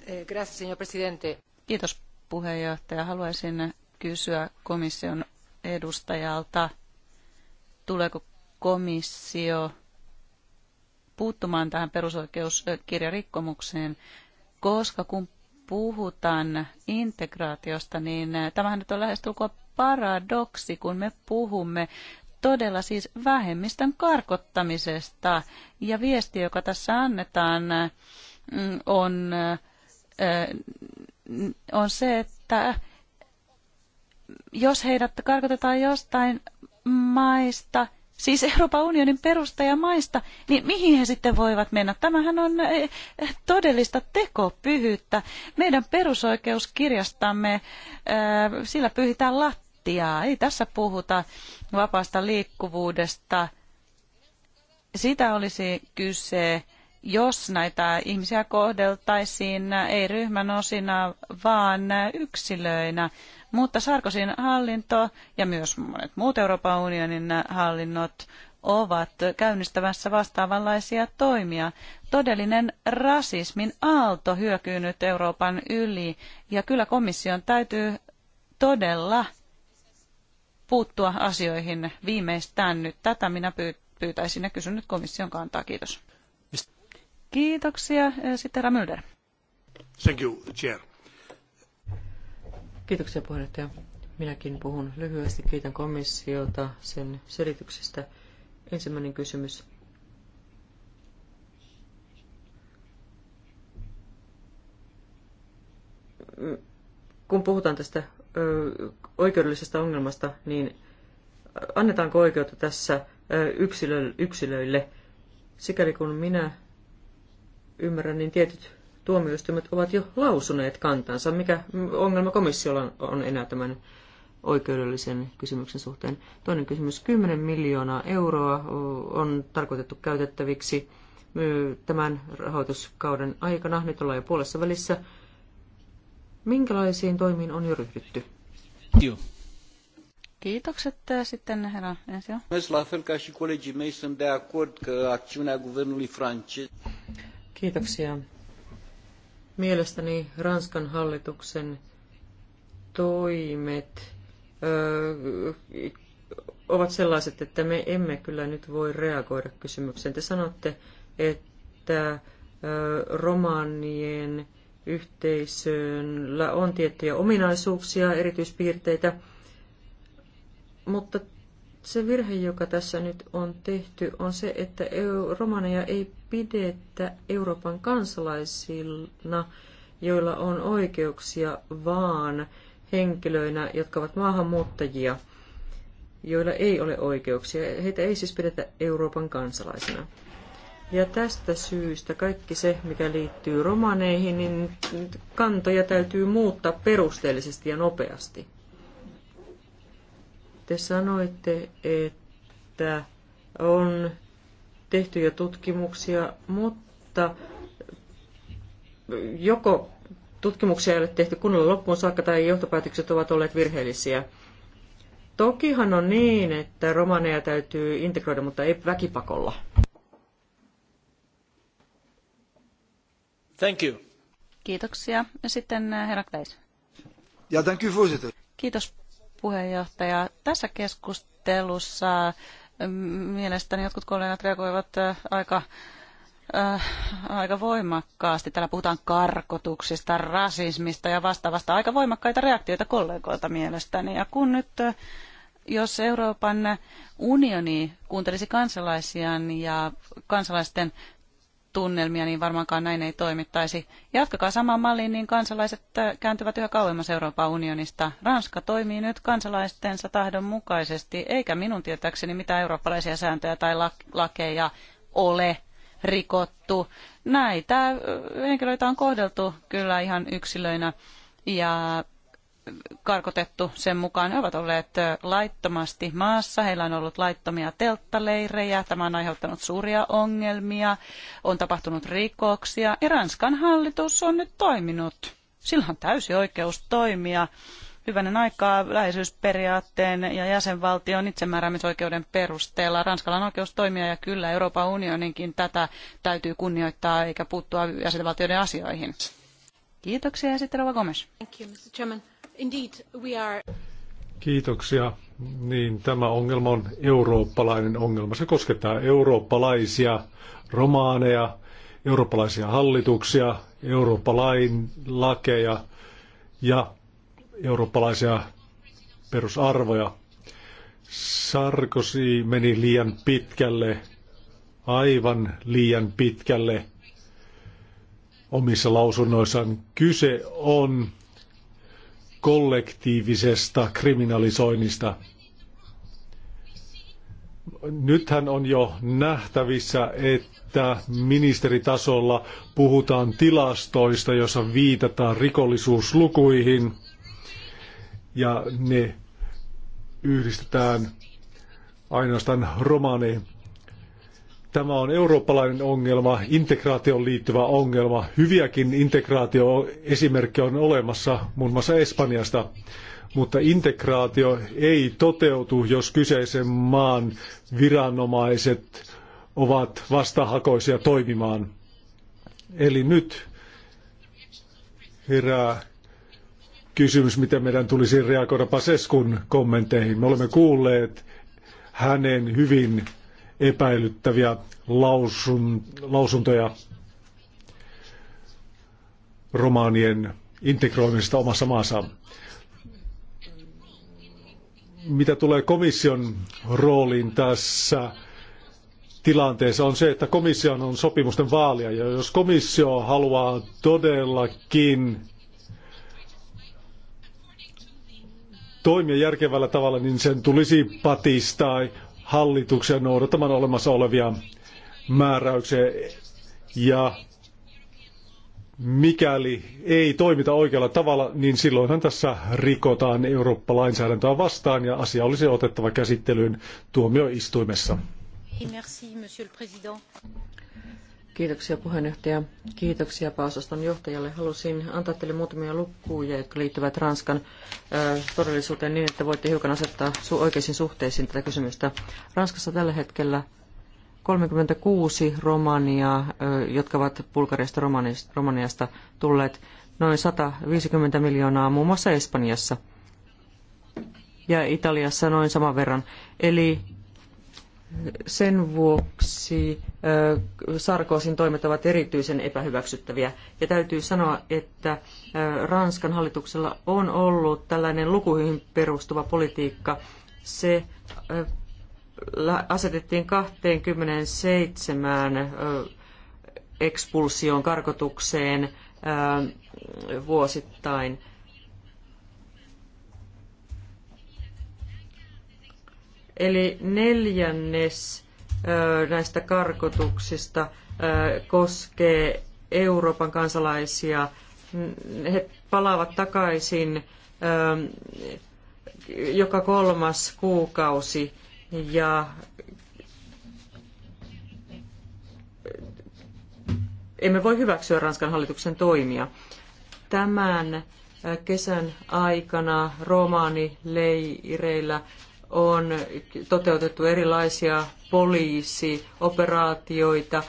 Eh, gracias, señor presidente.
Kiitos puheenjohtaja. Haluaisin kysyä komission edustajalta, tuleeko komissio puuttumaan tähän perusoikeuskirjarikkomukseen, koska kun puhutaan integraatiosta, niin tämähän nyt on lähestulkoon paradoksi, kun me puhumme todella siis vähemmistön karkottamisesta. Ja viesti, joka tässä annetaan, mm, on, äh, on se, että jos heidät karkotetaan jostain maista, siis Euroopan unionin perustajamaista, niin mihin he sitten voivat mennä? Tämähän on eh, eh, todellista tekopyhyyttä. Meidän perusoikeuskirjastamme, eh, sillä pyhitään lattiaa. Ei tässä puhuta vapaasta liikkuvuudesta. Sitä olisi kyse jos näitä ihmisiä kohdeltaisiin ei ryhmän osina, vaan yksilöinä. Mutta Sarkosin hallinto ja myös monet muut Euroopan unionin hallinnot ovat käynnistävässä vastaavanlaisia toimia. Todellinen rasismin aalto hyökyy nyt Euroopan yli ja kyllä komission täytyy todella puuttua asioihin viimeistään nyt. Tätä minä pyytäisin ja kysyn nyt komission kantaa. Kiitos. Kiitoksia. Sitten herra
Thank you, Chair.
Kiitoksia
puheenjohtaja. Minäkin puhun lyhyesti. Kiitän komissiota sen selityksestä. Ensimmäinen kysymys. Kun puhutaan tästä ö, oikeudellisesta ongelmasta, niin annetaanko oikeutta tässä ö, yksilö, yksilöille? Sikäli kun minä ymmärrän, niin tietyt tuomioistuimet ovat jo lausuneet kantansa. Mikä ongelma komissiolla on enää tämän oikeudellisen kysymyksen suhteen? Toinen kysymys. 10 miljoonaa euroa on tarkoitettu käytettäviksi tämän rahoituskauden aikana. Nyt ollaan jo puolessa välissä.
Minkälaisiin toimiin on jo ryhdytty? Joo. Kiitokset äh, sitten herra Ensio.
La fel ca și colegii mei sunt de acord că acțiunea guvernului francez
Kiitoksia. Mielestäni
Ranskan hallituksen toimet ö, ovat sellaiset, että me emme kyllä nyt voi reagoida kysymykseen. Te sanotte, että romaanien yhteisöön on tiettyjä ominaisuuksia, erityispiirteitä, mutta se virhe, joka tässä nyt on tehty, on se, että romaneja ei pidetä Euroopan kansalaisina, joilla on oikeuksia, vaan henkilöinä, jotka ovat maahanmuuttajia, joilla ei ole oikeuksia. Heitä ei siis pidetä Euroopan kansalaisina. Ja tästä syystä kaikki se, mikä liittyy romaneihin, niin kantoja täytyy muuttaa perusteellisesti ja nopeasti. Te sanoitte, että on tehty jo tutkimuksia, mutta joko tutkimuksia ei ole tehty kunnolla loppuun saakka tai johtopäätökset ovat olleet virheellisiä. Tokihan on niin, että romaneja täytyy integroida, mutta ei väkipakolla.
Thank you.
Kiitoksia. Ja sitten eh, herra Kleis. Ja thank you, Kiitos puheenjohtaja. Tässä keskustelussa mm, mielestäni jotkut kollegat reagoivat äh, aika äh, aika voimakkaasti. Täällä puhutaan karkotuksista, rasismista ja vastaavasta. Aika voimakkaita reaktioita kollegoilta mielestäni. Ja kun nyt, äh, jos Euroopan unioni kuuntelisi kansalaisiaan ja kansalaisten tunnelmia, niin varmaankaan näin ei toimittaisi. Jatkakaa samaan malliin, niin kansalaiset äh, kääntyvät yhä kauemmas Euroopan unionista. Ranska toimii nyt kansalaistensa tahdon mukaisesti, eikä minun tietääkseni mitään eurooppalaisia sääntöjä tai lakeja ole rikottu. Näitä äh, henkilöitä on kohdeltu kyllä ihan yksilöinä ja karkotettu sen mukaan. He ovat olleet laittomasti maassa, heillä on ollut laittomia telttaleirejä, tämä on aiheuttanut suuria ongelmia, on tapahtunut rikoksia ja Ranskan hallitus on nyt toiminut. Sillä on täysi oikeus toimia. Hyvänen aikaa läheisyysperiaatteen ja jäsenvaltion itsemääräämisoikeuden perusteella. Ranskalla on oikeus toimia ja kyllä Euroopan unioninkin tätä täytyy kunnioittaa eikä puuttua jäsenvaltioiden asioihin. Kiitoksia ja sitten Rova Gomes. Thank you, Mr. Chairman. Indeed, we are...
Kiitoksia. Niin, tämä ongelma on eurooppalainen ongelma. Se koskettaa eurooppalaisia romaaneja, eurooppalaisia hallituksia, eurooppalain lakeja ja eurooppalaisia perusarvoja. Sarkosi meni liian pitkälle, aivan liian pitkälle omissa lausunnoissaan. Kyse on kollektiivisesta kriminalisoinnista. Nythän on jo nähtävissä, että ministeritasolla puhutaan tilastoista, jossa viitataan rikollisuuslukuihin ja ne yhdistetään ainoastaan romaaneihin Tämä on eurooppalainen ongelma, integraatioon liittyvä ongelma. Hyviäkin integraatioesimerkkejä on olemassa, muun muassa Espanjasta. Mutta integraatio ei toteutu, jos kyseisen maan viranomaiset ovat vastahakoisia toimimaan. Eli nyt herää kysymys, miten meidän tulisi reagoida Paseskun kommentteihin. Me olemme kuulleet hänen hyvin epäilyttäviä lausun, lausuntoja romaanien integroimisesta omassa maassaan. Mitä tulee komission rooliin tässä tilanteessa on se, että komission on sopimusten vaalia. Ja jos komissio haluaa todellakin toimia järkevällä tavalla, niin sen tulisi patistaa hallituksia noudattamaan olemassa olevia määräyksiä ja mikäli ei toimita oikealla tavalla, niin silloinhan tässä rikotaan Eurooppa-lainsäädäntöä vastaan ja asia olisi otettava käsittelyyn tuomioistuimessa.
Kiitoksia puheenjohtaja. Kiitoksia pääosaston johtajalle. Halusin antaa teille muutamia lukuja, jotka liittyvät Ranskan todellisuuteen niin, että voitte hiukan asettaa su- oikeisiin suhteisiin tätä kysymystä. Ranskassa tällä hetkellä 36 romania, jotka ovat Bulgariasta Romaniasta tulleet, noin 150 miljoonaa muun muassa Espanjassa ja Italiassa noin saman verran. Eli sen vuoksi Sarkosin toimet ovat erityisen epähyväksyttäviä. Ja täytyy sanoa, että Ranskan hallituksella on ollut tällainen lukuihin perustuva politiikka. Se asetettiin 27 ekspulsioon, karkotukseen vuosittain – Eli neljännes näistä karkotuksista koskee Euroopan kansalaisia. He palaavat takaisin joka kolmas kuukausi ja emme voi hyväksyä Ranskan hallituksen toimia. Tämän kesän aikana romaanileireillä on toteutettu erilaisia poliisioperaatioita.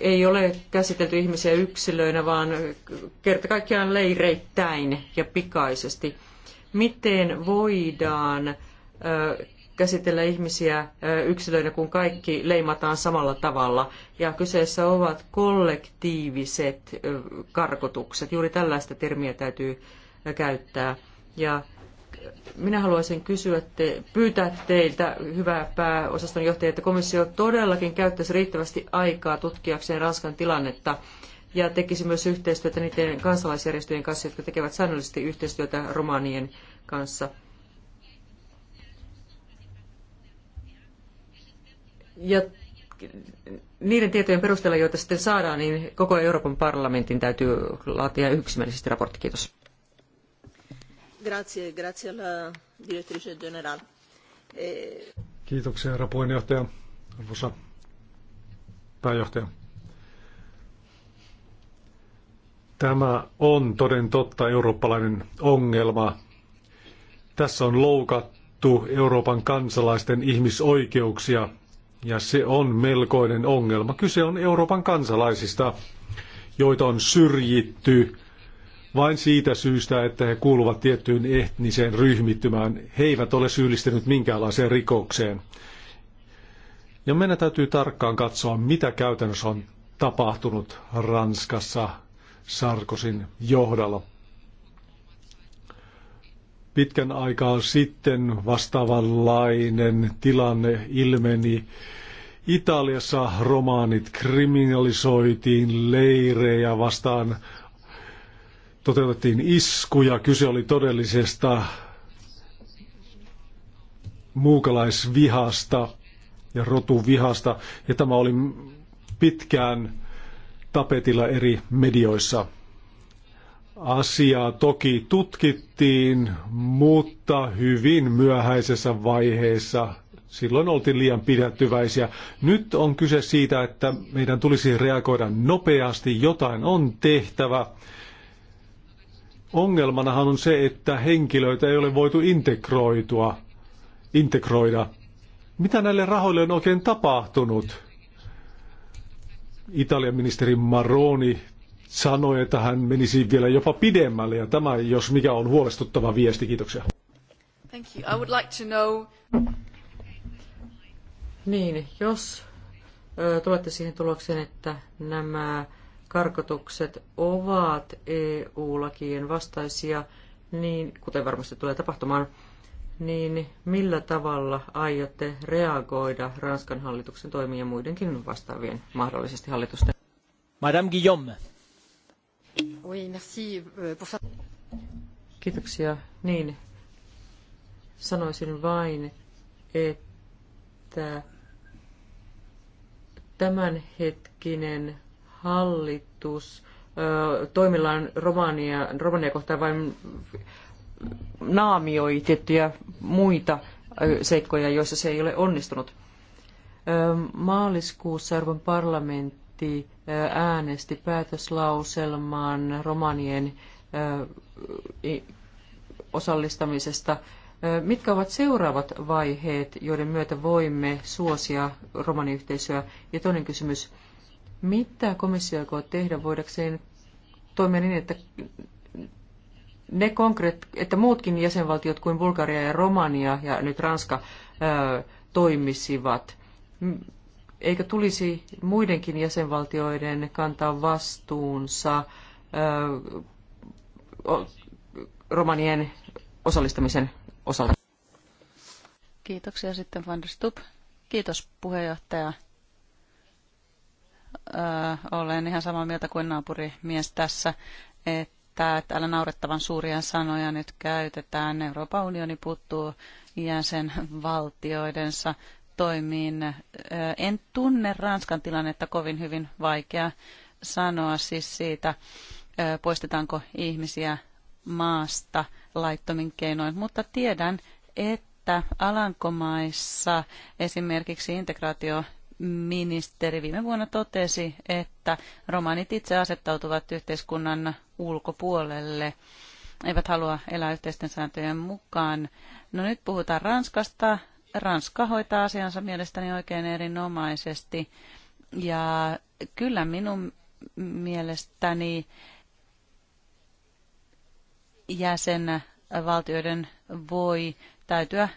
Ei ole käsitelty ihmisiä yksilöinä, vaan kerta kaikkiaan leireittäin ja pikaisesti. Miten voidaan käsitellä ihmisiä yksilöinä, kun kaikki leimataan samalla tavalla. Ja kyseessä ovat kollektiiviset karkotukset. Juuri tällaista termiä täytyy käyttää. Ja minä haluaisin kysyä te, pyytää teiltä, hyvää pääosaston johtaja, että komissio todellakin käyttäisi riittävästi aikaa tutkiakseen Ranskan tilannetta ja tekisi myös yhteistyötä niiden kansalaisjärjestöjen kanssa, jotka tekevät säännöllisesti yhteistyötä romanien kanssa. Ja niiden tietojen perusteella, joita sitten saadaan, niin koko Euroopan parlamentin täytyy laatia yksimielisesti raportti. Kiitos.
Grazie, grazie alla direttrice
eh,
Kiitoksia, herra puheenjohtaja. Arvoisa pääjohtaja. Tämä on toden totta eurooppalainen ongelma. Tässä on loukattu Euroopan kansalaisten ihmisoikeuksia ja se on melkoinen ongelma. Kyse on Euroopan kansalaisista, joita on syrjitty, vain siitä syystä, että he kuuluvat tiettyyn etniseen ryhmittymään. He eivät ole syyllistyneet minkäänlaiseen rikokseen. Ja meidän täytyy tarkkaan katsoa, mitä käytännössä on tapahtunut Ranskassa Sarkosin johdolla. Pitkän aikaa sitten vastaavanlainen tilanne ilmeni Italiassa romaanit kriminalisoitiin, leirejä vastaan toteutettiin ja Kyse oli todellisesta muukalaisvihasta ja rotuvihasta. Ja tämä oli pitkään tapetilla eri medioissa. Asiaa toki tutkittiin, mutta hyvin myöhäisessä vaiheessa. Silloin oltiin liian pidättyväisiä. Nyt on kyse siitä, että meidän tulisi reagoida nopeasti. Jotain on tehtävä. Ongelmanahan on se, että henkilöitä ei ole voitu integroitua, integroida. Mitä näille rahoille on oikein tapahtunut? Italian ministeri Maroni sanoi, että hän menisi vielä jopa pidemmälle, ja tämä, jos mikä, on huolestuttava viesti. Kiitoksia.
Thank you. I would like to know... Niin, jos ö, tulette siihen tulokseen, että nämä karkotukset ovat EU-lakien vastaisia, niin kuten varmasti tulee tapahtumaan, niin millä tavalla aiotte reagoida Ranskan hallituksen toimiin ja muidenkin vastaavien mahdollisesti hallitusten? Madame Guillaume. Oui, merci euh, pour ça. Kiitoksia. Niin, sanoisin vain, että tämänhetkinen hallitus toimillaan Romania, Romania kohtaan vain naamioi tiettyjä muita seikkoja, joissa se ei ole onnistunut. Maaliskuussa Euroopan parlamentti äänesti päätöslauselman romanien osallistamisesta. Mitkä ovat seuraavat vaiheet, joiden myötä voimme suosia romaniyhteisöä? Ja toinen kysymys, mitä komissio aikoo tehdä voidakseen toimia niin, että, ne konkreet, että muutkin jäsenvaltiot kuin Bulgaria ja Romania ja nyt Ranska ää, toimisivat? Eikö tulisi muidenkin jäsenvaltioiden kantaa vastuunsa ää, romanien osallistamisen osalta?
Kiitoksia sitten Van der Stub. Kiitos puheenjohtaja olen ihan samaa mieltä kuin naapurimies tässä, että täällä naurettavan suuria sanoja nyt käytetään. Euroopan unioni puuttuu jäsenvaltioidensa toimiin. En tunne Ranskan tilannetta kovin hyvin vaikea sanoa siis siitä, poistetaanko ihmisiä maasta laittomin keinoin, mutta tiedän, että Alankomaissa esimerkiksi integraatio ministeri viime vuonna totesi, että romanit itse asettautuvat yhteiskunnan ulkopuolelle, eivät halua elää yhteisten sääntöjen mukaan. No nyt puhutaan Ranskasta. Ranska hoitaa asiansa mielestäni oikein erinomaisesti. Ja kyllä minun mielestäni jäsenvaltioiden voi täytyä ö,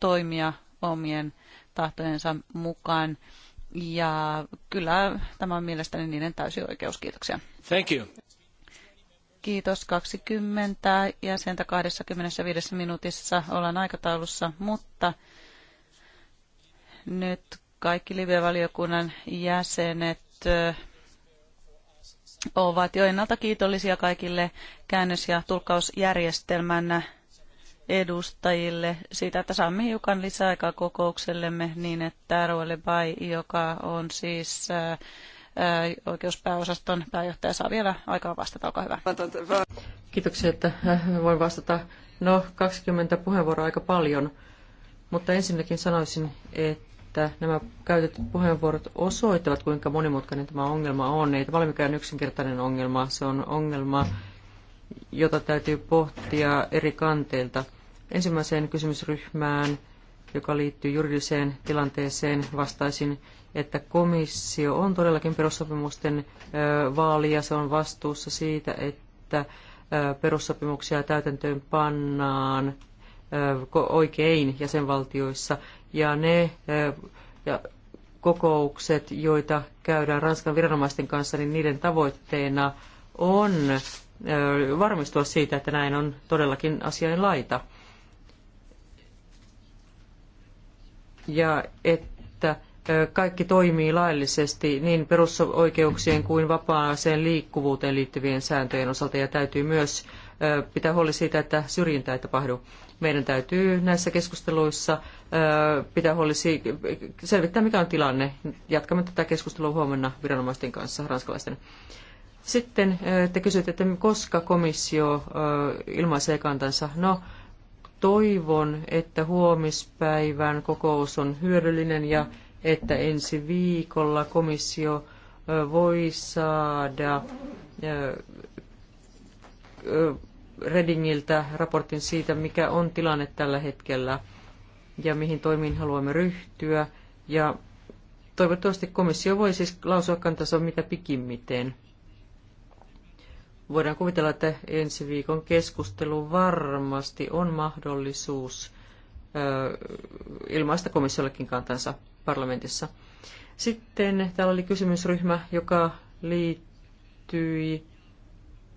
toimia omien tahtojensa mukaan. Ja kyllä tämä on mielestäni niiden täysi oikeus. Kiitoksia. Thank you. Kiitos 20 jäsentä 25 minuutissa ollaan aikataulussa, mutta nyt kaikki live-valiokunnan jäsenet ovat jo ennalta kiitollisia kaikille käännös- ja tulkkausjärjestelmän edustajille siitä, että saamme hiukan lisäaikaa kokouksellemme niin, että Ruoli Bai, joka on siis äh, äh, oikeuspääosaston pääjohtaja, saa vielä aikaa vastata. Olkaa hyvä.
Kiitoksia, että äh, voin vastata. No, 20 puheenvuoroa aika paljon, mutta ensinnäkin sanoisin, että nämä käytetyt puheenvuorot osoittavat, kuinka monimutkainen tämä ongelma on. Ei tämä ole mikään yksinkertainen ongelma, se on ongelma, jota täytyy pohtia eri kanteilta. Ensimmäiseen kysymysryhmään, joka liittyy juridiseen tilanteeseen, vastaisin, että komissio on todellakin perussopimusten ja Se on vastuussa siitä, että perussopimuksia täytäntöön pannaan oikein jäsenvaltioissa. Ja ne ja kokoukset, joita käydään Ranskan viranomaisten kanssa, niin niiden tavoitteena on varmistua siitä, että näin on todellakin asian laita. Ja että kaikki toimii laillisesti niin perusoikeuksien kuin vapaaseen liikkuvuuteen liittyvien sääntöjen osalta ja täytyy myös pitää huoli siitä, että syrjintää ei tapahdu. Meidän täytyy näissä keskusteluissa pitää huoli selvittää, mikä on tilanne. Jatkamme tätä keskustelua huomenna viranomaisten kanssa, ranskalaisten. Sitten te kysytte, että koska komissio ilmaisee kantansa. No, toivon, että huomispäivän kokous on hyödyllinen ja että ensi viikolla komissio voi saada Redingiltä raportin siitä, mikä on tilanne tällä hetkellä ja mihin toimiin haluamme ryhtyä. Ja toivottavasti komissio voi siis lausua kantansa mitä pikimmiten. Voidaan kuvitella, että ensi viikon keskustelu varmasti on mahdollisuus ilmaista komissiollekin kantansa parlamentissa. Sitten täällä oli kysymysryhmä, joka liittyi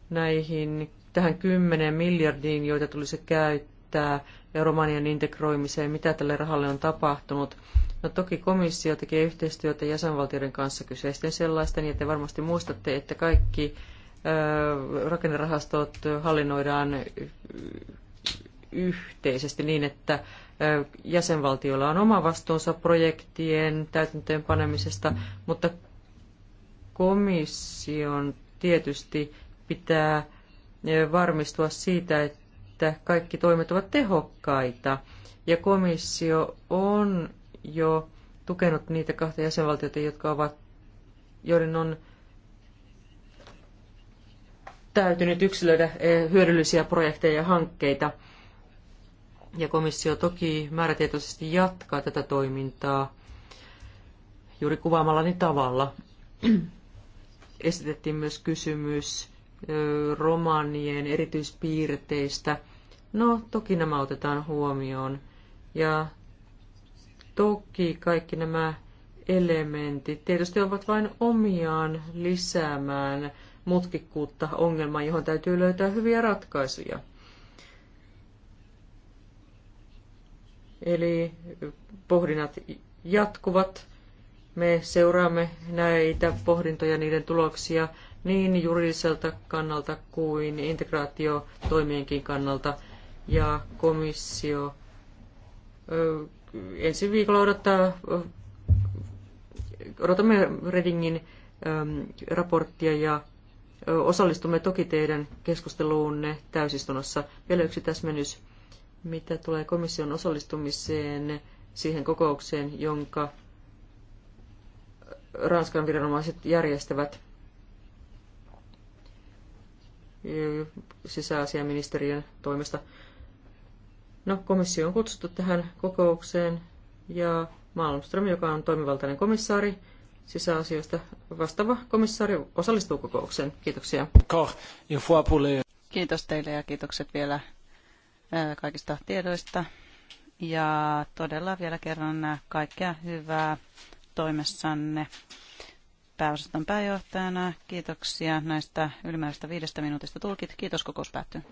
näihin, tähän 10 miljardiin, joita tulisi käyttää ja Romanian integroimiseen, mitä tälle rahalle on tapahtunut. No toki komissio tekee yhteistyötä jäsenvaltioiden kanssa kyseisten sellaisten, ja te varmasti muistatte, että kaikki rakennerahastot hallinnoidaan yhteisesti niin, että jäsenvaltioilla on oma vastuunsa projektien täytäntöön panemisesta, mutta komission tietysti pitää varmistua siitä, että kaikki toimet ovat tehokkaita. Ja komissio on jo tukenut niitä kahta jäsenvaltiota, jotka ovat, joiden on täytynyt yksilöidä eh, hyödyllisiä projekteja ja hankkeita. Ja komissio toki määrätietoisesti jatkaa tätä toimintaa juuri kuvaamallani tavalla. Esitettiin myös kysymys eh, romanien erityispiirteistä. No, toki nämä otetaan huomioon. Ja toki kaikki nämä elementit tietysti ovat vain omiaan lisäämään mutkikkuutta ongelmaan, johon täytyy löytää hyviä ratkaisuja. Eli pohdinnat jatkuvat. Me seuraamme näitä pohdintoja, niiden tuloksia niin juridiselta kannalta kuin integraatiotoimienkin kannalta. Ja komissio ensi viikolla odottaa, odotamme Redingin raporttia ja Osallistumme toki teidän keskusteluunne täysistunnossa. Vielä yksi täsmennys, mitä tulee komission osallistumiseen siihen kokoukseen, jonka Ranskan viranomaiset järjestävät sisäasiaministeriön toimesta. No, komissio on kutsuttu tähän kokoukseen ja Malmström, joka on toimivaltainen komissaari, sisäasioista vastaava komissaari osallistuu kokoukseen. Kiitoksia.
Kiitos teille ja kiitokset vielä kaikista tiedoista. Ja todella vielä kerran kaikkea hyvää toimessanne pääosaston pääjohtajana. Kiitoksia näistä ylimääräistä viidestä minuutista tulkit. Kiitos, kokous päättyy.